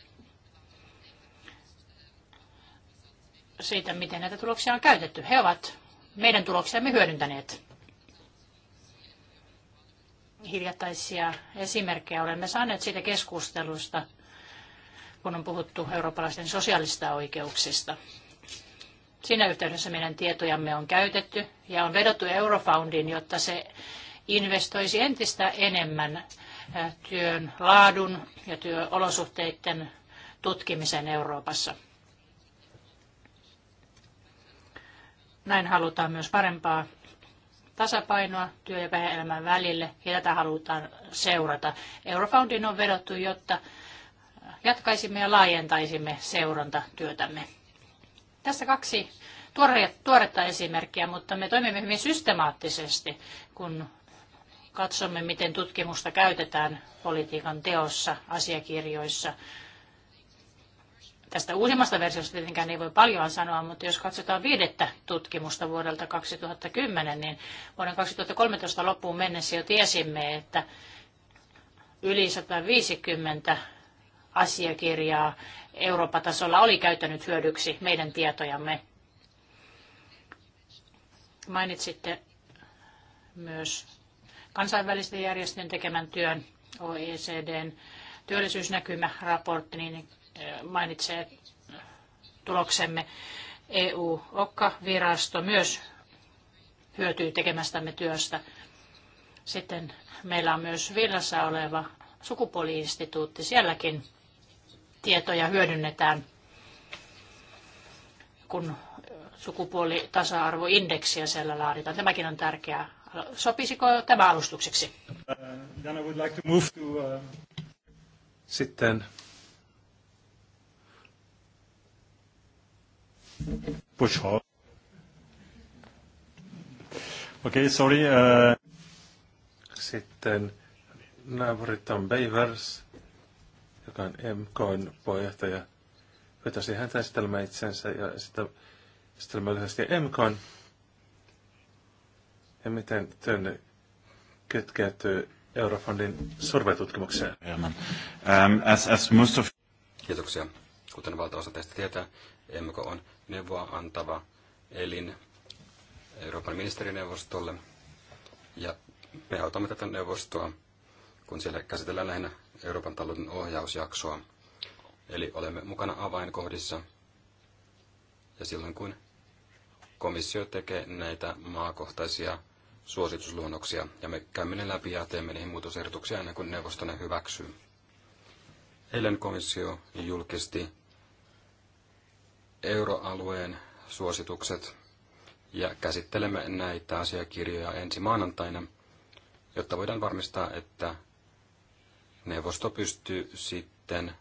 siitä, miten näitä tuloksia on käytetty. He ovat meidän tuloksiamme hyödyntäneet. Hiljattaisia esimerkkejä olemme saaneet siitä keskustelusta, kun on puhuttu eurooppalaisten sosiaalista oikeuksista. Siinä yhteydessä meidän tietojamme on käytetty ja on vedottu Eurofoundin, jotta se investoisi entistä enemmän työn laadun ja työolosuhteiden tutkimisen Euroopassa. Näin halutaan myös parempaa tasapainoa työ- ja perhe-elämän välille, ja tätä halutaan seurata. Eurofoundin on vedottu, jotta jatkaisimme ja laajentaisimme seurantatyötämme. Tässä kaksi tuore, tuoretta esimerkkiä, mutta me toimimme hyvin systemaattisesti, kun katsomme, miten tutkimusta käytetään politiikan teossa, asiakirjoissa. Tästä uusimmasta versiosta tietenkään ei voi paljon sanoa, mutta jos katsotaan viidettä tutkimusta vuodelta 2010, niin vuoden 2013 loppuun mennessä jo tiesimme, että yli 150 asiakirjaa eurooppa tasolla oli käyttänyt hyödyksi meidän tietojamme. Mainitsitte myös kansainvälisten järjestöjen tekemän työn, OECDn työllisyysnäkymäraportti, niin eh, mainitsee tuloksemme. EU-OKKA-virasto myös hyötyy tekemästämme työstä. Sitten meillä on myös Villassa oleva sukupuoliinstituutti. Sielläkin tietoja hyödynnetään, kun sukupuolitasa-arvoindeksiä siellä laaditaan. Tämäkin on tärkeää. Sopisiko tämä alustukseksi? Uh, uh, Sitten Push Okei, okay, sorry. Uh... Sitten naapurit on Beivers, joka on MKn puheenjohtaja, vetosi häntä esitelmään itsensä ja sitten esitelmään lyhyesti MKn. Ja miten työn kytkeytyy Eurofondin survetutkimukseen? Um, as, as most of... Kiitoksia. Kuten valtaosa teistä tietää, MK on neuvoa antava elin Euroopan ministerineuvostolle. Ja me autamme tätä neuvostoa, kun siellä käsitellään lähinnä Euroopan talouden ohjausjaksoa. Eli olemme mukana avainkohdissa ja silloin kun komissio tekee näitä maakohtaisia suositusluonnoksia ja me käymme ne läpi ja teemme niihin muutosehdotuksia ennen kuin neuvosto ne hyväksyy. Eilen komissio julkisti euroalueen suositukset ja käsittelemme näitä asiakirjoja ensi maanantaina, jotta voidaan varmistaa, että neuvosto pystyy sitten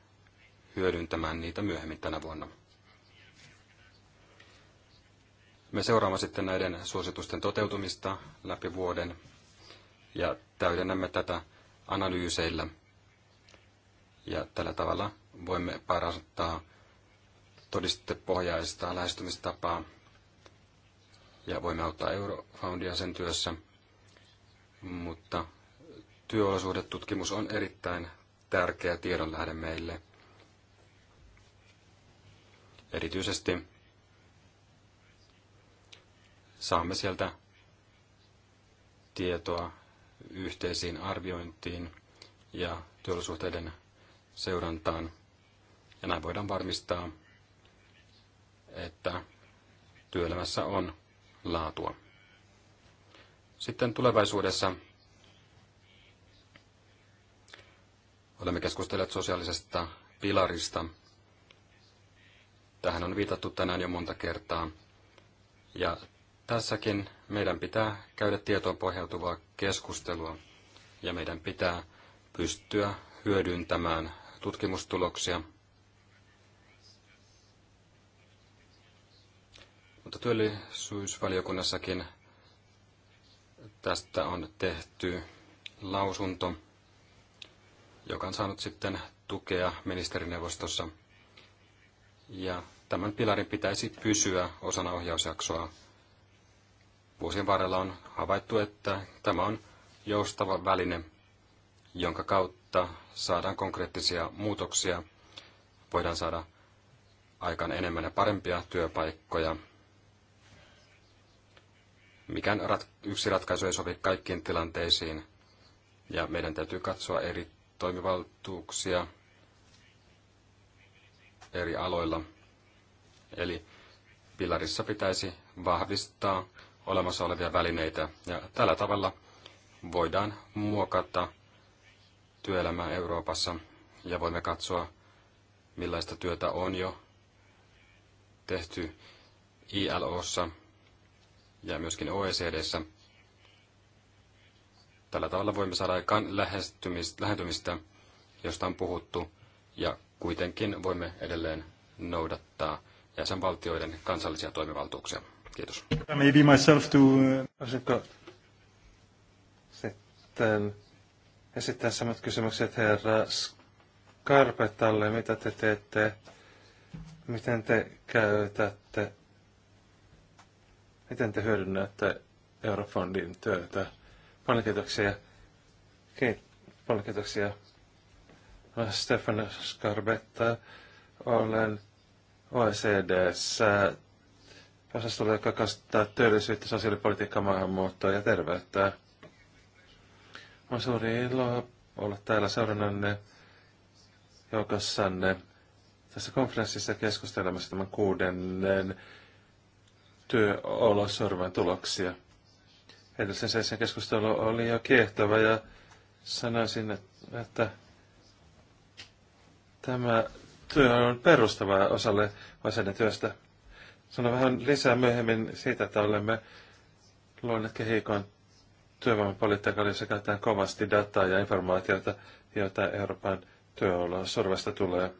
hyödyntämään niitä myöhemmin tänä vuonna. Me seuraamme sitten näiden suositusten toteutumista läpi vuoden ja täydennämme tätä analyyseillä. Ja tällä tavalla voimme parantaa todistepohjaista lähestymistapaa ja voimme auttaa Eurofoundia sen työssä, mutta työolosuhdetutkimus on erittäin tärkeä tiedonlähde meille. Erityisesti saamme sieltä tietoa yhteisiin arviointiin ja työolosuhteiden seurantaan. Ja näin voidaan varmistaa, että työelämässä on laatua. Sitten tulevaisuudessa Olemme keskustelleet sosiaalisesta pilarista. Tähän on viitattu tänään jo monta kertaa. Ja tässäkin meidän pitää käydä tietoon pohjautuvaa keskustelua ja meidän pitää pystyä hyödyntämään tutkimustuloksia. Mutta työllisyysvaliokunnassakin tästä on tehty lausunto joka on saanut sitten tukea ministerineuvostossa. Ja tämän pilarin pitäisi pysyä osana ohjausjaksoa. Vuosien varrella on havaittu, että tämä on joustava väline, jonka kautta saadaan konkreettisia muutoksia, voidaan saada aikaan enemmän ja parempia työpaikkoja. Mikään rat- yksi ratkaisu ei sovi kaikkiin tilanteisiin, ja meidän täytyy katsoa eri toimivaltuuksia eri aloilla. Eli pilarissa pitäisi vahvistaa olemassa olevia välineitä ja tällä tavalla voidaan muokata työelämää Euroopassa ja voimme katsoa, millaista työtä on jo tehty ILOssa ja myöskin OECDssä. Tällä tavalla voimme saada aikaan lähentymistä, josta on puhuttu, ja kuitenkin voimme edelleen noudattaa jäsenvaltioiden kansallisia toimivaltuuksia. Kiitos. Maybe myself to... Uh, sitten esittää samat kysymykset herra Skarpetalle, mitä te teette, miten te käytätte, miten te hyödynnätte Eurofondin työtä? Paljon kiitoksia. Kiit- paljon kiitoksia. Stefan Skarbetta. Olen OECDssä osastolla, joka kasvattaa työllisyyttä, sosiaalipolitiikkaa, maahanmuuttoa ja terveyttä. On suuri ilo olla täällä seurannanne joukossanne tässä konferenssissa keskustelemassa tämän kuudennen työolosorven tuloksia edellisen seisen keskustelu oli jo kiehtova ja sanoisin, että tämä työ on perustavaa osalle työstä. Sano vähän lisää myöhemmin siitä, että olemme luoneet kehikon työvoimapolitiikalla, jossa käytetään kovasti dataa ja informaatiota, joita Euroopan työoloon survasta tulee.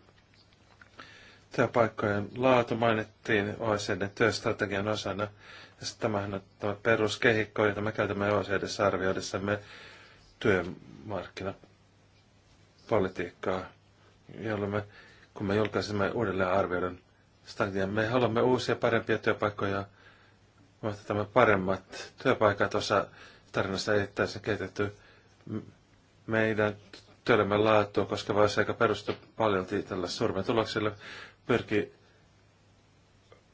Työpaikkojen laatu mainittiin oecd työstrategian osana. Ja tämähän on tämä peruskehikko, jota me käytämme OECDssä arvioidessamme työmarkkinapolitiikkaa, jolloin me, kun me julkaisimme uudelleen arvioidun strategian, me haluamme uusia parempia työpaikkoja, mutta tämä paremmat työpaikat osa tarinasta erittäin kehitetty meidän työelämän laatua koska asia, aika perustuu paljon tällä suuren tuloksille pyrki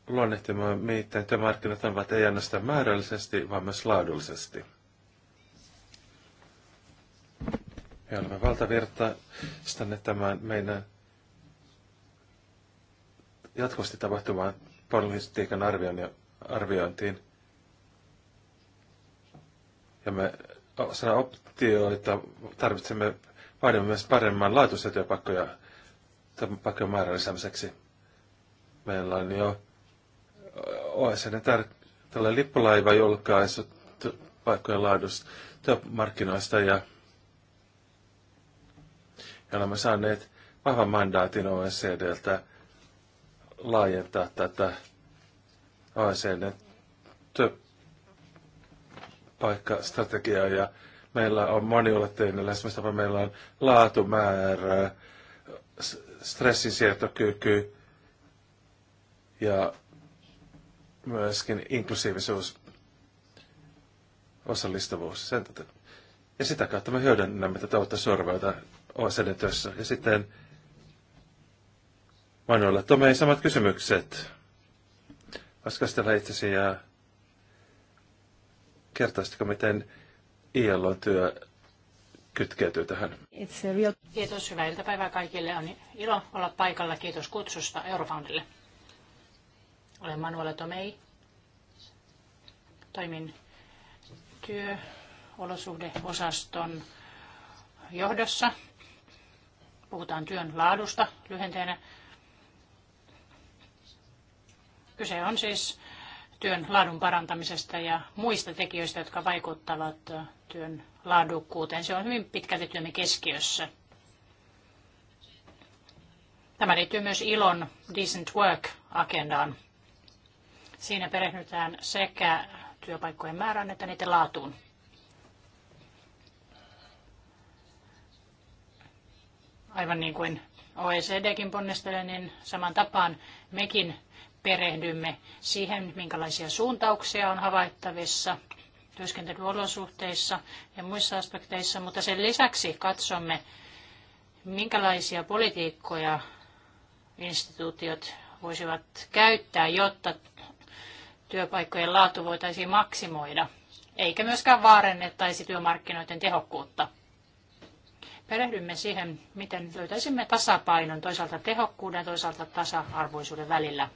luonnehtimaan, miten työmarkkinat ovat ei ainoastaan määrällisesti, vaan myös laadullisesti. Me olemme valtavirtaistaneet tämän meidän jatkuvasti tapahtuvan politiikan arviointiin. Ja me osana optioita tarvitsemme, vaadimme myös paremman laatuisia työpaikkoja työpaikkojen määrän lisäämiseksi Meillä on jo OSN tär- tällä lippulaiva julkaissut paikkojen laadusta työmarkkinoista ja, ja olemme saaneet vahvan mandaatin OECDltä laajentaa tätä OECD työpaikkastrategiaa ja meillä on moniulotteinen lähestymistapa, meillä on laatumäärä, stressinsietokyky, ja myöskin inklusiivisuus, osallistuvuus Sen Ja sitä kautta me hyödynnämme tätä uutta sorvelta OECD-työssä. Ja sitten Manuela Tomei samat kysymykset. Vaskastella itsesi ja kertoisitko, miten ILO-työ kytkeytyy tähän. Kiitos, hyvää iltapäivää kaikille. On ilo olla paikalla. Kiitos kutsusta Eurofoundille. Olen Manuela Tomei. Toimin työolosuhdeosaston johdossa. Puhutaan työn laadusta lyhenteenä. Kyse on siis työn laadun parantamisesta ja muista tekijöistä, jotka vaikuttavat työn laadukkuuteen. Se on hyvin pitkälti työmme keskiössä. Tämä liittyy myös ilon Decent Work-agendaan. Siinä perehdytään sekä työpaikkojen määrään että niiden laatuun. Aivan niin kuin OECDkin ponnistelee, niin saman tapaan mekin perehdymme siihen, minkälaisia suuntauksia on havaittavissa työskentelyolosuhteissa ja muissa aspekteissa, mutta sen lisäksi katsomme, minkälaisia politiikkoja instituutiot voisivat käyttää, jotta työpaikkojen laatu voitaisiin maksimoida, eikä myöskään vaarennettaisi työmarkkinoiden tehokkuutta. Perehdymme siihen, miten löytäisimme tasapainon toisaalta tehokkuuden ja toisaalta tasa-arvoisuuden välillä.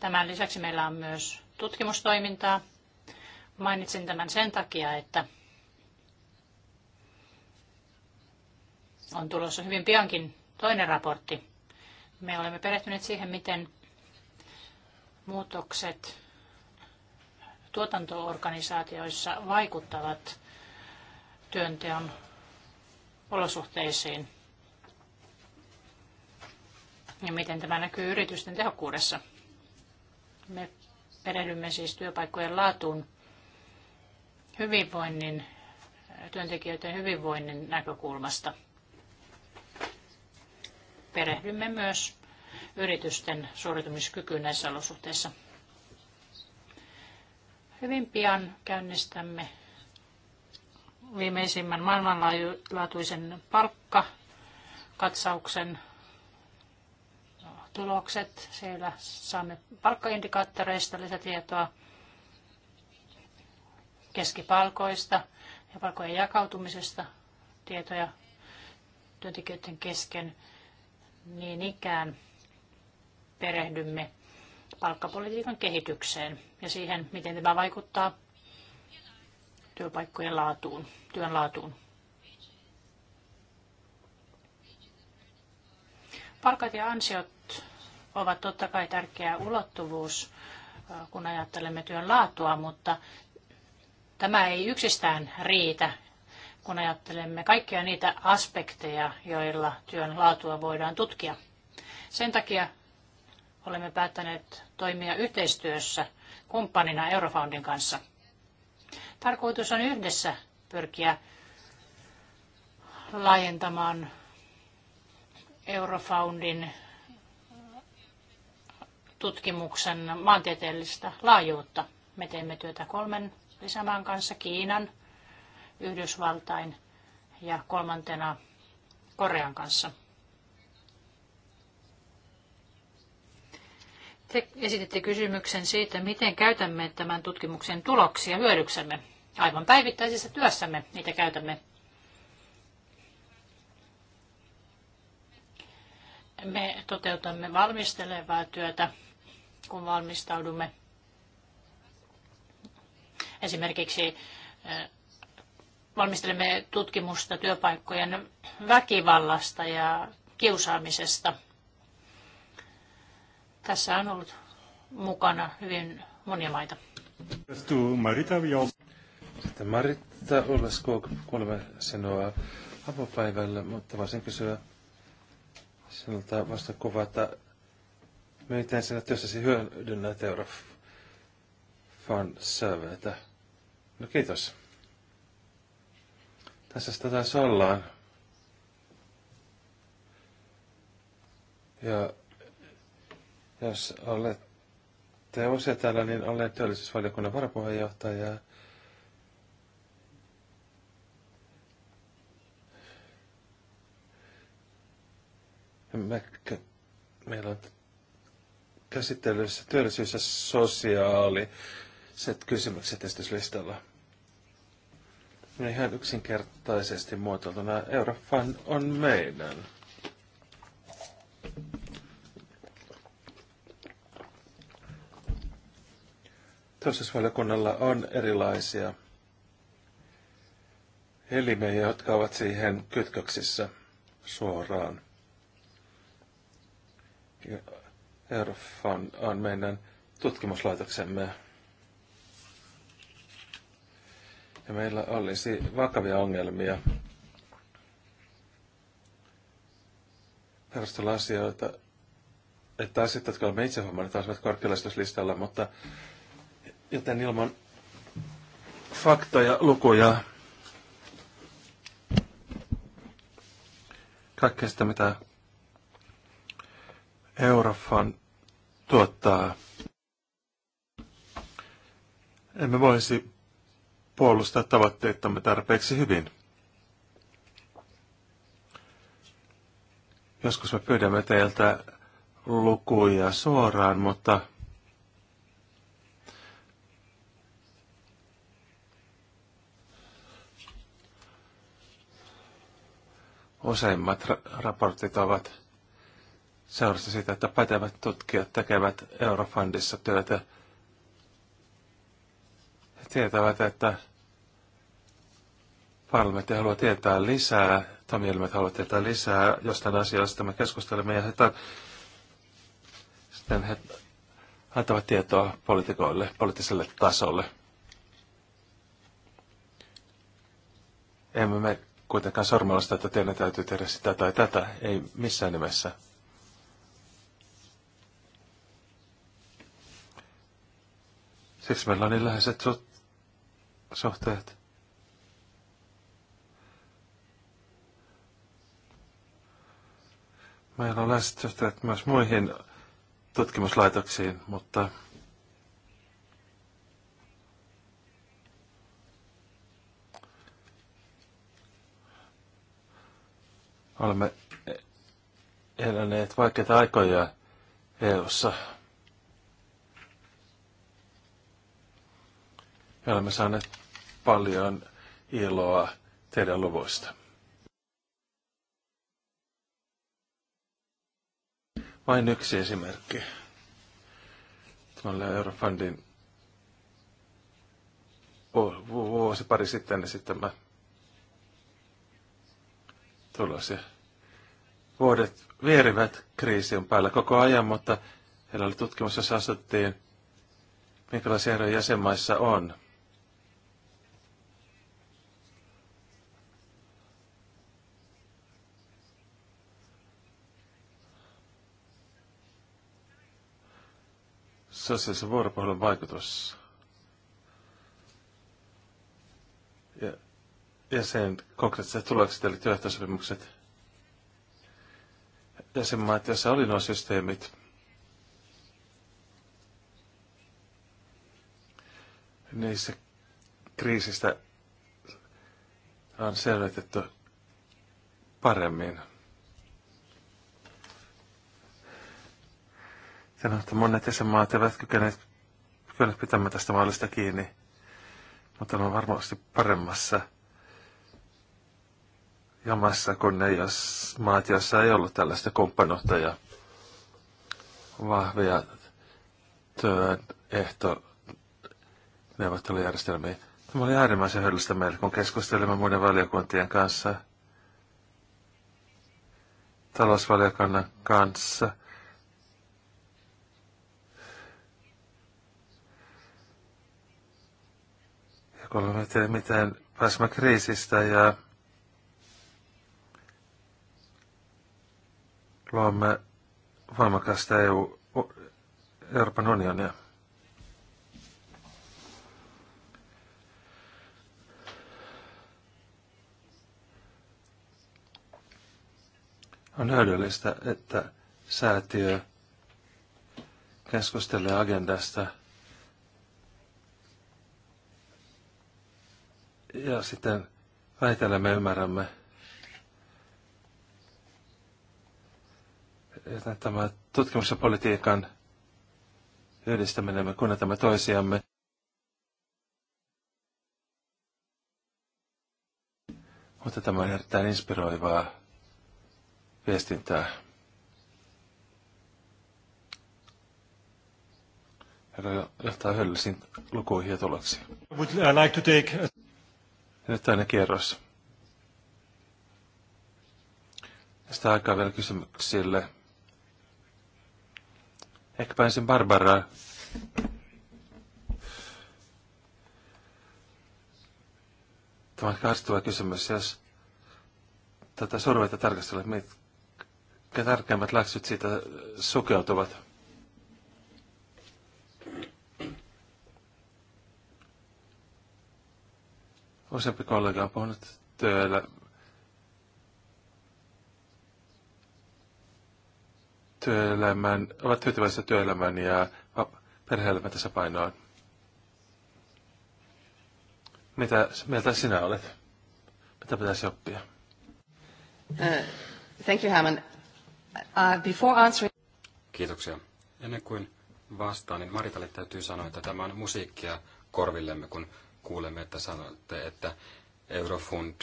Tämän lisäksi meillä on myös tutkimustoimintaa. Mainitsin tämän sen takia, että on tulossa hyvin piankin toinen raportti me olemme perehtyneet siihen, miten muutokset tuotantoorganisaatioissa vaikuttavat työnteon olosuhteisiin ja miten tämä näkyy yritysten tehokkuudessa. Me perehdymme siis työpaikkojen laatuun hyvinvoinnin, työntekijöiden hyvinvoinnin näkökulmasta – perehdymme myös yritysten suoritumiskykyyn näissä olosuhteissa. Hyvin pian käynnistämme viimeisimmän maailmanlaatuisen palkkakatsauksen tulokset. Siellä saamme palkkaindikaattoreista lisätietoa keskipalkoista ja palkojen jakautumisesta tietoja työntekijöiden kesken niin ikään perehdymme palkkapolitiikan kehitykseen ja siihen, miten tämä vaikuttaa työpaikkojen laatuun, työn laatuun. Palkat ja ansiot ovat totta kai tärkeä ulottuvuus, äh, kun ajattelemme työn laatua, mutta tämä ei yksistään riitä kun ajattelemme kaikkia niitä aspekteja, joilla työn laatua voidaan tutkia. Sen takia olemme päättäneet toimia yhteistyössä kumppanina Eurofoundin kanssa. Tarkoitus on yhdessä pyrkiä laajentamaan Eurofoundin tutkimuksen maantieteellistä laajuutta. Me teemme työtä kolmen lisämaan kanssa, Kiinan, Yhdysvaltain ja kolmantena Korean kanssa. Te esititte kysymyksen siitä, miten käytämme tämän tutkimuksen tuloksia hyödyksemme. Aivan päivittäisessä työssämme niitä käytämme. Me toteutamme valmistelevaa työtä, kun valmistaudumme esimerkiksi eh, valmistelemme tutkimusta työpaikkojen väkivallasta ja kiusaamisesta. Tässä on ollut mukana hyvin monia maita. Sitten Maritta Olasko, kuulemme sinua avopäivällä, mutta voisin kysyä sinulta vastakuvaa, että miten sinä työssäsi hyödynnät Eurofan serveitä. No kiitos. Tässä sitä taas ollaan. Ja jos olette osia täällä, niin olen työllisyysvaliokunnan varapuheenjohtaja. Me, meillä on käsittelyssä työllisyys- ja sosiaaliset kysymykset esityslistalla. No ihan yksinkertaisesti muotoiltuna Eurofan on meidän. Toistusvaliokunnalla on erilaisia elimiä, jotka ovat siihen kytköksissä suoraan. Eurofan on meidän tutkimuslaitoksemme. ja meillä olisi vakavia ongelmia perustella asioita, että asiat, jotka olemme itse huomanneet, olisivat korkealaistuslistalla, mutta joten ilman faktoja, lukuja, kaikkea sitä, mitä Eurofan tuottaa, emme voisi puolustaa tavoitteittamme tarpeeksi hyvin. Joskus me pyydämme teiltä lukuja suoraan, mutta useimmat raportit ovat seurassa siitä, että pätevät tutkijat tekevät Eurofundissa työtä – tietävät, että parlamentti haluaa tietää lisää, toimielimet haluaa tietää lisää jostain asiasta. Me keskustelemme ja että sitten he antavat tietoa poliitikoille, poliittiselle tasolle. Emme me kuitenkaan sormella sitä, että teidän täytyy tehdä sitä tai tätä, ei missään nimessä. Siksi meillä on niin läheiset suhteet suhteet. Meillä on läheiset suhteet myös muihin tutkimuslaitoksiin, mutta olemme eläneet vaikeita aikoja EU:ssa. Ja olemme saaneet paljon iloa teidän luvuista. Vain yksi esimerkki. Tämä oli Eurofundin vuosi pari sitten esittämä tulos. Ja vuodet vierivät kriisin päällä koko ajan, mutta heillä oli tutkimus, jossa asuttiin, minkälaisia eroja jäsenmaissa on – sosiaalisen vuoropuhelun vaikutus ja, ja sen konkreettiset tulokset, eli työehtosopimukset, jäsenmaat, joissa oli nuo systeemit, niissä kriisistä on selvitetty paremmin. Sanoin, että monet jäsenmaat eivät kykeneet, kykeneet pitämään tästä maalista kiinni, mutta on varmasti paremmassa jamassa kuin ne jos, maat, joissa ei ollut tällaista kumppanuutta ja vahvia työehto neuvottelujärjestelmiä. Tämä oli äärimmäisen hyödyllistä meille, kun keskustelimme muiden valiokuntien kanssa, talousvaliokunnan kanssa – kun me tiedä, miten pääsemme kriisistä ja luomme voimakasta EU, Euroopan unionia. On hyödyllistä, että säätiö keskustelee agendasta – Ja sitten väitellä me ymmärrämme, että tämä tutkimus ja politiikan yhdistäminen, me kunnetamme toisiamme. Mutta tämä on erittäin inspiroivaa viestintää, joka johtaa hyödyllisiin lukuihin ja tuloksiin. Ja nyt toinen kierros. Sitä aikaa vielä kysymyksille. Ehkäpä ensin Barbaraa. Tämä on karstuva kysymys. Jos tätä sorvetta tarkastellaan, mitkä tärkeimmät läksyt siitä sukeutuvat? Useampi kollega on puhunut työllä työelämän, ovat tyytyväisiä työelämän ja perhe-elämän tasapainoon. Mitä mieltä sinä olet? Mitä pitäisi oppia? Uh, thank you, Hammond. Uh, before answering... Kiitoksia. Ennen kuin vastaan, niin Maritalle täytyy sanoa, että tämä on musiikkia korvillemme, kun kuulemme, että sanotte, että Eurofund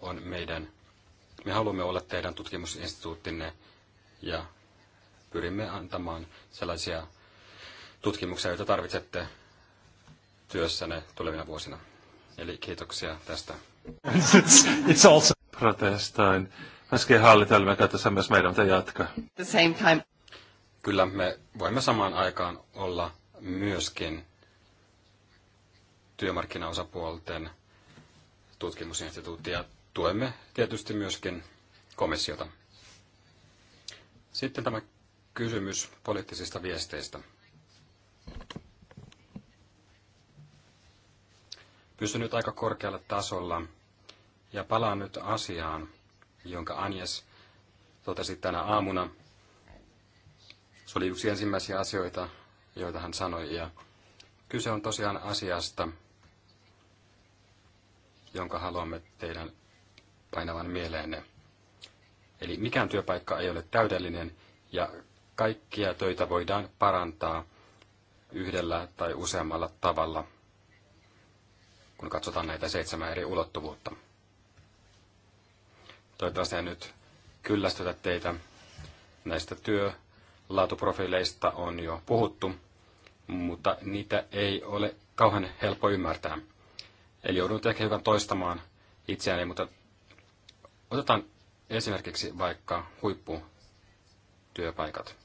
on meidän, me haluamme olla teidän tutkimusinstituuttinne ja pyrimme antamaan sellaisia tutkimuksia, joita tarvitsette työssänne tulevina vuosina. Eli kiitoksia tästä. It's, also... Protestoin. Äsken hallitelmä käytössä myös meidän pitää jatkaa. The same time. Kyllä me voimme samaan aikaan olla myöskin työmarkkinaosapuolten tutkimusinstituuttia. tuemme tietysti myöskin komissiota. Sitten tämä kysymys poliittisista viesteistä. Pysyn nyt aika korkealla tasolla ja palaan nyt asiaan, jonka Anjes totesi tänä aamuna. Se oli yksi ensimmäisiä asioita, joita hän sanoi, ja kyse on tosiaan asiasta, jonka haluamme teidän painavan mieleenne. Eli mikään työpaikka ei ole täydellinen ja kaikkia töitä voidaan parantaa yhdellä tai useammalla tavalla, kun katsotaan näitä seitsemän eri ulottuvuutta. Toivottavasti en nyt kyllästytä teitä. Näistä työlaatuprofiileista on jo puhuttu, mutta niitä ei ole kauhean helppo ymmärtää. Eli joudun nyt ehkä hiukan toistamaan itseäni, mutta otetaan esimerkiksi vaikka huipputyöpaikat.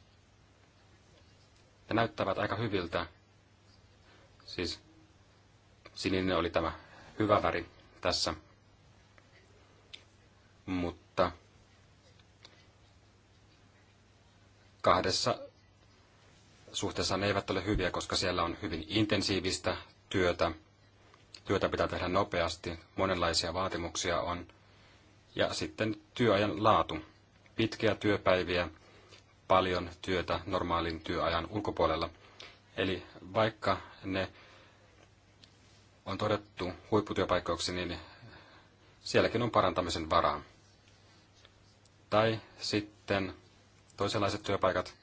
Ne näyttävät aika hyviltä. Siis sininen oli tämä hyvä väri tässä. Mutta kahdessa suhteessa ne eivät ole hyviä, koska siellä on hyvin intensiivistä työtä, Työtä pitää tehdä nopeasti, monenlaisia vaatimuksia on. Ja sitten työajan laatu. Pitkiä työpäiviä, paljon työtä normaalin työajan ulkopuolella. Eli vaikka ne on todettu huipputyöpaikoiksi, niin sielläkin on parantamisen varaa. Tai sitten toisenlaiset työpaikat,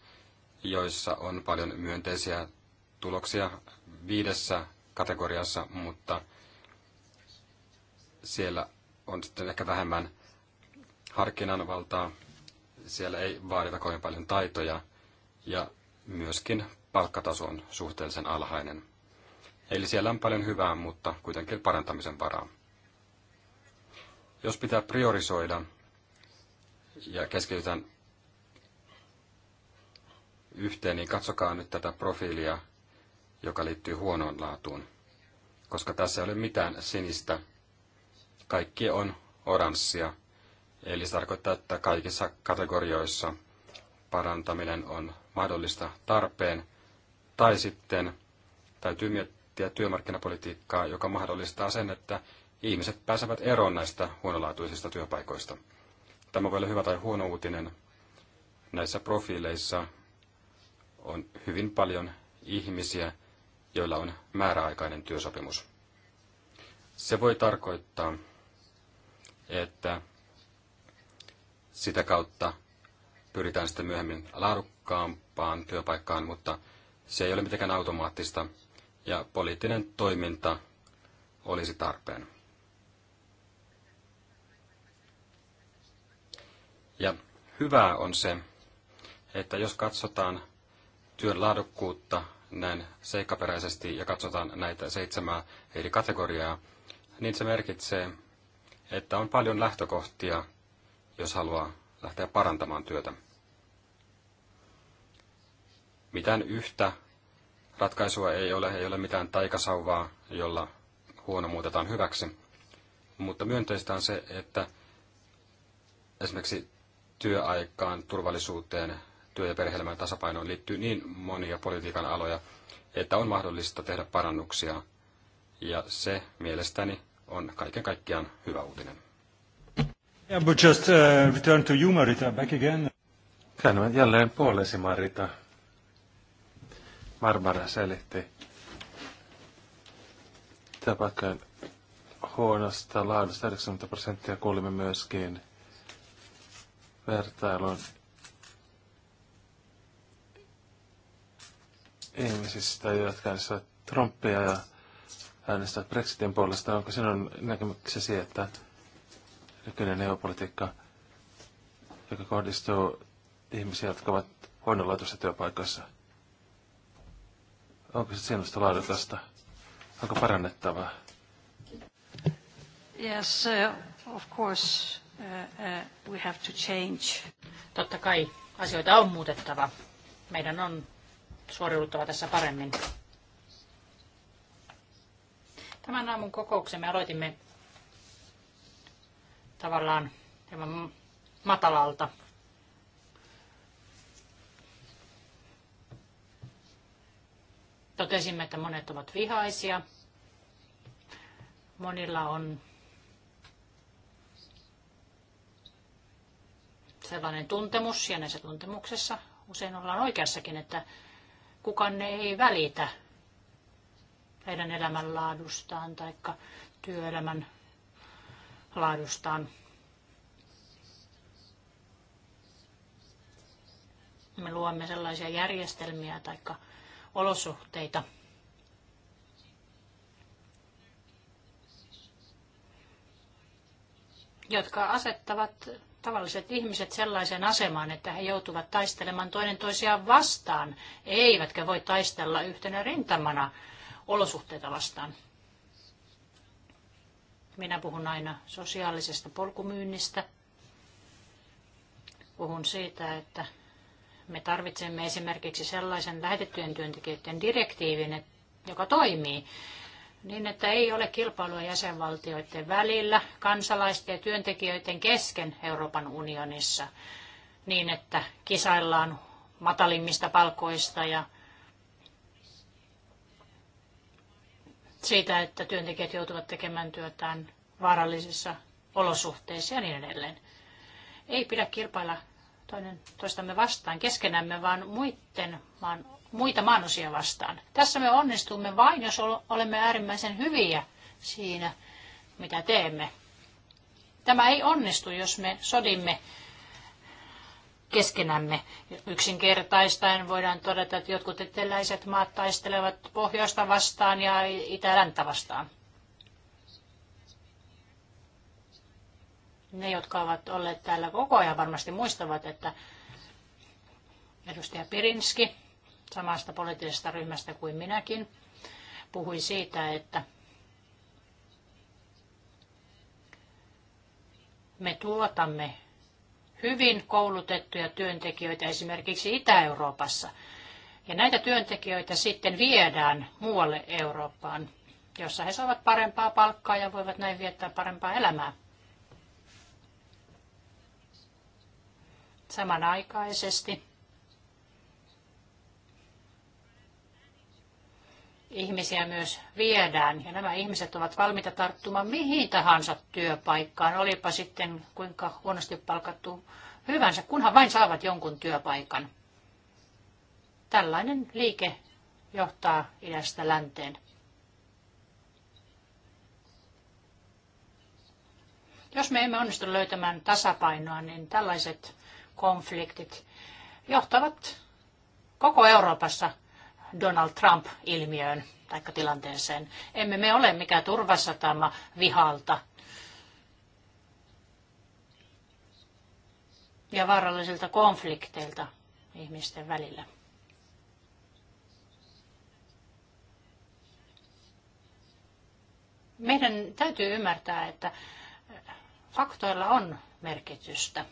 joissa on paljon myönteisiä tuloksia viidessä kategoriassa, mutta siellä on sitten ehkä vähemmän harkinnanvaltaa, siellä ei vaadita kovin paljon taitoja ja myöskin palkkataso on suhteellisen alhainen. Eli siellä on paljon hyvää, mutta kuitenkin parantamisen varaa. Jos pitää priorisoida ja keskitytään yhteen, niin katsokaa nyt tätä profiilia, joka liittyy huonoon laatuun, koska tässä ei ole mitään sinistä kaikki on oranssia. Eli se tarkoittaa, että kaikissa kategorioissa parantaminen on mahdollista tarpeen. Tai sitten täytyy miettiä työmarkkinapolitiikkaa, joka mahdollistaa sen, että ihmiset pääsevät eroon näistä huonolaatuisista työpaikoista. Tämä voi olla hyvä tai huono uutinen. Näissä profiileissa on hyvin paljon ihmisiä, joilla on määräaikainen työsopimus. Se voi tarkoittaa, että sitä kautta pyritään sitten myöhemmin laadukkaampaan työpaikkaan, mutta se ei ole mitenkään automaattista ja poliittinen toiminta olisi tarpeen. Ja hyvää on se, että jos katsotaan työn laadukkuutta näin seikkaperäisesti ja katsotaan näitä seitsemää eri kategoriaa, niin se merkitsee että on paljon lähtökohtia, jos haluaa lähteä parantamaan työtä. Mitään yhtä ratkaisua ei ole, ei ole mitään taikasauvaa, jolla huono muutetaan hyväksi. Mutta myönteistä on se, että esimerkiksi työaikaan, turvallisuuteen, työ- ja perhe tasapainoon liittyy niin monia politiikan aloja, että on mahdollista tehdä parannuksia. Ja se mielestäni on kaiken kaikkiaan hyvä uutinen. Yeah, but just uh, return to you, Marita, back again. Käännymme jälleen puolesi, Marita. Marmara selitti Tapakkaan huonosta laadusta 90 prosenttia kuulimme myöskin vertailun ihmisistä, jotka äänestivät Trumpia ja äänestävät Brexitin puolesta. Onko sinun näkemyksesi, että nykyinen EU-politiikka, joka kohdistuu ihmisiä, jotka ovat huonolaatuisissa työpaikoissa, onko se sinusta laadukasta? Onko parannettavaa? Yes, uh, of course, uh, uh, we have to change. Totta kai asioita on muutettava. Meidän on suoriuduttava tässä paremmin. Tämän aamun kokouksen me aloitimme tavallaan hieman matalalta. Totesimme, että monet ovat vihaisia. Monilla on sellainen tuntemus, ja näissä tuntemuksessa usein ollaan oikeassakin, että kukaan ei välitä heidän elämänlaadustaan tai työelämän laadustaan. Me luomme sellaisia järjestelmiä tai olosuhteita, jotka asettavat tavalliset ihmiset sellaiseen asemaan, että he joutuvat taistelemaan toinen toisiaan vastaan, eivätkä voi taistella yhtenä rintamana olosuhteita vastaan. Minä puhun aina sosiaalisesta polkumyynnistä. Puhun siitä, että me tarvitsemme esimerkiksi sellaisen lähetettyjen työntekijöiden direktiivin, joka toimii niin, että ei ole kilpailua jäsenvaltioiden välillä, kansalaisten ja työntekijöiden kesken Euroopan unionissa, niin että kisaillaan matalimmista palkoista ja siitä, että työntekijät joutuvat tekemään työtään vaarallisissa olosuhteissa ja niin edelleen. Ei pidä kilpailla toinen toistamme vastaan keskenämme, vaan muiden maan, muita maanosia vastaan. Tässä me onnistumme vain, jos olemme äärimmäisen hyviä siinä, mitä teemme. Tämä ei onnistu, jos me sodimme keskenämme. Yksinkertaistaen voidaan todeta, että jotkut eteläiset maat taistelevat pohjoista vastaan ja itä-länttä vastaan. Ne, jotka ovat olleet täällä koko ajan, varmasti muistavat, että edustaja Pirinski samasta poliittisesta ryhmästä kuin minäkin puhui siitä, että me tuotamme hyvin koulutettuja työntekijöitä esimerkiksi Itä-Euroopassa. Ja näitä työntekijöitä sitten viedään muualle Eurooppaan, jossa he saavat parempaa palkkaa ja voivat näin viettää parempaa elämää. Samanaikaisesti ihmisiä myös viedään. Ja nämä ihmiset ovat valmiita tarttumaan mihin tahansa työpaikkaan, olipa sitten kuinka huonosti palkattu hyvänsä, kunhan vain saavat jonkun työpaikan. Tällainen liike johtaa idästä länteen. Jos me emme onnistu löytämään tasapainoa, niin tällaiset konfliktit johtavat koko Euroopassa Donald Trump-ilmiöön tai tilanteeseen. Emme me ole mikään turvasatama vihalta ja vaarallisilta konflikteilta ihmisten välillä. Meidän täytyy ymmärtää, että faktoilla on merkitystä.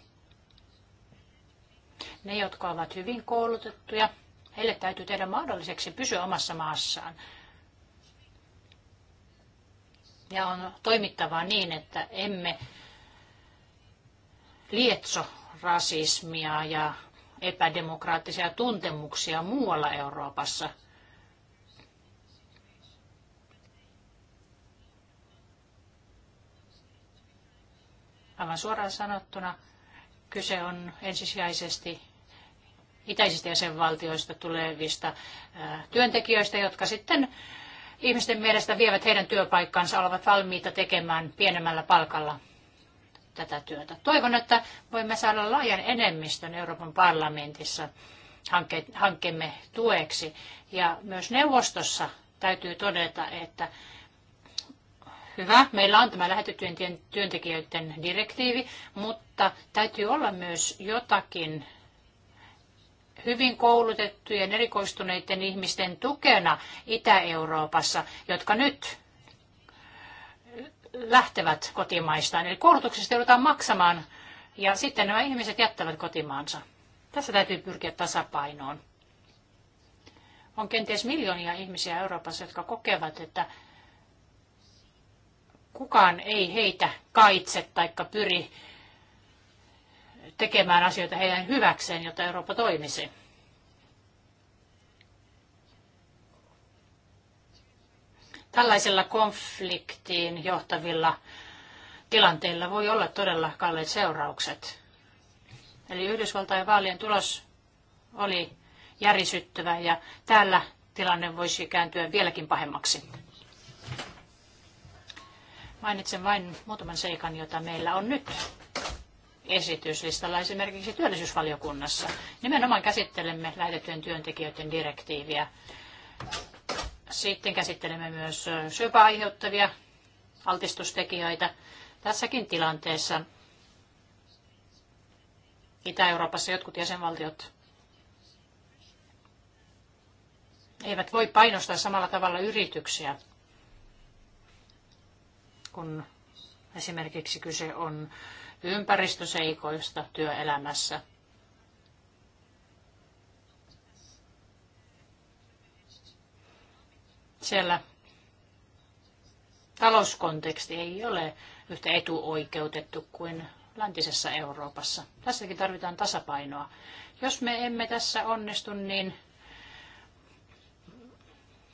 Ne, jotka ovat hyvin koulutettuja, Heille täytyy tehdä mahdolliseksi pysyä omassa maassaan. Ja on toimittava niin, että emme lietso rasismia ja epädemokraattisia tuntemuksia muualla Euroopassa. Aivan suoraan sanottuna kyse on ensisijaisesti itäisistä jäsenvaltioista tulevista työntekijöistä, jotka sitten ihmisten mielestä vievät heidän työpaikkansa, ovat valmiita tekemään pienemmällä palkalla tätä työtä. Toivon, että voimme saada laajan enemmistön Euroopan parlamentissa hanke, hankkeemme tueksi. Ja myös neuvostossa täytyy todeta, että hyvä, meillä on tämä lähetettyjen työntekijöiden direktiivi, mutta täytyy olla myös jotakin hyvin koulutettujen, erikoistuneiden ihmisten tukena Itä-Euroopassa, jotka nyt lähtevät kotimaistaan. Eli koulutuksesta joudutaan maksamaan ja sitten nämä ihmiset jättävät kotimaansa. Tässä täytyy pyrkiä tasapainoon. On kenties miljoonia ihmisiä Euroopassa, jotka kokevat, että kukaan ei heitä kaitse tai pyri tekemään asioita heidän hyväkseen, jotta Eurooppa toimisi. Tällaisilla konfliktiin johtavilla tilanteilla voi olla todella kalliit seuraukset. Eli Yhdysvaltain vaalien tulos oli järisyttävä ja täällä tilanne voisi kääntyä vieläkin pahemmaksi. Mainitsen vain muutaman seikan, jota meillä on nyt esityslistalla esimerkiksi työllisyysvaliokunnassa. Nimenomaan käsittelemme lähetettyjen työntekijöiden direktiiviä. Sitten käsittelemme myös syöpää aiheuttavia altistustekijöitä. Tässäkin tilanteessa Itä-Euroopassa jotkut jäsenvaltiot eivät voi painostaa samalla tavalla yrityksiä, kun esimerkiksi kyse on ympäristöseikoista työelämässä. Siellä talouskonteksti ei ole yhtä etuoikeutettu kuin läntisessä Euroopassa. Tässäkin tarvitaan tasapainoa. Jos me emme tässä onnistu, niin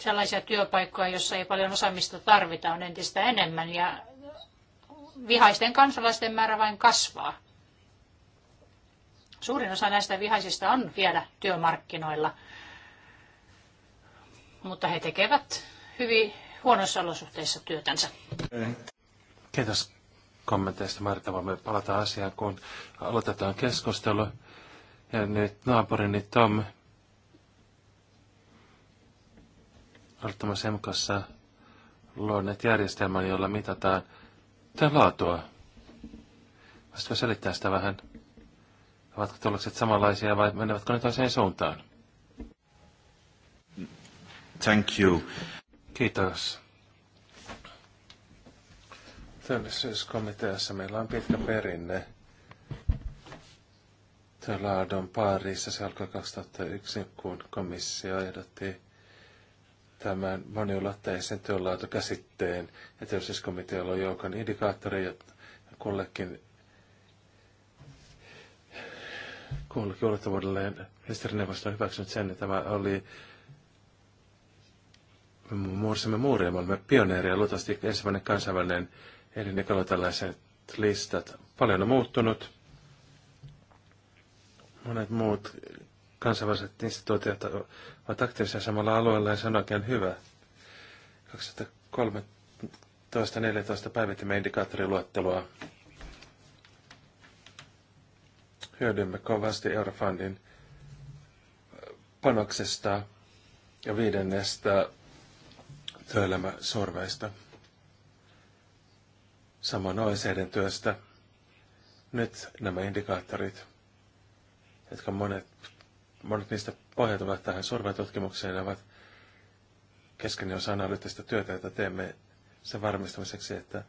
sellaisia työpaikkoja, joissa ei paljon osaamista tarvita, on entistä enemmän ja vihaisten kansalaisten määrä vain kasvaa. Suurin osa näistä vihaisista on vielä työmarkkinoilla, mutta he tekevät hyvin huonoissa olosuhteissa työtänsä. Kiitos kommenteista, Marta, vaan me palataan asiaan, kun aloitetaan keskustelu. Ja nyt naapurini Tom aloittamassa Emkassa järjestelmän, jolla mitataan – Tämä laatua. Voisitko selittää sitä vähän? Ovatko tulokset samanlaisia vai menevätkö ne toiseen suuntaan? Thank you. Kiitos. Työllisyyskomiteassa meillä on pitkä perinne. Työlaadon parissa se alkoi 2001, kun komissio ehdotti tämän moniulotteisen työnlaatukäsitteen ja teollisuuskomitealla on joukon indikaattoreja kullekin kullekin ulottuvuudelleen ministerineuvosto on hyväksynyt sen, että tämä oli muursimme muuria, me olemme pioneeria, luultavasti ensimmäinen kansainvälinen ne tällaiset listat. Paljon on muuttunut. Monet muut kansainväliset instituutiot ovat aktiivisia samalla alueella ja se on oikein hyvä. 2013-2014 päivitimme indikaattoriluettelua. Hyödymme kovasti Eurofundin panoksesta ja viidennestä työelämäsorveista. Samoin OECDn työstä. Nyt nämä indikaattorit, jotka monet monet niistä pohjautuvat tähän survetutkimukseen ja ovat keskeinen osa analyyttistä työtä, jota teemme sen varmistamiseksi, että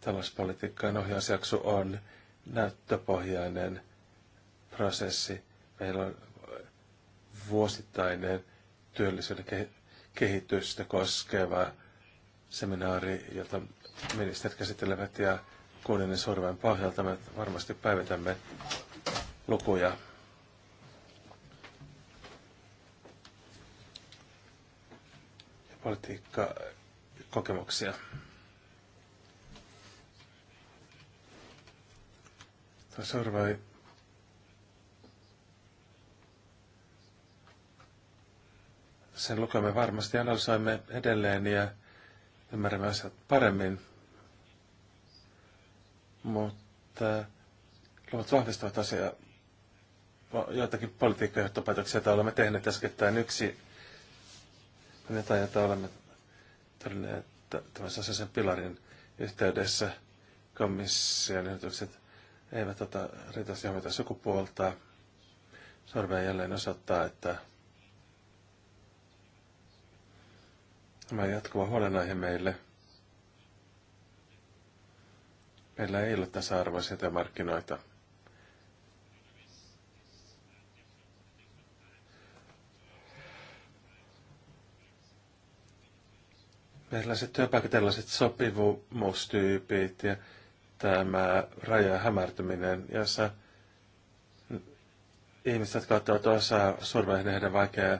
talouspolitiikkaan ohjausjakso on näyttöpohjainen prosessi. Meillä on vuosittainen työllisyyden kehitystä koskeva seminaari, jota ministerit käsittelevät ja kuudennen sorven pohjalta me varmasti päivitämme lukuja politiikkakokemuksia. Sorvai sen lukemme varmasti analysoimme edelleen ja ymmärrämme asiat paremmin. Mutta luvat vahvistavat asiaa joitakin politiikkajohtopäätöksiä, joita olemme tehneet äskettäin. Yksi me ajoita olemme todenneet tämän sosiaalisen pilarin yhteydessä komission yritykset eivät ota riittävästi huomiota sukupuolta. Sorvea jälleen osoittaa, että tämä jatkuva huolenaihe meille. Meillä ei ole tasa-arvoisia työmarkkinoita. erilaiset työpaikat, tällaiset sopivuustyypit ja tämä raja hämärtyminen, jossa ihmiset, jotka ottavat osaa surveihin, heidän vaikea,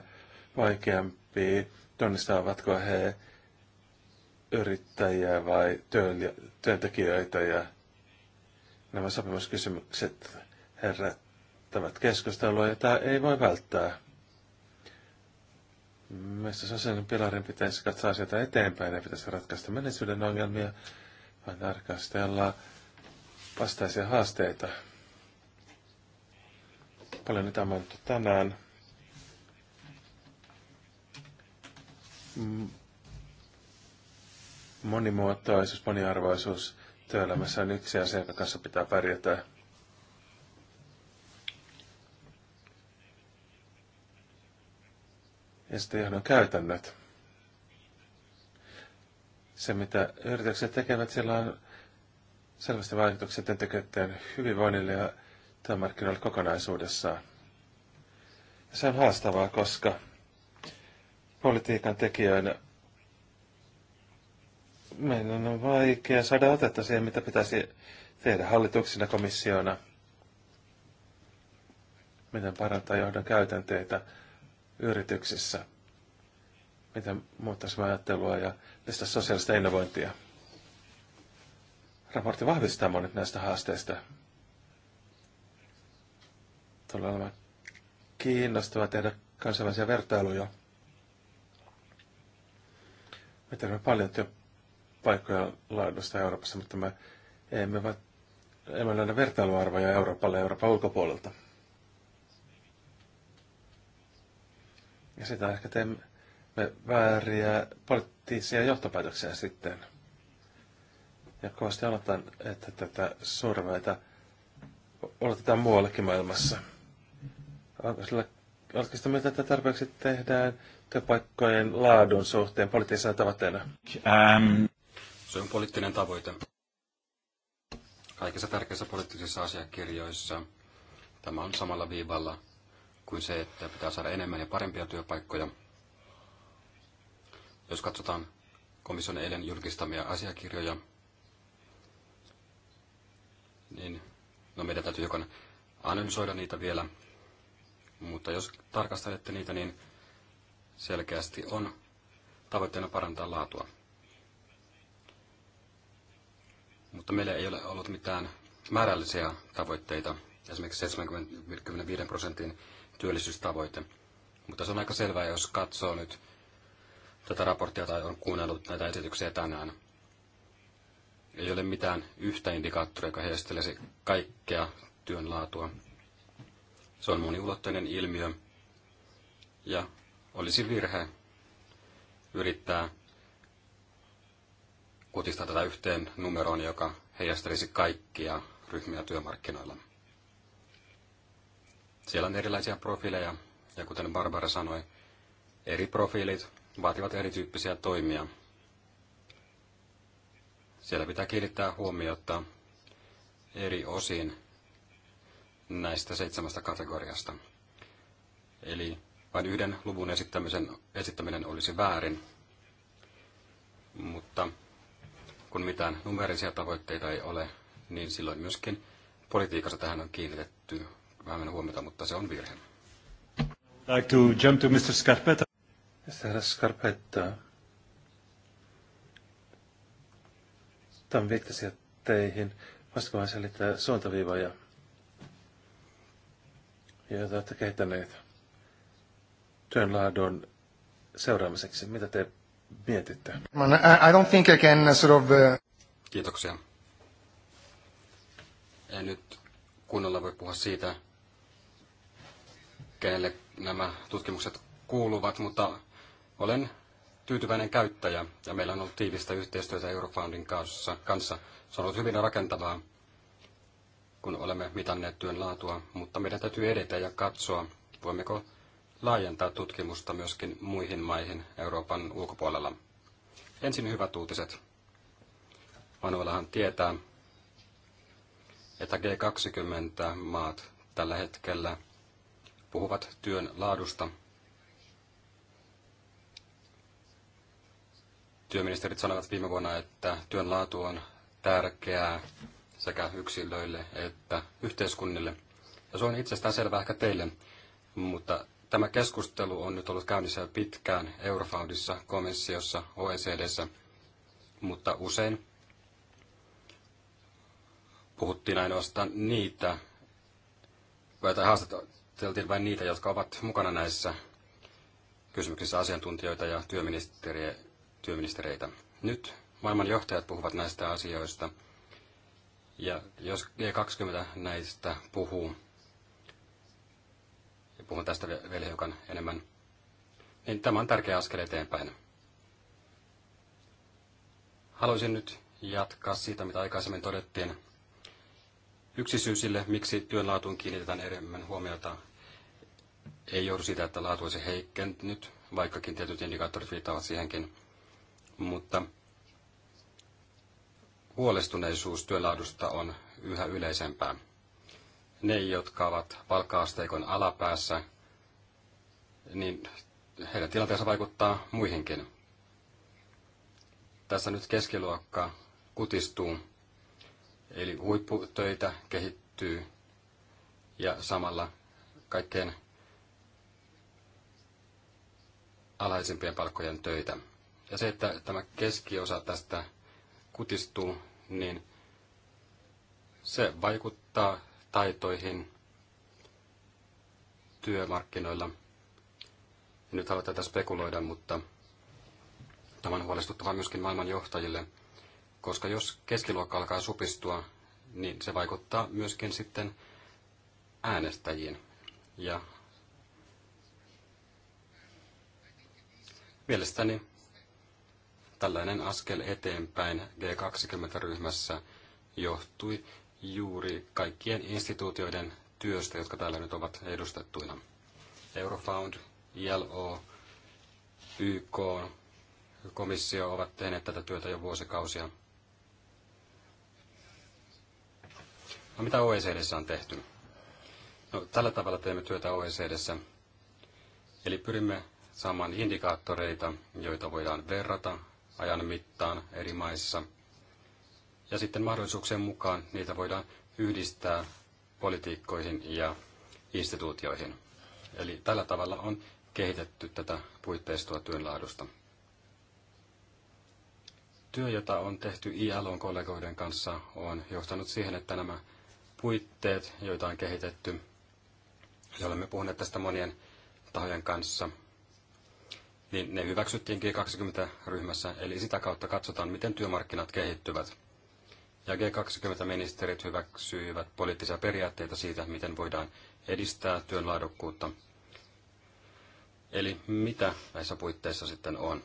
vaikeampi tunnistavatko he yrittäjiä vai työn, työntekijöitä. Ja nämä sopimuskysymykset herättävät keskustelua, jota ei voi välttää. Meistä sosiaalinen pilarin pitäisi katsoa asioita eteenpäin ja pitäisi ratkaista menneisyyden ongelmia, vaan tarkastella vastaisia haasteita. Paljon niitä on mainittu tänään. Monimuotoisuus, moniarvoisuus työelämässä on yksi asia, jonka kanssa pitää pärjätä ja sitten johdon käytännöt. Se, mitä yritykset tekevät, sillä on selvästi vaikutuksia työntekijöiden hyvinvoinnille ja työmarkkinoille kokonaisuudessaan. Ja se on haastavaa, koska politiikan tekijöinä meidän on vaikea saada otetta siihen, mitä pitäisi tehdä hallituksina, komissiona, miten parantaa johdon käytänteitä, yrityksissä, miten muuttaisimme ajattelua ja tästä sosiaalista innovointia. Raportti vahvistaa monet näistä haasteista. Tulee olemaan kiinnostavaa tehdä kansainvälisiä vertailuja. Me teemme paljon työpaikkoja laadusta Euroopassa, mutta me emme, emme löydä vertailuarvoja Euroopalle ja Euroopan ulkopuolelta. Ja sitä ehkä teemme vääriä poliittisia johtopäätöksiä sitten. Ja kovasti aloitan, että tätä surveita odotetaan muuallekin maailmassa. Onko sillä, oletko sitä mieltä, että tarpeeksi tehdään työpaikkojen laadun suhteen poliittisena tavoitteena? Um, Se on poliittinen tavoite. Kaikissa tärkeissä poliittisissa asiakirjoissa tämä on samalla viivalla – kuin se, että pitää saada enemmän ja parempia työpaikkoja. Jos katsotaan komission eilen julkistamia asiakirjoja, niin no meidän täytyy hiukan analysoida niitä vielä. Mutta jos tarkastelette niitä, niin selkeästi on tavoitteena parantaa laatua. Mutta meillä ei ole ollut mitään määrällisiä tavoitteita, esimerkiksi 75 prosentin työllisyystavoite. Mutta se on aika selvää, jos katsoo nyt tätä raporttia tai on kuunnellut näitä esityksiä tänään. Ei ole mitään yhtä indikaattoria, joka heistelisi kaikkea työn laatua. Se on moniulotteinen ilmiö ja olisi virhe yrittää kutistaa tätä yhteen numeroon, joka heijastelisi kaikkia ryhmiä työmarkkinoilla. Siellä on erilaisia profiileja, ja kuten Barbara sanoi, eri profiilit vaativat erityyppisiä toimia. Siellä pitää kiinnittää huomiota eri osiin näistä seitsemästä kategoriasta. Eli vain yhden luvun esittämisen, esittäminen olisi väärin, mutta kun mitään numerisia tavoitteita ei ole, niin silloin myöskin politiikassa tähän on kiinnitetty vähemmän huomiota, mutta se on virhe. Like to jump to Mr. Scarpetta. Mr. Scarpetta. Tom viittasi teihin. Voisitko vähän selittää suuntaviivoja, joita olette kehittäneet työn laadun seuraamiseksi? Mitä te mietitte? I don't think I can uh, sort of... Uh, Kiitoksia. En nyt kunnolla voi puhua siitä, kenelle nämä tutkimukset kuuluvat, mutta olen tyytyväinen käyttäjä ja meillä on ollut tiivistä yhteistyötä Eurofoundin kanssa. Se on ollut hyvin rakentavaa, kun olemme mitanneet työn laatua, mutta meidän täytyy edetä ja katsoa, voimmeko laajentaa tutkimusta myöskin muihin maihin Euroopan ulkopuolella. Ensin hyvät uutiset. Manuelahan tietää, että G20-maat tällä hetkellä – puhuvat työn laadusta. Työministerit sanovat viime vuonna, että työn laatu on tärkeää sekä yksilöille että yhteiskunnille. Ja se on itsestään selvää ehkä teille, mutta tämä keskustelu on nyt ollut käynnissä pitkään Eurofoundissa, komissiossa, OECDssä, mutta usein puhuttiin ainoastaan niitä, tai haastat, haastateltiin vain niitä, jotka ovat mukana näissä kysymyksissä asiantuntijoita ja työministereitä. Nyt maailman johtajat puhuvat näistä asioista. Ja jos G20 näistä puhuu, ja puhun tästä vielä hiukan enemmän, niin tämä on tärkeä askel eteenpäin. Haluaisin nyt jatkaa siitä, mitä aikaisemmin todettiin. Yksi syy sille, miksi työnlaatuun kiinnitetään enemmän huomiota ei johdu sitä että laatu olisi heikentynyt, vaikkakin tietyt indikaattorit viittaavat siihenkin. Mutta huolestuneisuus työlaadusta on yhä yleisempää. Ne, jotka ovat palkkaasteikon alapäässä, niin heidän tilanteensa vaikuttaa muihinkin. Tässä nyt keskiluokka kutistuu, eli huipputöitä kehittyy ja samalla kaikkein alhaisempien palkkojen töitä. Ja se, että tämä keskiosa tästä kutistuu, niin se vaikuttaa taitoihin työmarkkinoilla. En nyt halua tätä spekuloida, mutta tämä on huolestuttavaa myöskin maailman johtajille, koska jos keskiluokka alkaa supistua, niin se vaikuttaa myöskin sitten äänestäjiin. Ja Mielestäni tällainen askel eteenpäin G20-ryhmässä johtui juuri kaikkien instituutioiden työstä, jotka täällä nyt ovat edustettuina. Eurofound, ILO, YK, komissio ovat tehneet tätä työtä jo vuosikausia. No mitä OECDssä on tehty? No, tällä tavalla teemme työtä OECDssä. Eli pyrimme saamaan indikaattoreita, joita voidaan verrata ajan mittaan eri maissa. Ja sitten mahdollisuuksien mukaan niitä voidaan yhdistää politiikkoihin ja instituutioihin. Eli tällä tavalla on kehitetty tätä puitteistoa työnlaadusta. Työ, jota on tehty ILOn kollegoiden kanssa, on johtanut siihen, että nämä puitteet, joita on kehitetty, ja olemme puhuneet tästä monien tahojen kanssa, niin ne hyväksyttiin G20-ryhmässä, eli sitä kautta katsotaan, miten työmarkkinat kehittyvät. Ja G20-ministerit hyväksyivät poliittisia periaatteita siitä, miten voidaan edistää työn laadukkuutta. Eli mitä näissä puitteissa sitten on?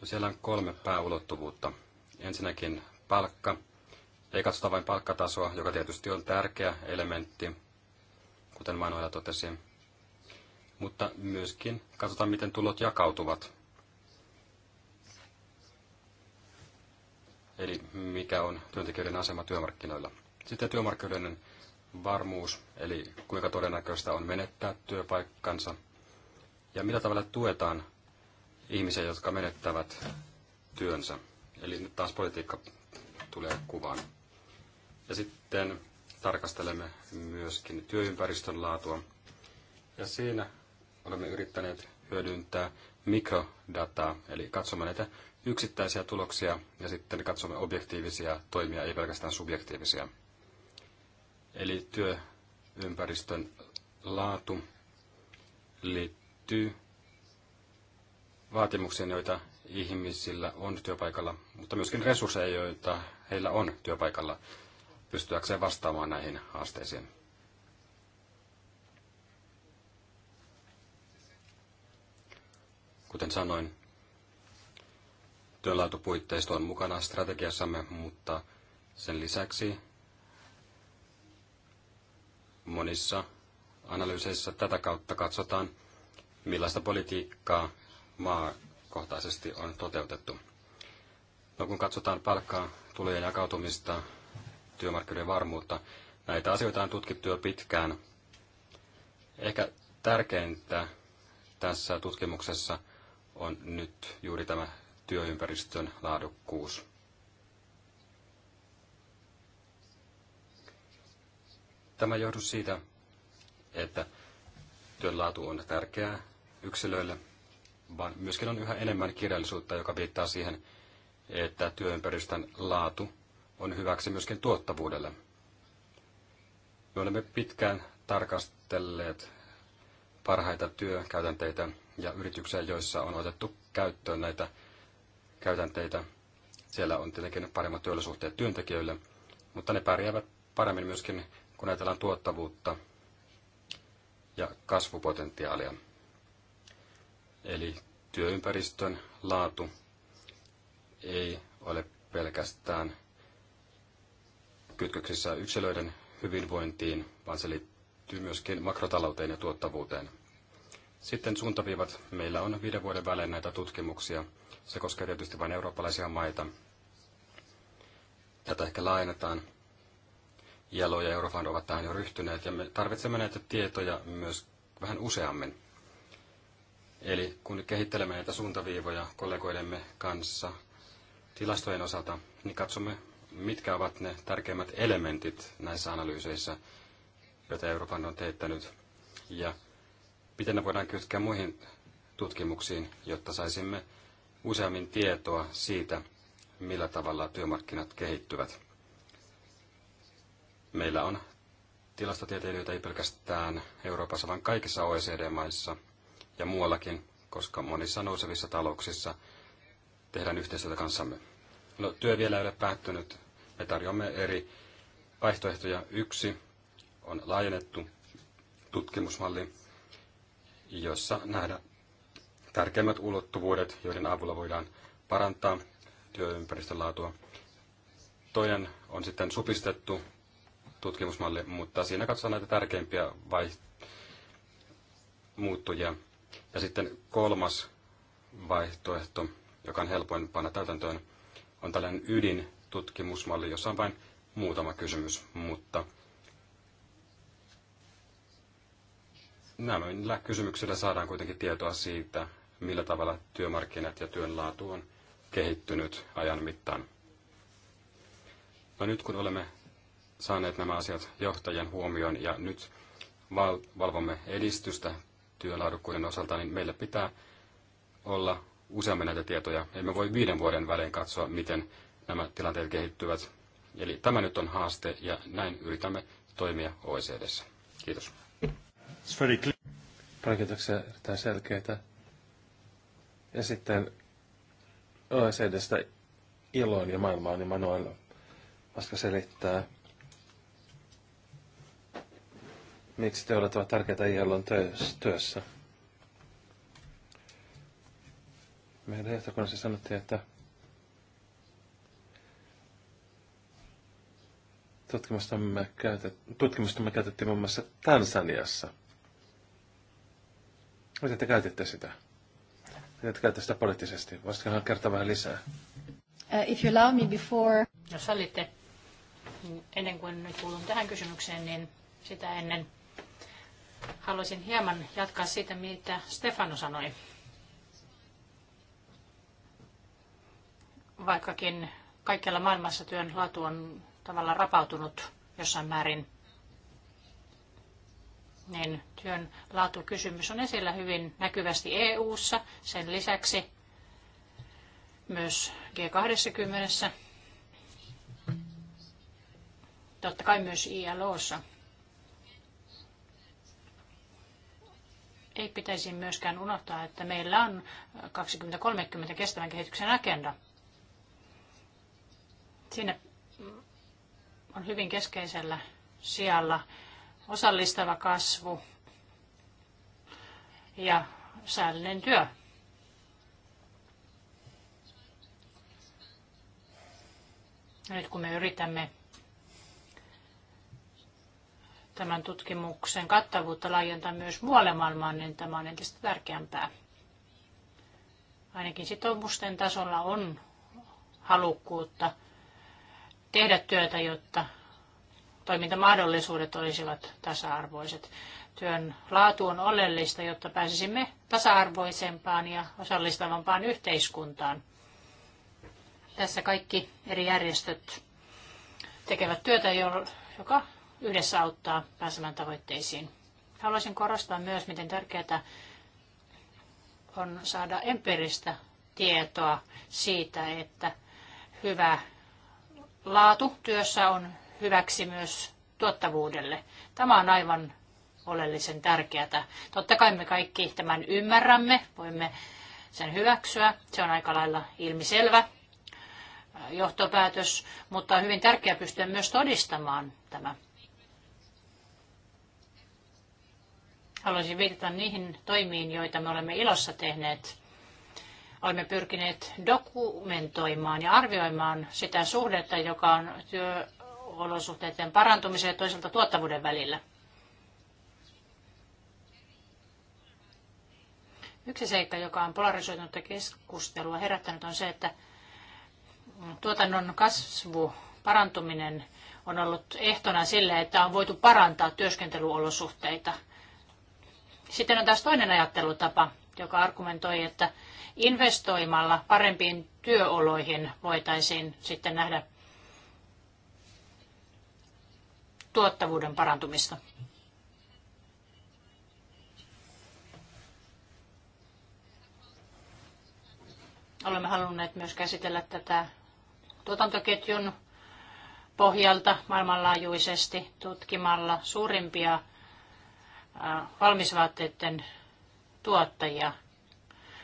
No, siellä on kolme pääulottuvuutta. Ensinnäkin palkka. Ei katsota vain palkkatasoa, joka tietysti on tärkeä elementti, kuten Manuela totesi mutta myöskin katsotaan, miten tulot jakautuvat. Eli mikä on työntekijöiden asema työmarkkinoilla. Sitten työmarkkinoiden varmuus, eli kuinka todennäköistä on menettää työpaikkansa ja millä tavalla tuetaan ihmisiä, jotka menettävät työnsä. Eli nyt taas politiikka tulee kuvaan. Ja sitten tarkastelemme myöskin työympäristön laatua. Ja siinä olemme yrittäneet hyödyntää mikrodataa, eli katsomme näitä yksittäisiä tuloksia ja sitten katsomme objektiivisia toimia, ei pelkästään subjektiivisia. Eli työympäristön laatu liittyy vaatimuksiin, joita ihmisillä on työpaikalla, mutta myöskin resursseja, joita heillä on työpaikalla pystyäkseen vastaamaan näihin haasteisiin. Kuten sanoin, työnlaatupuitteisto on mukana strategiassamme, mutta sen lisäksi monissa analyyseissa tätä kautta katsotaan, millaista politiikkaa maakohtaisesti on toteutettu. No, kun katsotaan palkkaa, tulojen jakautumista, työmarkkinoiden varmuutta, näitä asioita on tutkittu jo pitkään. Ehkä tärkeintä tässä tutkimuksessa – on nyt juuri tämä työympäristön laadukkuus. Tämä johdu siitä, että työn laatu on tärkeää yksilöille, vaan myöskin on yhä enemmän kirjallisuutta, joka viittaa siihen, että työympäristön laatu on hyväksi myöskin tuottavuudelle. Me olemme pitkään tarkastelleet parhaita työkäytänteitä ja yrityksiä, joissa on otettu käyttöön näitä käytänteitä. Siellä on tietenkin paremmat työolosuhteet työntekijöille, mutta ne pärjäävät paremmin myöskin, kun ajatellaan tuottavuutta ja kasvupotentiaalia. Eli työympäristön laatu ei ole pelkästään kytköksissä yksilöiden hyvinvointiin, vaan se liittyy myöskin makrotalouteen ja tuottavuuteen. Sitten suuntaviivat. Meillä on viiden vuoden välein näitä tutkimuksia. Se koskee tietysti vain eurooppalaisia maita. Tätä ehkä laajennetaan. Jalo ja Eurofund ovat tähän jo ryhtyneet ja me tarvitsemme näitä tietoja myös vähän useammin. Eli kun kehittelemme näitä suuntaviivoja kollegoidemme kanssa tilastojen osalta, niin katsomme, mitkä ovat ne tärkeimmät elementit näissä analyyseissä, joita Euroopan on teettänyt. Ja miten ne voidaan kytkeä muihin tutkimuksiin, jotta saisimme useammin tietoa siitä, millä tavalla työmarkkinat kehittyvät. Meillä on tilastotieteilijöitä ei pelkästään Euroopassa, vaan kaikissa OECD-maissa ja muuallakin, koska monissa nousevissa talouksissa tehdään yhteistyötä kanssamme. No, työ vielä ei ole päättynyt. Me tarjoamme eri vaihtoehtoja. Yksi on laajennettu tutkimusmalli, jossa nähdään tärkeimmät ulottuvuudet, joiden avulla voidaan parantaa työympäristön laatua. Toinen on sitten supistettu tutkimusmalli, mutta siinä katsotaan näitä tärkeimpiä vai muuttujia. Ja sitten kolmas vaihtoehto, joka on helpoin panna täytäntöön, on tällainen tutkimusmalli, jossa on vain muutama kysymys, mutta näillä kysymyksillä saadaan kuitenkin tietoa siitä, millä tavalla työmarkkinat ja työn laatu on kehittynyt ajan mittaan. No nyt kun olemme saaneet nämä asiat johtajien huomioon ja nyt val- valvomme edistystä työlaadukkuuden osalta, niin meillä pitää olla useammin näitä tietoja. Emme voi viiden vuoden välein katsoa, miten nämä tilanteet kehittyvät. Eli tämä nyt on haaste ja näin yritämme toimia OECDssä. Kiitos. It's very clear. Paljon erittäin selkeitä. Ja sitten OECDstä iloon ja maailmaan, niin Manuel Vaska selittää, miksi te olette tärkeitä ILOn työssä. Meidän johtokunnassa sanottiin, että tutkimustamme, käytet, tutkimustamme käytettiin muun muassa Tansaniassa – Miten te käytitte sitä? Miten te käytitte sitä poliittisesti? hän kertoa vähän lisää? Uh, if you allow me before... Jos sallitte, niin ennen kuin nyt kuulun tähän kysymykseen, niin sitä ennen haluaisin hieman jatkaa siitä, mitä Stefano sanoi. Vaikkakin kaikkialla maailmassa työn laatu on tavallaan rapautunut jossain määrin – niin työn laatukysymys on esillä hyvin näkyvästi EU:ssa. Sen lisäksi myös G20. Totta kai myös ILOssa. Ei pitäisi myöskään unohtaa, että meillä on 2030 kestävän kehityksen agenda. Siinä on hyvin keskeisellä sijalla osallistava kasvu ja säällinen työ. Nyt kun me yritämme tämän tutkimuksen kattavuutta laajentaa myös muualle maailmaan, niin tämä on entistä tärkeämpää. Ainakin sitoumusten tasolla on halukkuutta tehdä työtä, jotta toimintamahdollisuudet olisivat tasa-arvoiset. Työn laatu on oleellista, jotta pääsisimme tasa-arvoisempaan ja osallistavampaan yhteiskuntaan. Tässä kaikki eri järjestöt tekevät työtä, joka yhdessä auttaa pääsemään tavoitteisiin. Haluaisin korostaa myös, miten tärkeää on saada empiiristä tietoa siitä, että hyvä laatu työssä on hyväksi myös tuottavuudelle. Tämä on aivan oleellisen tärkeää. Totta kai me kaikki tämän ymmärrämme, voimme sen hyväksyä. Se on aika lailla ilmiselvä äh, johtopäätös, mutta on hyvin tärkeää pystyä myös todistamaan tämä. Haluaisin viitata niihin toimiin, joita me olemme ilossa tehneet. Olemme pyrkineet dokumentoimaan ja arvioimaan sitä suhdetta, joka on työ olosuhteiden parantumisen ja toisaalta tuottavuuden välillä. Yksi seikka, joka on polarisoitunutta keskustelua herättänyt, on se, että tuotannon kasvu, parantuminen on ollut ehtona sille, että on voitu parantaa työskentelyolosuhteita. Sitten on taas toinen ajattelutapa, joka argumentoi, että investoimalla parempiin työoloihin voitaisiin sitten nähdä tuottavuuden parantumista. Olemme halunneet myös käsitellä tätä tuotantoketjun pohjalta maailmanlaajuisesti tutkimalla suurimpia valmisvaatteiden tuottajia,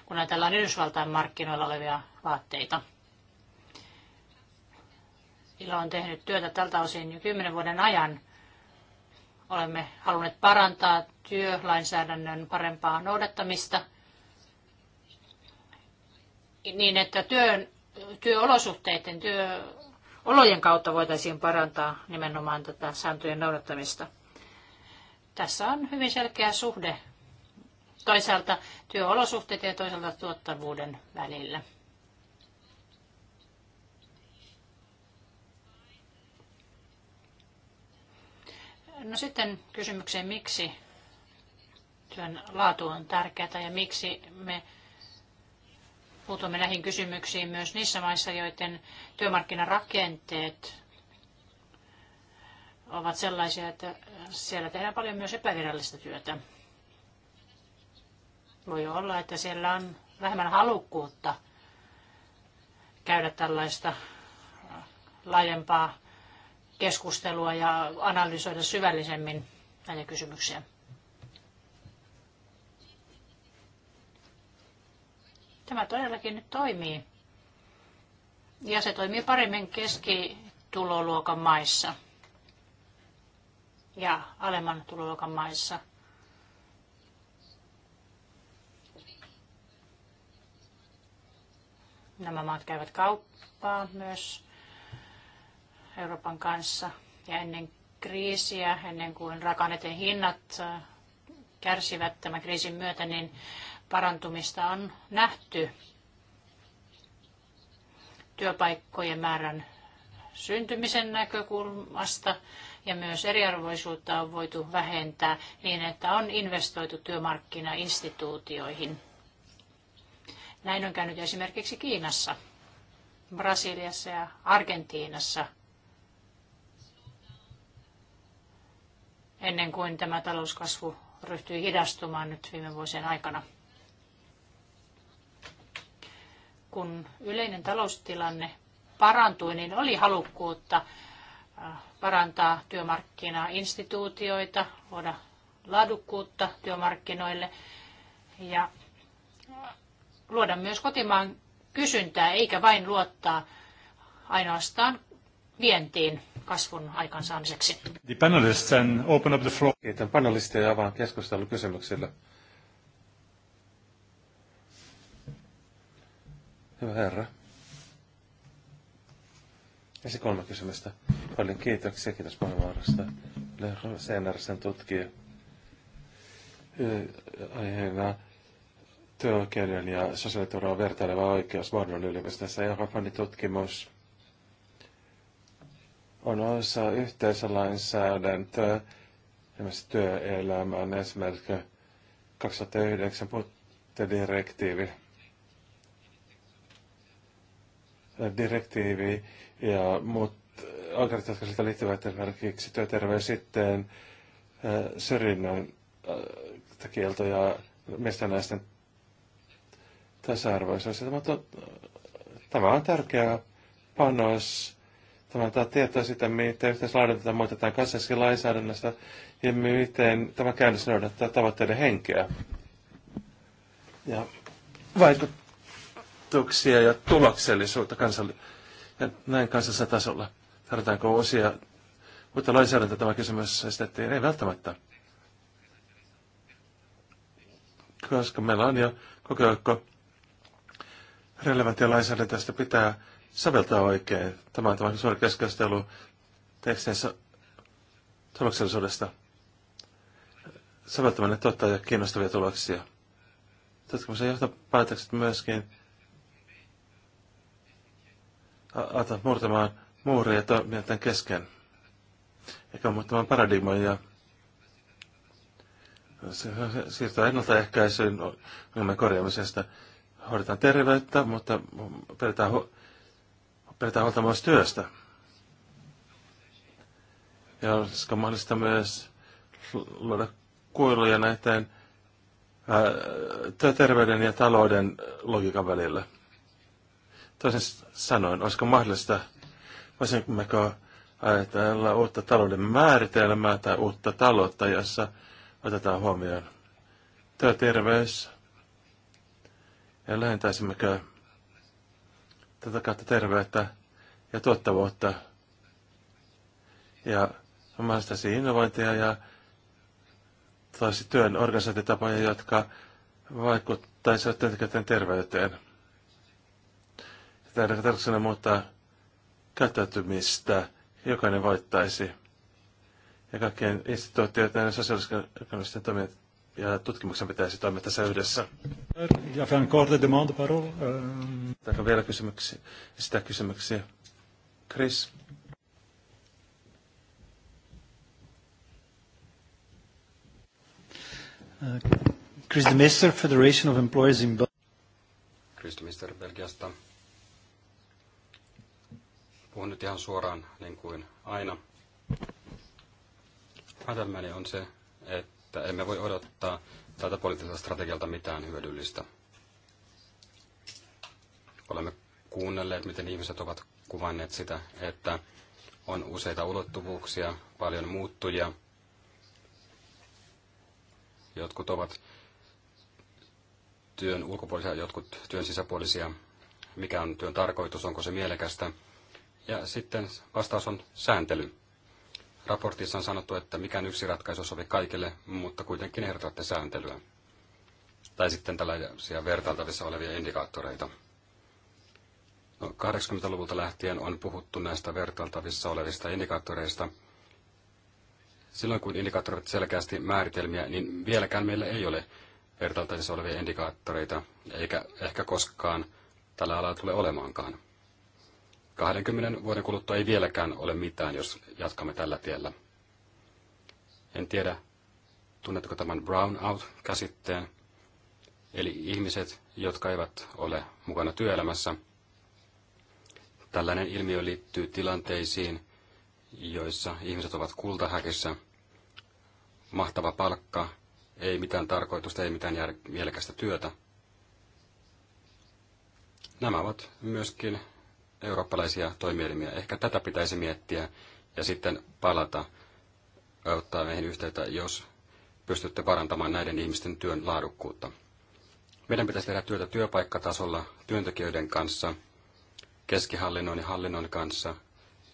kun ajatellaan Yhdysvaltain markkinoilla olevia vaatteita. ILO on tehnyt työtä tältä osin jo kymmenen vuoden ajan. Olemme halunneet parantaa työlainsäädännön parempaa noudattamista niin, että työn, työolosuhteiden, työolojen kautta voitaisiin parantaa nimenomaan tätä sääntöjen noudattamista. Tässä on hyvin selkeä suhde toisaalta työolosuhteiden ja toisaalta tuottavuuden välillä. No sitten kysymykseen, miksi työn laatu on tärkeää ja miksi me puutumme näihin kysymyksiin myös niissä maissa, joiden työmarkkinarakenteet ovat sellaisia, että siellä tehdään paljon myös epävirallista työtä. Voi olla, että siellä on vähemmän halukkuutta käydä tällaista laajempaa keskustelua ja analysoida syvällisemmin näitä kysymyksiä. Tämä todellakin nyt toimii. Ja se toimii paremmin keskituloluokan maissa ja alemman tuloluokan maissa. Nämä maat käyvät kauppaa myös Euroopan kanssa ja ennen kriisiä, ennen kuin rakanneiden hinnat äh, kärsivät tämän kriisin myötä, niin parantumista on nähty työpaikkojen määrän syntymisen näkökulmasta ja myös eriarvoisuutta on voitu vähentää niin, että on investoitu työmarkkinainstituutioihin. Näin on käynyt esimerkiksi Kiinassa, Brasiliassa ja Argentiinassa – ennen kuin tämä talouskasvu ryhtyi hidastumaan nyt viime vuosien aikana. Kun yleinen taloustilanne parantui, niin oli halukkuutta äh, parantaa instituutioita luoda laadukkuutta työmarkkinoille ja äh, luoda myös kotimaan kysyntää, eikä vain luottaa ainoastaan vientiin kasvun aikaansaamiseksi. The panelists and open up the floor. Kiitän panelisteja avaan keskustelun kysymyksille. Hyvä herra. Ja se kolme kysymystä. Paljon kiitoksia, kiitos puheenvuorosta. Lehro Seenarsen tutkija. Aiheena työoikeuden ja sosiaaliturvaa vertaileva oikeus Bordeaux yliopistossa ja Hoffmanin tutkimus on osa yhteisölainsäädäntöä, esimerkiksi työelämän esimerkki 2009 puttedirektiivi. Direktiivi ja muut oikeudet, jotka siltä liittyvät esimerkiksi työterveys sitten äh, syrjinnän äh, kielto ja miesten naisten tasa-arvoisuus. Tämä on tärkeä panos Tämä antaa tietoa sitä, miten yhteislaidotetaan muutetaan kansallisia lainsäädännöstä ja miten tämä käännös noudattaa tavoitteiden henkeä. Ja vaikutuksia ja tuloksellisuutta kansalli- ja näin kansallisella tasolla. Tarvitaanko osia, uutta lainsäädäntöä tämä kysymys esitettiin? Ei välttämättä. Koska meillä on jo koko joukko relevanttia lainsäädäntöä, pitää soveltaa oikein. Tämä on tämä suora keskustelu tekstinsä tuloksellisuudesta. Soveltaminen tuottaa jo kiinnostavia tuloksia. Tutkimuksen johtopäätökset myöskin aata murtamaan muuria toimijoiden kesken. Eikä muuttamaan paradigmoja siirtyä ennaltaehkäisyyn ongelman korjaamisesta. Hoidetaan terveyttä, mutta pidetään hu- pidetään huolta myös työstä. Ja olisiko mahdollista myös luoda kuiluja näiden työterveyden ja talouden logiikan välillä? Toisin sanoen, olisiko mahdollista, voisimmeko ajatella uutta talouden määritelmää tai uutta taloutta, jossa otetaan huomioon työterveys ja lähentäisimmekö tätä kautta terveyttä ja tuottavuutta ja mahdollistaisi innovointia ja työn organisaatitapoja, jotka vaikuttaisivat työntekijöiden terveyteen. Tämä tarkoituksena muuttaa käyttäytymistä, jokainen voittaisi. Ja kaikkien instituutioiden ja sosiaalisten toimijoiden ja tutkimuksen pitäisi toimia tässä yhdessä. Ehm. Onko vielä kysymyksiä? Sitä kysymyksiä. Chris. Uh, Chris de Mister, Federation of Employers in Belgium. Chris de Mister, Belgiasta. Puhun nyt ihan suoraan niin kuin aina. Ajatelmani on se, että että emme voi odottaa tältä poliittiselta strategialta mitään hyödyllistä. Olemme kuunnelleet, miten ihmiset ovat kuvanneet sitä, että on useita ulottuvuuksia, paljon muuttuja, Jotkut ovat työn ulkopuolisia, jotkut työn sisäpuolisia. Mikä on työn tarkoitus, onko se mielekästä? Ja sitten vastaus on sääntely. Raportissa on sanottu, että mikään yksi ratkaisu sovi kaikille, mutta kuitenkin ehdotatte sääntelyä. Tai sitten tällaisia vertailtavissa olevia indikaattoreita. No, 80-luvulta lähtien on puhuttu näistä vertailtavissa olevista indikaattoreista. Silloin kun indikaattorit selkeästi määritelmiä, niin vieläkään meillä ei ole vertailtavissa olevia indikaattoreita, eikä ehkä koskaan tällä alalla tule olemaankaan. 20 vuoden kuluttua ei vieläkään ole mitään, jos jatkamme tällä tiellä. En tiedä, tunnetko tämän brownout-käsitteen, eli ihmiset, jotka eivät ole mukana työelämässä. Tällainen ilmiö liittyy tilanteisiin, joissa ihmiset ovat kultahäkissä. Mahtava palkka, ei mitään tarkoitusta, ei mitään mielekästä työtä. Nämä ovat myöskin eurooppalaisia toimielimiä. Ehkä tätä pitäisi miettiä ja sitten palata ottaa meihin yhteyttä, jos pystytte parantamaan näiden ihmisten työn laadukkuutta. Meidän pitäisi tehdä työtä työpaikkatasolla työntekijöiden kanssa, keskihallinnon ja hallinnon kanssa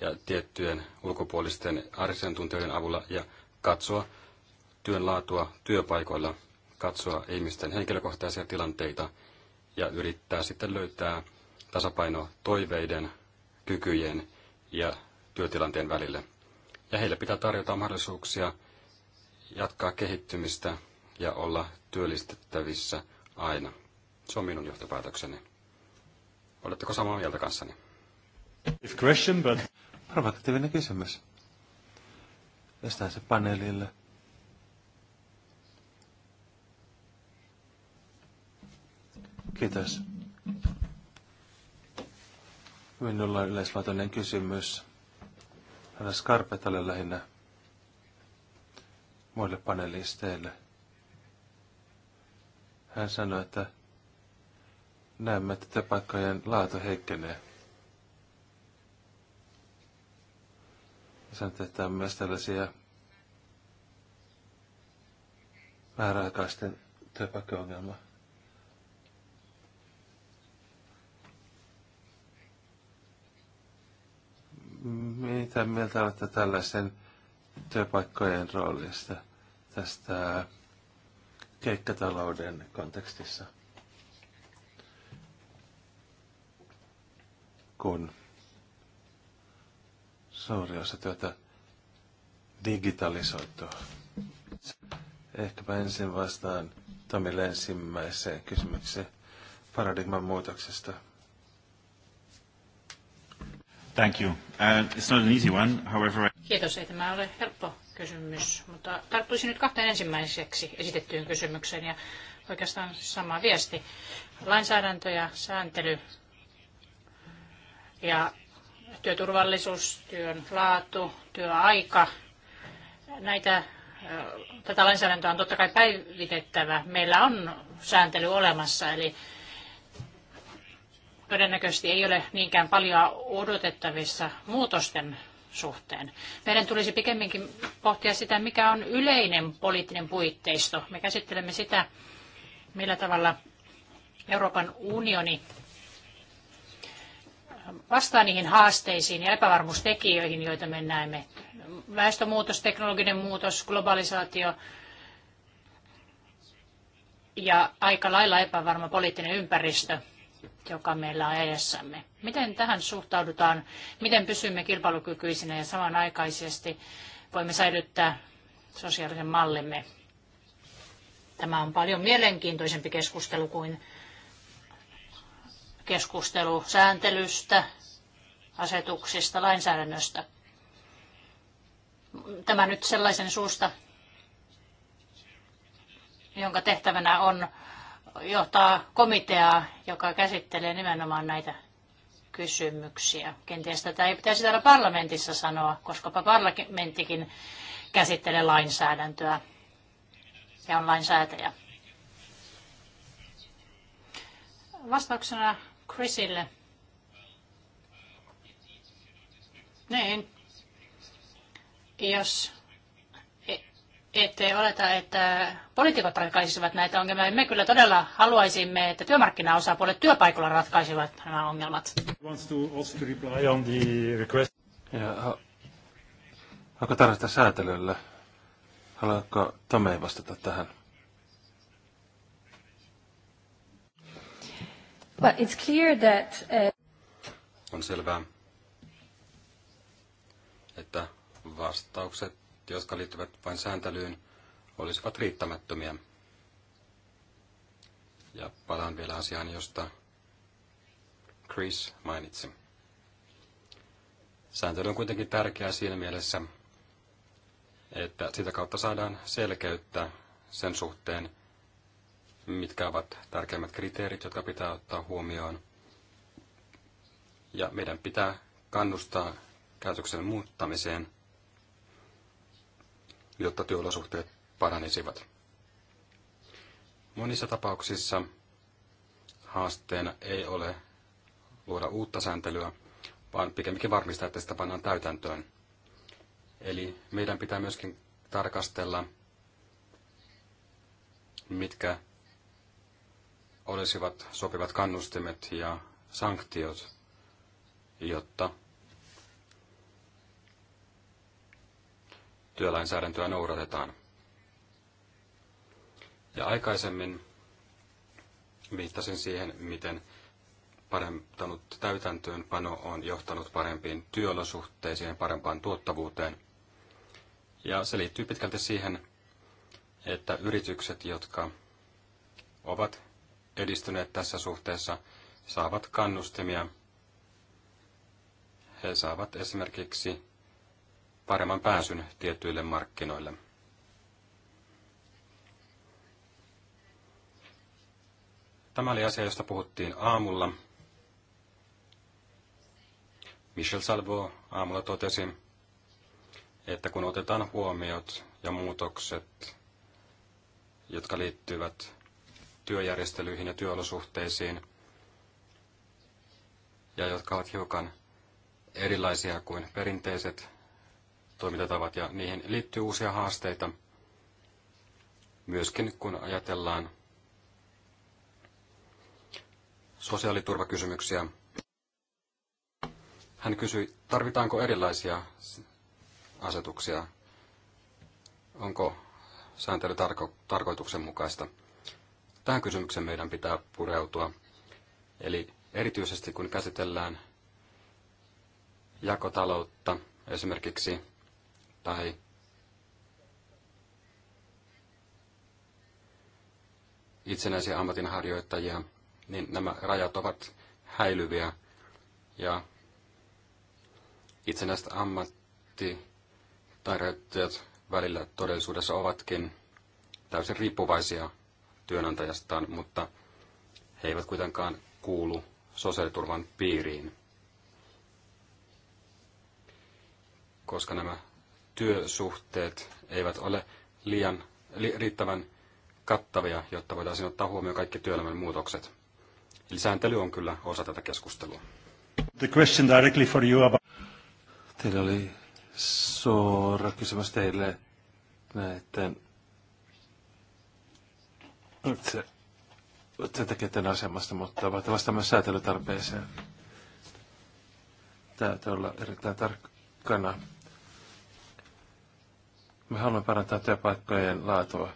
ja tiettyjen ulkopuolisten asiantuntijoiden avulla ja katsoa työn laatua työpaikoilla, katsoa ihmisten henkilökohtaisia tilanteita ja yrittää sitten löytää tasapaino toiveiden, kykyjen ja työtilanteen välille. Ja heille pitää tarjota mahdollisuuksia jatkaa kehittymistä ja olla työllistettävissä aina. Se on minun johtopäätökseni. Oletteko samaa mieltä kanssani? If question, but... Provokatiivinen kysymys. Jostain se paneelille. Kiitos. Minulla on yleisluontoinen kysymys. hänä Skarpetalle lähinnä muille panelisteille. Hän sanoi, että näemme, että työpaikkojen laatu heikkenee. Sanoi, että on myös tällaisia määräaikaisten työpaikkaongelmaa. Mitä mieltä olette tällaisen työpaikkojen roolista tästä keikkatalouden kontekstissa? Kun suuri osa työtä digitalisoituu. Ehkäpä ensin vastaan Tomille ensimmäiseen kysymykseen paradigman muutoksesta – Thank you. Uh, it's not an easy one, however... Kiitos, ei tämä ole helppo kysymys, mutta tarttuisin nyt kahteen ensimmäiseksi esitettyyn kysymykseen ja oikeastaan sama viesti. Lainsäädäntö ja sääntely ja työturvallisuus, työn laatu, työaika, näitä äh, tätä lainsäädäntöä on totta kai päivitettävä. Meillä on sääntely olemassa, eli todennäköisesti ei ole niinkään paljon odotettavissa muutosten suhteen. Meidän tulisi pikemminkin pohtia sitä, mikä on yleinen poliittinen puitteisto. Me käsittelemme sitä, millä tavalla Euroopan unioni vastaa niihin haasteisiin ja epävarmuustekijöihin, joita me näemme. Väestömuutos, teknologinen muutos, globalisaatio ja aika lailla epävarma poliittinen ympäristö – joka meillä on edessämme. Miten tähän suhtaudutaan? Miten pysymme kilpailukykyisinä ja samanaikaisesti voimme säilyttää sosiaalisen mallimme? Tämä on paljon mielenkiintoisempi keskustelu kuin keskustelu sääntelystä, asetuksista, lainsäädännöstä. Tämä nyt sellaisen suusta, jonka tehtävänä on johtaa komiteaa, joka käsittelee nimenomaan näitä kysymyksiä. Kenties tätä ei pitäisi täällä parlamentissa sanoa, koska parlamenttikin käsittelee lainsäädäntöä ja on lainsäätäjä. Vastauksena Chrisille. Niin. Jos ette oleta, että poliitikot ratkaisivat näitä ongelmia. Me kyllä todella haluaisimme, että työmarkkinaosapuolet työpaikalla ratkaisivat nämä ongelmat. onko tarvetta säätelyllä? Haluatko Tome vastata tähän? Well, it's clear that, uh... On selvää, että vastaukset jotka liittyvät vain sääntelyyn, olisivat riittämättömiä. Ja palaan vielä asiaan, josta Chris mainitsi. Sääntely on kuitenkin tärkeää siinä mielessä, että sitä kautta saadaan selkeyttä sen suhteen, mitkä ovat tärkeimmät kriteerit, jotka pitää ottaa huomioon. Ja meidän pitää kannustaa käytöksen muuttamiseen, jotta työolosuhteet paranisivat. Monissa tapauksissa haasteena ei ole luoda uutta sääntelyä, vaan pikemminkin varmistaa, että sitä pannaan täytäntöön. Eli meidän pitää myöskin tarkastella, mitkä olisivat sopivat kannustimet ja sanktiot, jotta työlainsäädäntöä noudatetaan. Ja aikaisemmin viittasin siihen, miten parantanut täytäntöönpano on johtanut parempiin työolosuhteisiin ja parempaan tuottavuuteen. Ja se liittyy pitkälti siihen, että yritykset, jotka ovat edistyneet tässä suhteessa, saavat kannustimia. He saavat esimerkiksi paremman pääsyn tiettyille markkinoille. Tämä oli asia, josta puhuttiin aamulla. Michel Salvo aamulla totesi, että kun otetaan huomiot ja muutokset, jotka liittyvät työjärjestelyihin ja työolosuhteisiin, ja jotka ovat hiukan erilaisia kuin perinteiset toimintatavat ja niihin liittyy uusia haasteita. Myöskin kun ajatellaan sosiaaliturvakysymyksiä. Hän kysyi, tarvitaanko erilaisia asetuksia? Onko sääntely tarko- tarkoituksenmukaista? Tähän kysymykseen meidän pitää pureutua. Eli erityisesti kun käsitellään jakotaloutta, esimerkiksi tai itsenäisiä ammatinharjoittajia, niin nämä rajat ovat häilyviä ja itsenäiset ammattitarjoittajat välillä todellisuudessa ovatkin täysin riippuvaisia työnantajastaan, mutta he eivät kuitenkaan kuulu sosiaaliturvan piiriin, koska nämä työsuhteet eivät ole liian li, riittävän kattavia, jotta voitaisiin ottaa huomioon kaikki työelämän muutokset. Eli sääntely on kyllä osa tätä keskustelua. The question directly for you about... Teillä oli suora kysymys teille näiden se, työntekijöiden asemasta, mutta voitte vastata myös säätelytarpeeseen. Täytyy olla erittäin tarkkana me haluamme parantaa työpaikkojen laatua.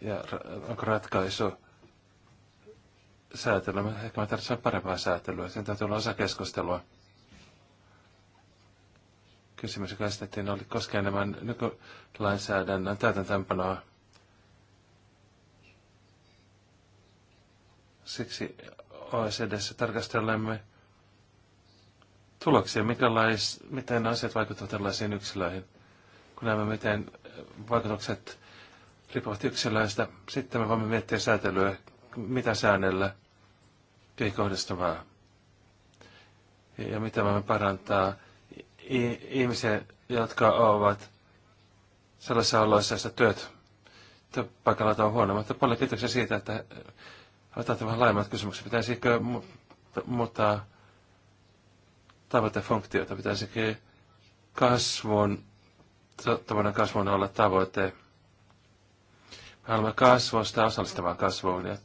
Ja onko ratkaisu säätelyä? Ehkä me tarvitsemme parempaa säätelyä. Sen täytyy olla osa keskustelua. Kysymys, joka esitettiin, oli koskee enemmän nykylainsäädännön täytäntöönpanoa. Siksi OECDssä tarkastelemme tuloksia, miten asiat vaikuttavat tällaisiin yksilöihin näemme, miten äh, vaikutukset riippuvat yksilöistä. Sitten me voimme miettiä säätelyä, mitä säännellä ei kohdistuvaa. Ja mitä voimme parantaa ihmisiä, jotka ovat sellaisissa oloissa, että työt työpaikalla on huono. Mutta paljon kiitoksia siitä, että äh, otatte vähän laajemmat kysymykset. Pitäisikö muuttaa tavoitefunktiota? Pitäisikö kasvun tuottavuuden kasvun olla tavoite. Me haluamme kasvua sitä osallistavaa kasvuun ja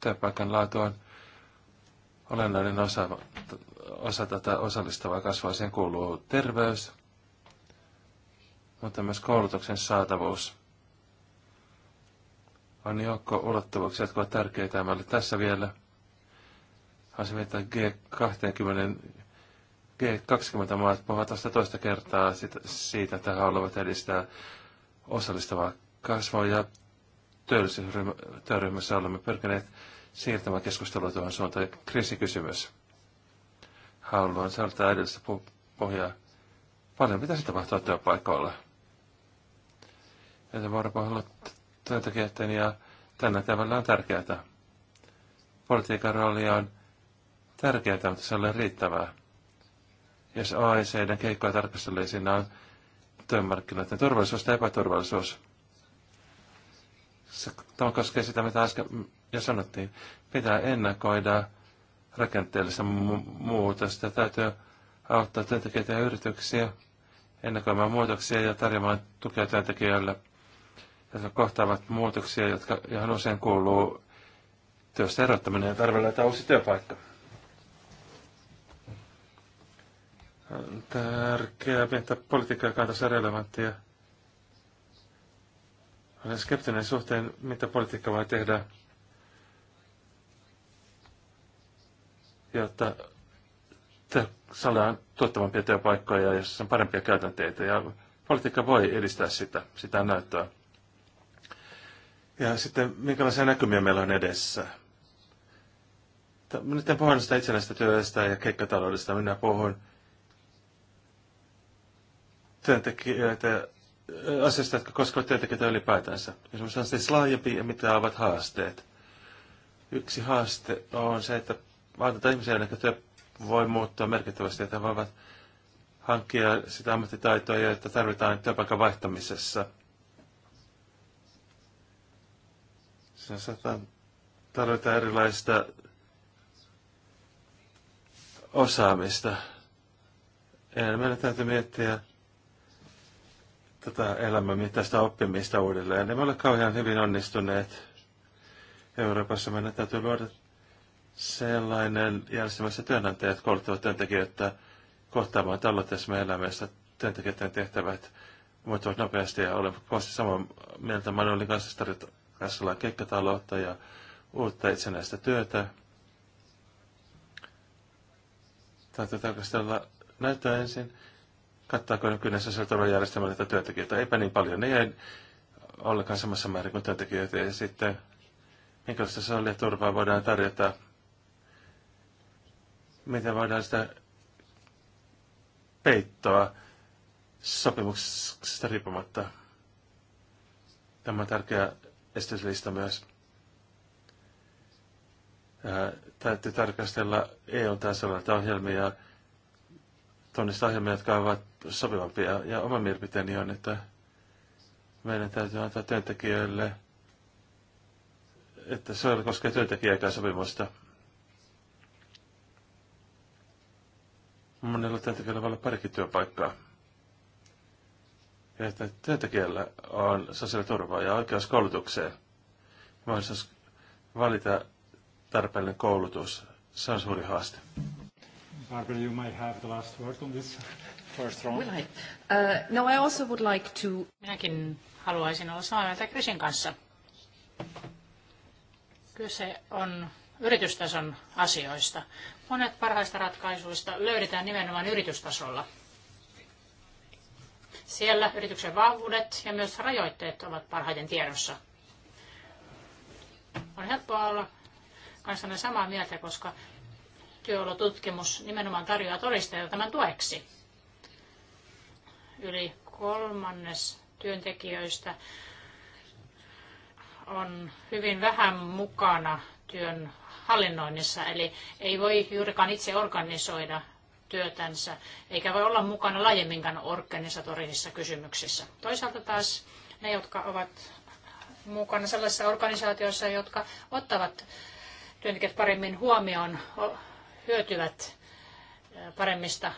työpaikan laatu on olennainen osa, osa tätä osallistavaa kasvua. Siihen kuuluu terveys, mutta myös koulutuksen saatavuus. On joukko ulottuvuuksia, jotka ovat tärkeitä meille tässä vielä. Haluaisin viettää G20 G20-maat puhuvat tästä toista kertaa siitä, että haluavat edistää osallistavaa kasvua ja työryhmässä olemme pyrkineet siirtämään keskustelua tuohon suuntaan. Kriisikysymys. Haluan saada edellistä pohjaa. Paljon pitäisi tapahtua työpaikoilla. Joten vuoropuhelu työntekijöiden ja tänä tavalla on tärkeää. Politiikan rooli on tärkeää, mutta se ei ole riittävää jos AECn keikkoa tarkastelee, siinä on työmarkkinoiden turvallisuus ja epäturvallisuus. Se, tämä koskee sitä, mitä äsken jo sanottiin. Pitää ennakoida rakenteellista mu- muutosta. Täytyy auttaa työntekijöitä ja yrityksiä ennakoimaan muutoksia ja tarjoamaan tukea työntekijöille, jotka kohtaavat muutoksia, jotka, johon usein kuuluu työstä erottaminen ja tarve löytää uusi työpaikka. On tärkeää miettiä politiikkaa, joka on tässä relevanttia. Olen skeptinen suhteen, mitä politiikka voi tehdä, jotta saadaan tuottavampia työpaikkoja ja on parempia käytänteitä. Ja politiikka voi edistää sitä, sitä näyttöä. Ja sitten minkälaisia näkymiä meillä on edessä. Nyt en puhunut sitä itsenäistä työstä ja keikkataloudesta. Minä puhun työntekijöitä, asioista, jotka koskevat työntekijöitä ylipäätänsä. Esimerkiksi on siis laajempi ja mitä ovat haasteet. Yksi haaste on se, että vaatetaan ihmisiä, että työ voi muuttua merkittävästi, että voivat hankkia sitä ammattitaitoa, joita tarvitaan työpaikan vaihtamisessa. Siinä saattaa tarvita erilaista osaamista. Ja meidän täytyy miettiä tätä elämän mittaista oppimista uudelleen. Emme ole kauhean hyvin onnistuneet. Euroopassa meidän täytyy luoda sellainen järjestelmä, jossa työnantajat kouluttavat työntekijöitä kohtaamaan meidän elämässä työntekijöiden tehtävät muuttuvat nopeasti ja olen kovasti samaa mieltä Manuelin kanssa tarjotaan keikkataloutta ja uutta itsenäistä työtä. Täytyy tarkastella näyttöä ensin kattaako nykyinen sosiaaliturvajärjestelmä näitä työntekijöitä? Eipä niin paljon. Ne ei ollenkaan samassa määrin kuin työntekijöitä. Ja sitten minkälaista sosiaaliturvaa voidaan tarjota? Miten voidaan sitä peittoa sopimuksesta riippumatta? Tämä on tärkeä esityslista myös. Ää, täytyy tarkastella EU-tasolla ohjelmia tunnistaa ohjelmia, jotka ovat sopivampia. Ja oma mielipiteeni on, että meidän täytyy antaa työntekijöille, että se koskee työntekijäkään sopimusta. Monella työntekijällä voi olla parikin työpaikkaa. Ja että työntekijällä on sosiaaliturvaa ja oikeus koulutukseen. Mahdollisuus valita tarpeellinen koulutus. Se on suuri haaste. Barbara, you might have the last word on this (laughs) first round. Will I? Uh, no, I also would like to... Minäkin haluaisin olla samaa mieltä Krisin kanssa. Kyse on yritystason asioista. Monet parhaista ratkaisuista löydetään nimenomaan yritystasolla. Siellä yrityksen vahvuudet ja myös rajoitteet ovat parhaiten tiedossa. On helppoa olla kanssanne samaa mieltä, koska työolotutkimus nimenomaan tarjoaa todisteita tämän tueksi. Yli kolmannes työntekijöistä on hyvin vähän mukana työn hallinnoinnissa, eli ei voi juurikaan itse organisoida työtänsä, eikä voi olla mukana laajemminkaan organisatorisissa kysymyksissä. Toisaalta taas ne, jotka ovat mukana sellaisissa organisaatioissa, jotka ottavat työntekijät paremmin huomioon, hyötyvät paremmista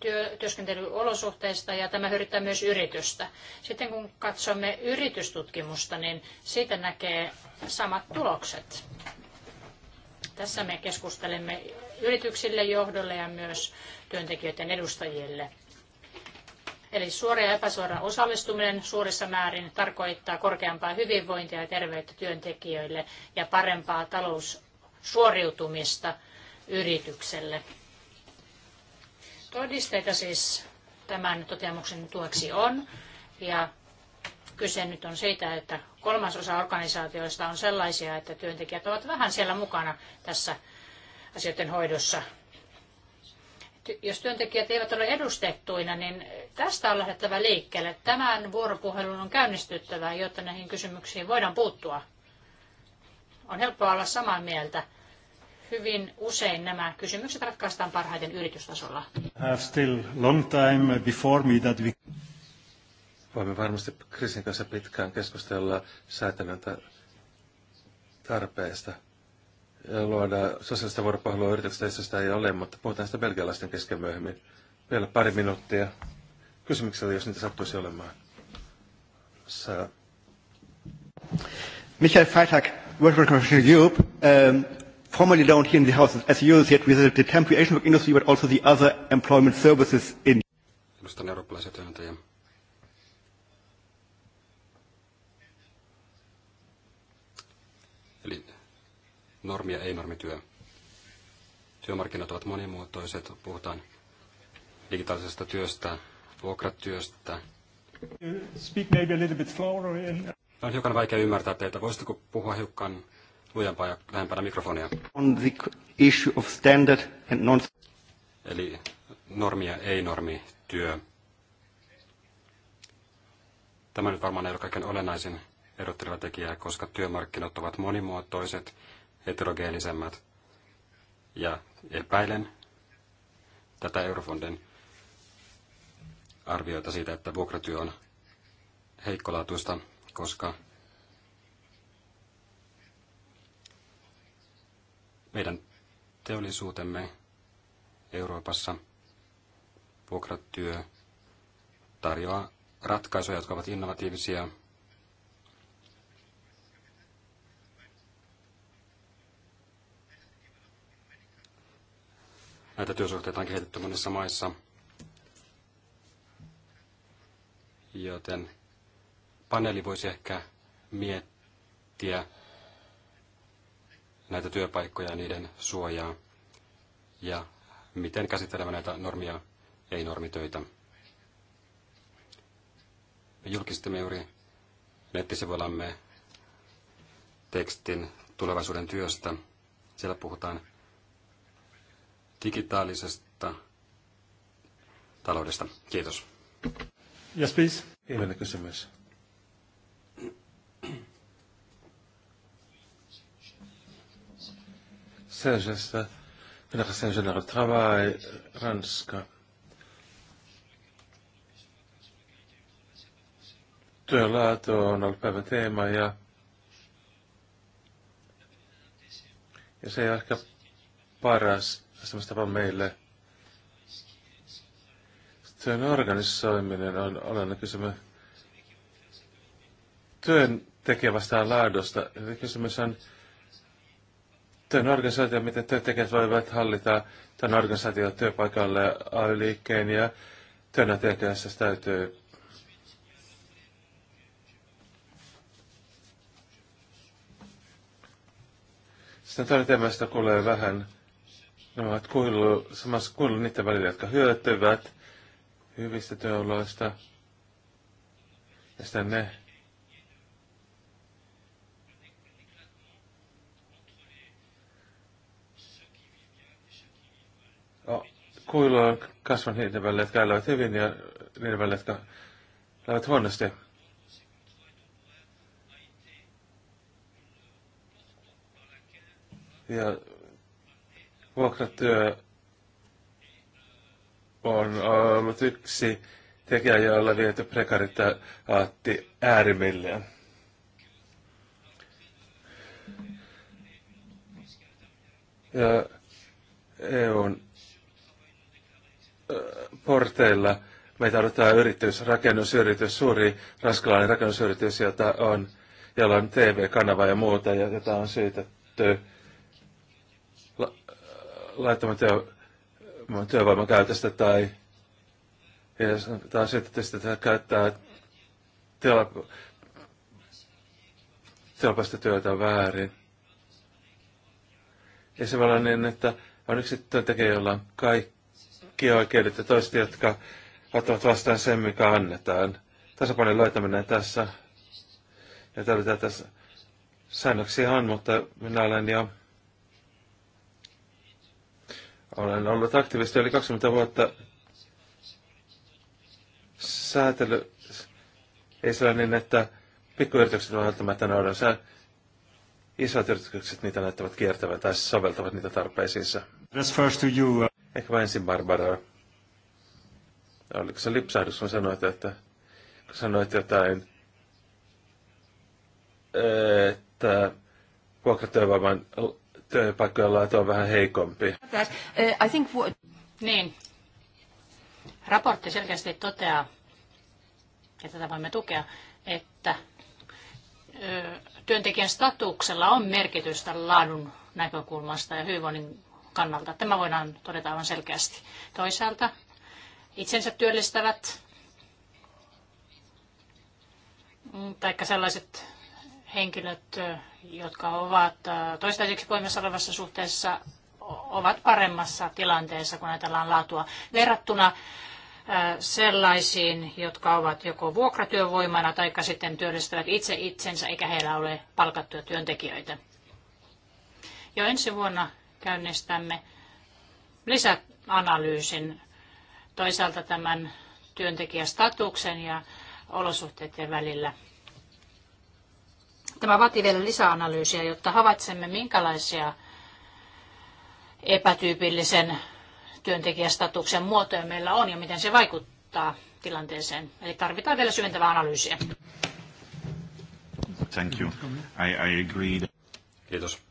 työ, työskentelyolosuhteista ja tämä hyödyttää myös yritystä. Sitten kun katsomme yritystutkimusta, niin siitä näkee samat tulokset. Tässä me keskustelemme yrityksille, johdolle ja myös työntekijöiden edustajille. Eli suora ja epäsuora osallistuminen suurissa määrin tarkoittaa korkeampaa hyvinvointia ja terveyttä työntekijöille ja parempaa taloussuoriutumista – yritykselle. Todisteita siis tämän toteamuksen tueksi on. Ja kyse nyt on siitä, että kolmasosa organisaatioista on sellaisia, että työntekijät ovat vähän siellä mukana tässä asioiden hoidossa. Jos työntekijät eivät ole edustettuina, niin tästä on lähdettävä liikkeelle. Tämän vuoropuhelun on käynnistyttävä, jotta näihin kysymyksiin voidaan puuttua. On helppoa olla samaa mieltä hyvin usein nämä kysymykset ratkaistaan parhaiten yritystasolla. Have still long time before me that we... Voimme varmasti Krisin kanssa pitkään keskustella säätelyn tarpeesta ja luoda sosiaalista vuoropuhelua yrityksestä, jossa sitä ei ole, mutta puhutaan sitä belgialaisten kesken myöhemmin. Vielä pari minuuttia kysymyksellä, jos niitä sattuisi olemaan. Sä... Michael Freitag, World Workers Europe. Um, formally down here in the House as you said, with the temporary Asian work industry, but also the other employment services in. Edustan eurooppalaisia työnantajia. Eli normia ja ei-normityö. Työmarkkinat ovat monimuotoiset. Puhutaan digitaalisesta työstä, vuokratyöstä. Speak maybe a little bit slower. In... On hiukan vaikea ymmärtää teitä. Voisitko puhua hiukan lujempaa ja lähempänä mikrofonia. On the issue of standard and non... Eli normia ei normi työ. Tämä nyt varmaan ei ole kaiken olennaisin erotteleva tekijä, koska työmarkkinat ovat monimuotoiset, heterogeenisemmät. Ja epäilen tätä Eurofonden arvioita siitä, että vuokratyö on heikkolaatuista, koska Meidän teollisuutemme Euroopassa vuokratyö tarjoaa ratkaisuja, jotka ovat innovatiivisia. Näitä työsuhteita on kehitetty monissa maissa, joten paneeli voisi ehkä miettiä näitä työpaikkoja ja niiden suojaa ja miten käsittelemme näitä normia, ei-normitöitä. Me julkistimme juuri nettisivuillamme tekstin tulevaisuuden työstä. Siellä puhutaan digitaalisesta taloudesta. Kiitos. Yes, please. Viimeinen kysymys. Sergesta, Pénal Saint-Général Travail, Ranska. Työn laatu on ollut päivän teema ja, ja se on ehkä paras tapa meille. Työn organisoiminen on olennainen kysymys. Työn tekevästä laadusta. Kysymys on työn organisaatio, miten työntekijät voivat hallita tämän organisaation työpaikalle AY-liikkeen ja työnantajan kanssa täytyy Sitten toinen teemasta kuulee vähän. Ne ovat kuilu, samassa kuilu niiden välillä, jotka hyötyvät hyvistä työoloista. Ja sitten ne, kuilu on kasvan niiden välillä, jotka elävät hyvin ja niiden välillä, jotka elävät huonosti. Ja vuokratyö on ollut yksi tekijä, jolla viety prekaritaatti äärimmilleen. Ja EUn porteilla meitä odottaa yritys, rakennusyritys, suuri raskalainen rakennusyritys, jota on, jolla on TV-kanava ja muuta, ja jota on syytetty la, laittamaan työ, työvoiman käytöstä tai ja on syytetty sitä, että käyttää tila, tilapäistä työtä väärin. Ja se voi olla niin, että on yksi työntekijä, jolla on kaikki tekijäoikeudet ja toiset, jotka ottavat vastaan sen, mikä annetaan. Tasapainon löytäminen tässä. Ja tarvitaan tässä säännöksiä on, mutta minä olen jo olen ollut aktiivisesti yli 20 vuotta. Säätely ei sillä niin, että pikkuyritykset välttämättä noudan sää. Isot yritykset niitä näyttävät kiertävän tai soveltavat niitä tarpeisiinsa. That's first to you. Uh, Ehkä vain ensin Barbaraa. Oliko se lipsahdus, kun sanoit, että kun sanoit jotain, että vuokratyövoiman työpaikkojen laatu on vähän heikompi. I think what... Niin. Raportti selkeästi toteaa, ja tätä voimme tukea, että työntekijän statuksella on merkitystä laadun näkökulmasta ja hyvinvoinnin kannalta. Tämä voidaan todeta aivan selkeästi. Toisaalta itsensä työllistävät mm, tai sellaiset henkilöt, jotka ovat toistaiseksi voimassa olevassa suhteessa, ovat paremmassa tilanteessa, kun ajatellaan laatua, verrattuna sellaisiin, jotka ovat joko vuokratyövoimana tai sitten työllistävät itse itsensä, eikä heillä ole palkattuja työntekijöitä. Jo ensi vuonna käynnistämme lisäanalyysin toisaalta tämän työntekijästatuksen ja olosuhteiden välillä. Tämä vaatii vielä lisäanalyysiä, jotta havaitsemme, minkälaisia epätyypillisen työntekijästatuksen muotoja meillä on ja miten se vaikuttaa tilanteeseen. Eli tarvitaan vielä syventävää analyysiä. Thank you. I, I agree. Kiitos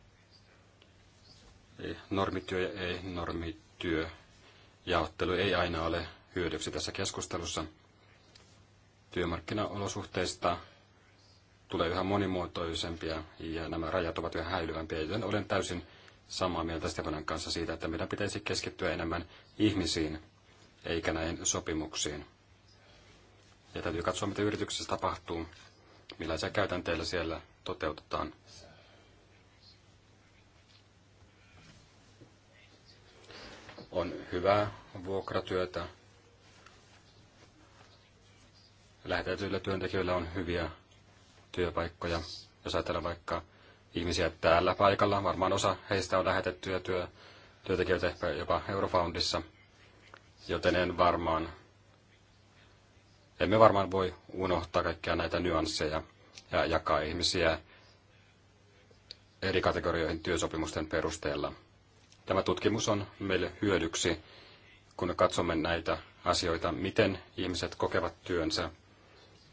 normityö ja ei-normityö jaottelu ei aina ole hyödyksi tässä keskustelussa. Työmarkkinaolosuhteista tulee yhä monimuotoisempia ja nämä rajat ovat yhä häilyvämpiä, joten olen täysin samaa mieltä Stefanan kanssa siitä, että meidän pitäisi keskittyä enemmän ihmisiin eikä näihin sopimuksiin. Ja täytyy katsoa, mitä yrityksessä tapahtuu, millaisia käytänteillä siellä toteutetaan On hyvää vuokratyötä. Lähetetyillä työntekijöillä on hyviä työpaikkoja. Jos ajatellaan vaikka ihmisiä täällä paikalla, varmaan osa heistä on lähetettyjä työ, työntekijöitä ehkä jopa Eurofoundissa, joten en varmaan, emme varmaan voi unohtaa kaikkia näitä nyansseja ja jakaa ihmisiä eri kategorioihin työsopimusten perusteella. Tämä tutkimus on meille hyödyksi, kun katsomme näitä asioita, miten ihmiset kokevat työnsä,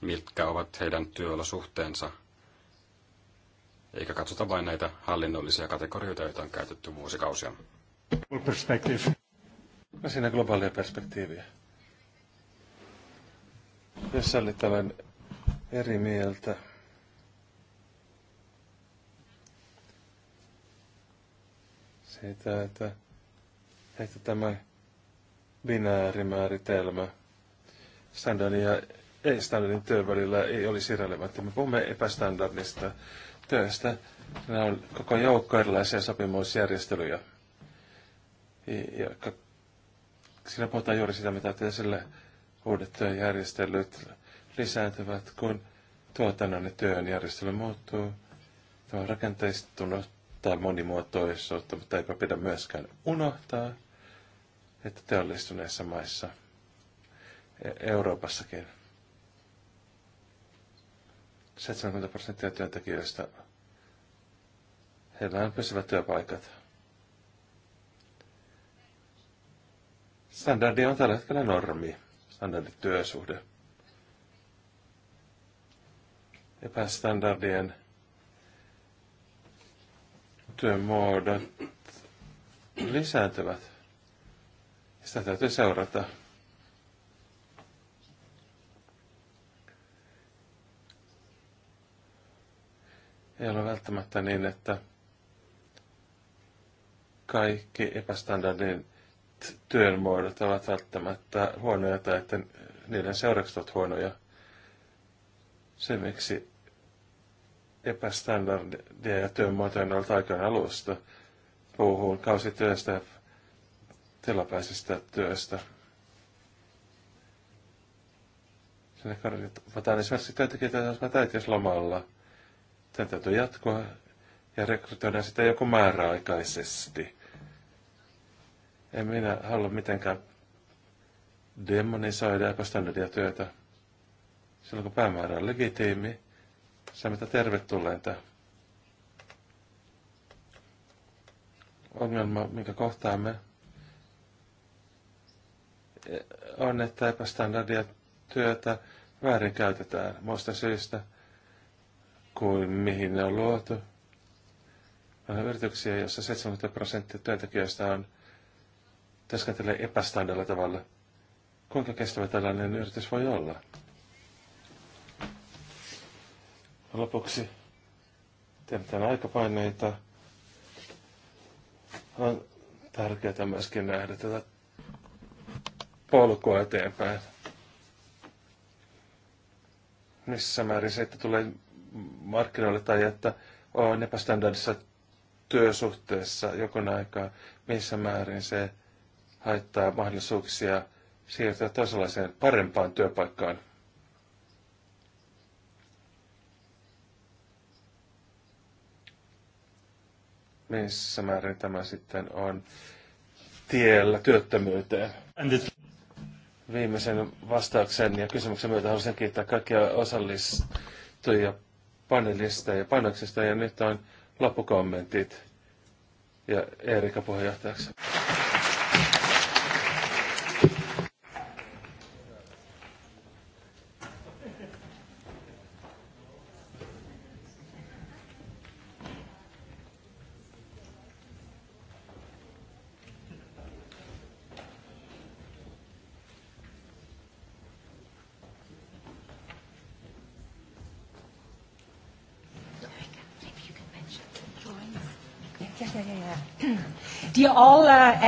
mitkä ovat heidän työolosuhteensa, eikä katsota vain näitä hallinnollisia kategorioita, joita on käytetty vuosikausia. Perspektiivi. No siinä globaalia perspektiiviä. Jos olin eri mieltä. siitä, että, että tämä binäärimääritelmä standardin ja ei-standardin työn välillä ei olisi relevantti. Me puhumme epästandardista työstä. Nämä on koko joukko erilaisia sopimusjärjestelyjä, ja, siinä puhutaan juuri sitä, mitä sille uudet työjärjestelyt lisääntyvät, kun tuotannon ja työn järjestely muuttuu. Tämä on rakenteistunut tai monimuotoisuutta, mutta eipä pidä myöskään unohtaa, että teollistuneissa maissa, e, Euroopassakin, 70 prosenttia työntekijöistä, heillä on pysyvät työpaikat. Standardi on tällä hetkellä normi, standardityösuhde. Epästandardien työmuodot lisääntyvät. Sitä täytyy seurata. Ei ole välttämättä niin, että kaikki epästandardin työn muodot ovat välttämättä huonoja tai että niiden seuraukset ovat huonoja. Se, miksi epästandardia ja työn muotojen alta aikaan alusta. Puhun kausityöstä, tilapäisestä työstä. Sinne karjoitetaan esimerkiksi työntekijöitä, jos mä täytis lomalla. Tämä täytyy jatkoa ja rekrytoida sitä joku määräaikaisesti. En minä halua mitenkään demonisoida epästandardia työtä silloin kun päämäärä on legitiimi mitä tervetulleita. Ongelma, minkä kohtaamme, on, että epästandardia työtä käytetään muista syistä kuin mihin ne on luotu. On yrityksiä, joissa 70 prosenttia työntekijöistä on työskentelee epästandardilla tavalla. Kuinka kestävä tällainen yritys voi olla? Lopuksi tehdään aikapaineita. On tärkeää myöskin nähdä tätä polkua eteenpäin. Missä määrin se, että tulee markkinoille tai että on epästandardissa työsuhteessa jokun aikaa, missä määrin se haittaa mahdollisuuksia siirtyä toisenlaiseen parempaan työpaikkaan. missä määrin tämä sitten on tiellä työttömyyteen. Viimeisen vastauksen ja kysymyksen myötä haluaisin kiittää kaikkia osallistujia panelista ja panoksista ja nyt on loppukommentit ja Erika puheenjohtajaksi.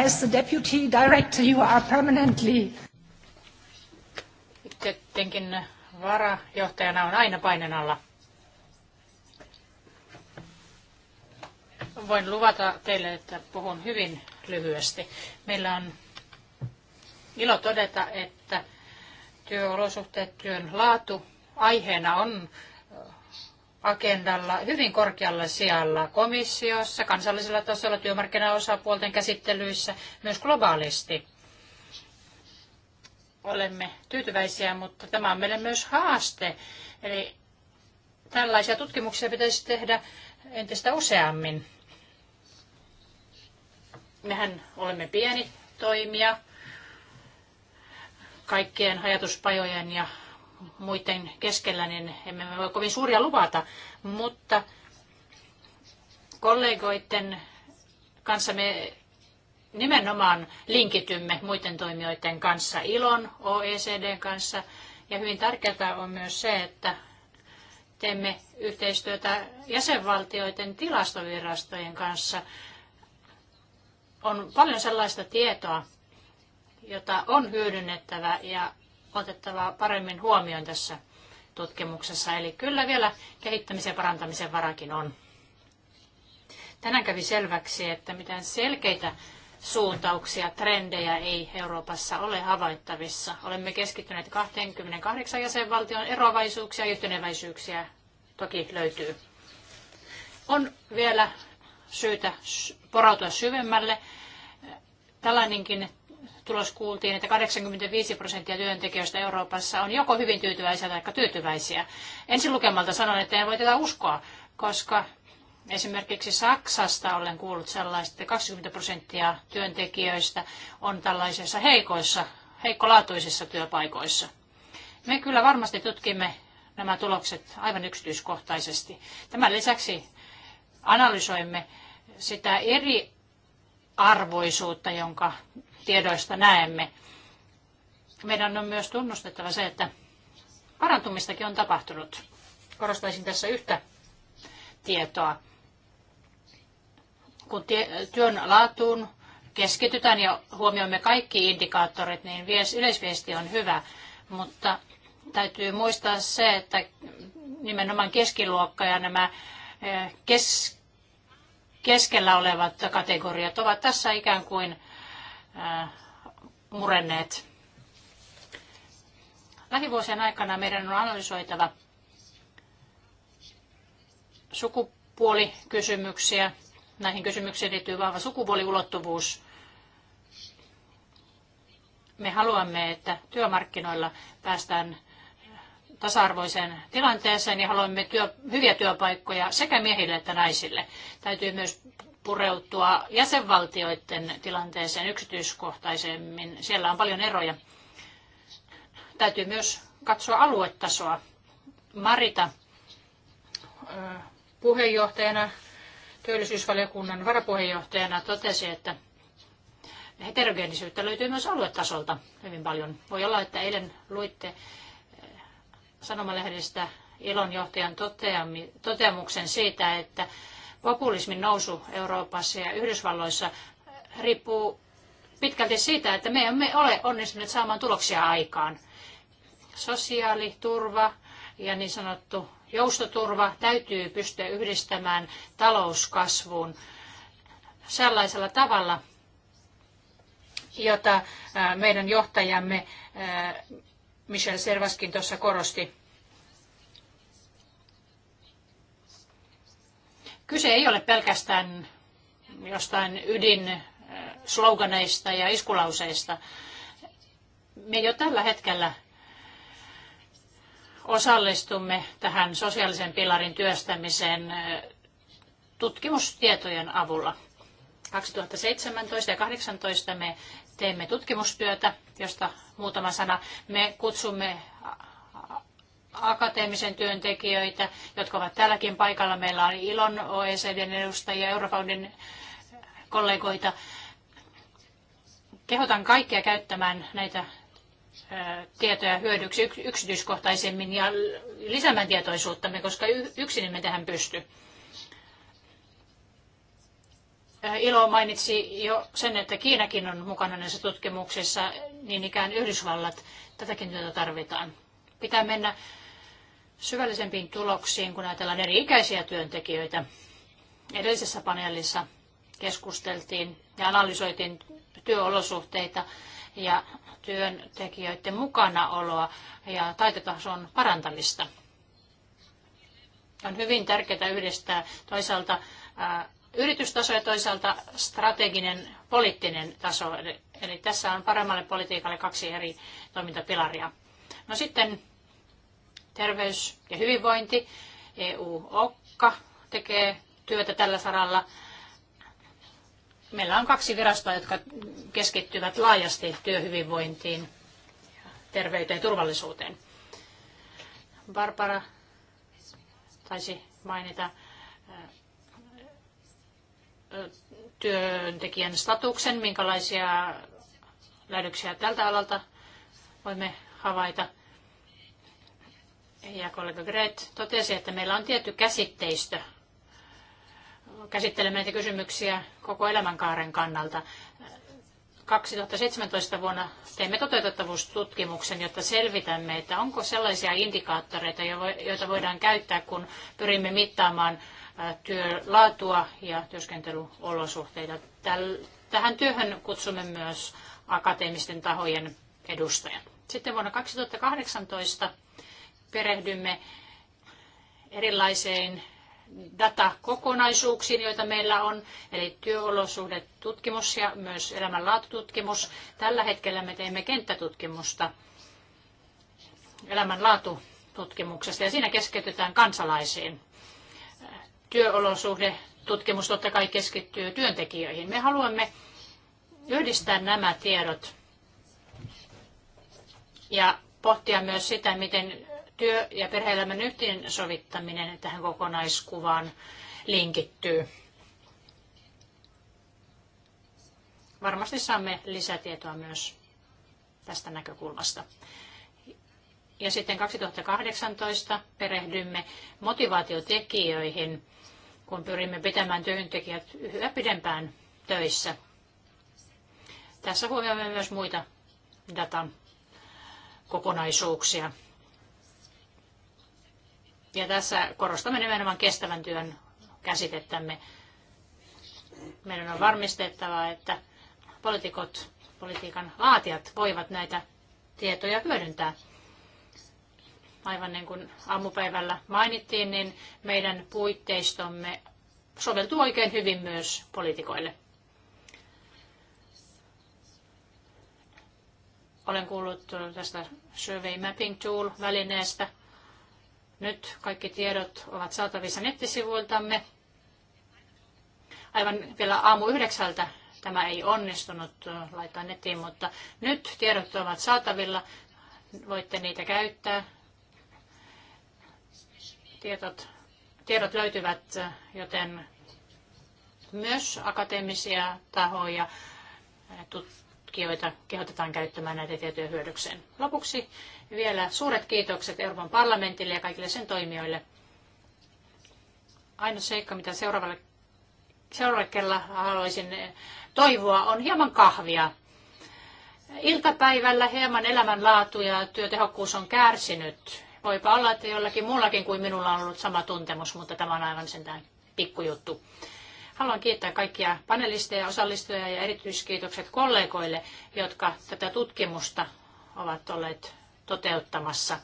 as the deputy director you are permanently. Tietenkin varajohtajana on aina painen alla. Voin luvata teille, että puhun hyvin lyhyesti. Meillä on ilo todeta, että työolosuhteet, työn laatu aiheena on agendalla hyvin korkealla sijalla komissiossa, kansallisella tasolla, työmarkkinaosapuolten käsittelyissä, myös globaalisti. Olemme tyytyväisiä, mutta tämä on meille myös haaste. Eli tällaisia tutkimuksia pitäisi tehdä entistä useammin. Mehän olemme pieni toimija kaikkien ajatuspajojen ja muiden keskellä, niin emme voi kovin suuria luvata, mutta kollegoiden kanssa me nimenomaan linkitymme muiden toimijoiden kanssa, ILON, OECDn kanssa. Ja hyvin tärkeää on myös se, että teemme yhteistyötä jäsenvaltioiden tilastovirastojen kanssa. On paljon sellaista tietoa, jota on hyödynnettävä ja otettava paremmin huomioon tässä tutkimuksessa. Eli kyllä vielä kehittämisen ja parantamisen varakin on. Tänään kävi selväksi, että mitään selkeitä suuntauksia, trendejä ei Euroopassa ole havaittavissa. Olemme keskittyneet 28 jäsenvaltion eroavaisuuksia ja yhteneväisyyksiä toki löytyy. On vielä syytä porautua syvemmälle. Tällainenkin tulos kuultiin, että 85 prosenttia työntekijöistä Euroopassa on joko hyvin tyytyväisiä tai tyytyväisiä. Ensin lukemalta sanon, että en voi tätä uskoa, koska esimerkiksi Saksasta olen kuullut sellaista, että 20 prosenttia työntekijöistä on tällaisissa heikoissa, heikkolaatuisissa työpaikoissa. Me kyllä varmasti tutkimme nämä tulokset aivan yksityiskohtaisesti. Tämän lisäksi analysoimme sitä eri arvoisuutta, jonka tiedoista näemme. Meidän on myös tunnustettava se, että parantumistakin on tapahtunut. Korostaisin tässä yhtä tietoa. Kun työn laatuun keskitytään ja huomioimme kaikki indikaattorit, niin yleisviesti on hyvä, mutta täytyy muistaa se, että nimenomaan keskiluokka ja nämä eh, kes, keskellä olevat kategoriat ovat tässä ikään kuin Äh, murenneet. Lähivuosien aikana meidän on analysoitava sukupuolikysymyksiä. Näihin kysymyksiin liittyy vahva sukupuoliulottuvuus. Me haluamme, että työmarkkinoilla päästään tasa-arvoiseen tilanteeseen ja haluamme työ, hyviä työpaikkoja sekä miehille että naisille. Täytyy myös pureutua jäsenvaltioiden tilanteeseen yksityiskohtaisemmin. Siellä on paljon eroja. Täytyy myös katsoa aluetasoa. Marita puheenjohtajana, työllisyysvaliokunnan varapuheenjohtajana totesi, että heterogeenisyyttä löytyy myös aluetasolta hyvin paljon. Voi olla, että eilen luitte sanomalehdestä ilonjohtajan toteamuksen siitä, että populismin nousu Euroopassa ja Yhdysvalloissa riippuu pitkälti siitä, että me emme ole onnistuneet saamaan tuloksia aikaan. Sosiaaliturva ja niin sanottu joustoturva täytyy pystyä yhdistämään talouskasvuun sellaisella tavalla, jota meidän johtajamme Michel Servaskin tuossa korosti. Kyse ei ole pelkästään jostain ydin äh, sloganeista ja iskulauseista. Me jo tällä hetkellä osallistumme tähän sosiaalisen pilarin työstämiseen äh, tutkimustietojen avulla. 2017 ja 2018 me teemme tutkimustyötä, josta muutama sana. Me kutsumme akateemisen työntekijöitä, jotka ovat täälläkin paikalla. Meillä on ILON OECDn edustajia, Eurofoundin kollegoita. Kehotan kaikkia käyttämään näitä tietoja hyödyksi yksityiskohtaisemmin ja lisäämään tietoisuuttamme, koska yksin emme tähän pysty. Ilo mainitsi jo sen, että Kiinakin on mukana näissä tutkimuksissa, niin ikään Yhdysvallat. Tätäkin työtä tarvitaan. Pitää mennä syvällisempiin tuloksiin, kun ajatellaan eri ikäisiä työntekijöitä. Edellisessä paneelissa keskusteltiin ja analysoitiin työolosuhteita ja työntekijöiden mukanaoloa ja taitotason parantamista. On hyvin tärkeää yhdistää toisaalta yritystaso ja toisaalta strateginen poliittinen taso. Eli tässä on paremmalle politiikalle kaksi eri toimintapilaria. No sitten terveys ja hyvinvointi. EU-OKKA tekee työtä tällä saralla. Meillä on kaksi virastoa, jotka keskittyvät laajasti työhyvinvointiin, terveyteen ja turvallisuuteen. Barbara taisi mainita äh, työntekijän statuksen, minkälaisia löydöksiä tältä alalta voimme havaita ja kollega Gret totesi, että meillä on tietty käsitteistö. Käsittelemme näitä kysymyksiä koko elämänkaaren kannalta. 2017 vuonna teimme toteutettavuustutkimuksen, jotta selvitämme, että onko sellaisia indikaattoreita, joita voidaan käyttää, kun pyrimme mittaamaan työlaatua ja työskentelyolosuhteita. Tähän työhön kutsumme myös akateemisten tahojen edustajat. Sitten vuonna 2018 perehdymme erilaisiin datakokonaisuuksiin, joita meillä on, eli työolosuhdetutkimus ja myös elämänlaatututkimus. Tällä hetkellä me teemme kenttätutkimusta elämänlaatututkimuksesta ja siinä keskitytään kansalaisiin. Työolosuhdetutkimus totta kai keskittyy työntekijöihin. Me haluamme yhdistää nämä tiedot ja pohtia myös sitä, miten työ- ja perhe-elämän yhteensovittaminen tähän kokonaiskuvaan linkittyy. Varmasti saamme lisätietoa myös tästä näkökulmasta. Ja sitten 2018 perehdymme motivaatiotekijöihin, kun pyrimme pitämään työntekijät yhä pidempään töissä. Tässä huomioimme myös muita datan kokonaisuuksia. Ja tässä korostamme nimenomaan kestävän työn käsitettämme. Meidän on varmistettava, että poliitikot, politiikan laatijat voivat näitä tietoja hyödyntää. Aivan niin kuin aamupäivällä mainittiin, niin meidän puitteistomme soveltuu oikein hyvin myös poliitikoille. Olen kuullut tästä Survey Mapping Tool-välineestä – nyt kaikki tiedot ovat saatavissa nettisivuiltamme. Aivan vielä aamu yhdeksältä tämä ei onnistunut äh, laittaa nettiin, mutta nyt tiedot ovat saatavilla. Voitte niitä käyttää. Tiedot, tiedot löytyvät, äh, joten myös akateemisia tahoja, äh, tutkijoita kehotetaan käyttämään näitä tietoja hyödykseen. Lopuksi vielä suuret kiitokset Euroopan parlamentille ja kaikille sen toimijoille. Ainoa seikka, mitä seuraavalle, seuraavalle kerralla haluaisin toivoa, on hieman kahvia. Iltapäivällä hieman elämänlaatu ja työtehokkuus on kärsinyt. Voipa olla, että jollakin muullakin kuin minulla on ollut sama tuntemus, mutta tämä on aivan sentään pikkujuttu. juttu. Haluan kiittää kaikkia panelisteja, osallistujia ja erityiskiitokset kollegoille, jotka tätä tutkimusta ovat olleet toteuttamassa.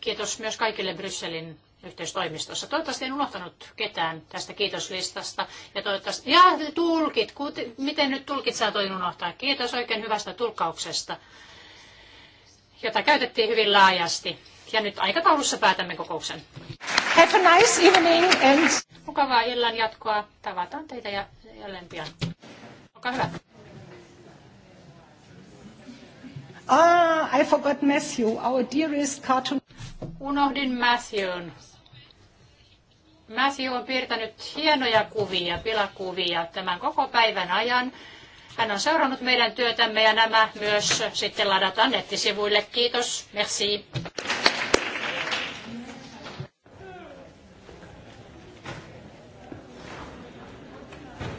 Kiitos myös kaikille Brysselin yhteistoimistossa. Toivottavasti en unohtanut ketään tästä kiitoslistasta. Ja toivottavasti, ja tulkit, kut, miten nyt tulkit saatoin unohtaa? Kiitos oikein hyvästä tulkauksesta, jota käytettiin hyvin laajasti. Ja nyt aikataulussa päätämme kokouksen. Have a nice evening and... Mukavaa illan jatkoa. Tavataan teitä ja jälleen pian. Olkaa hyvä. Ah, I forgot Matthew, our dearest cartoon. Unohdin Matthewn. Matthew on piirtänyt hienoja kuvia, pilakuvia tämän koko päivän ajan. Hän on seurannut meidän työtämme ja nämä myös sitten ladataan nettisivuille. Kiitos, merci.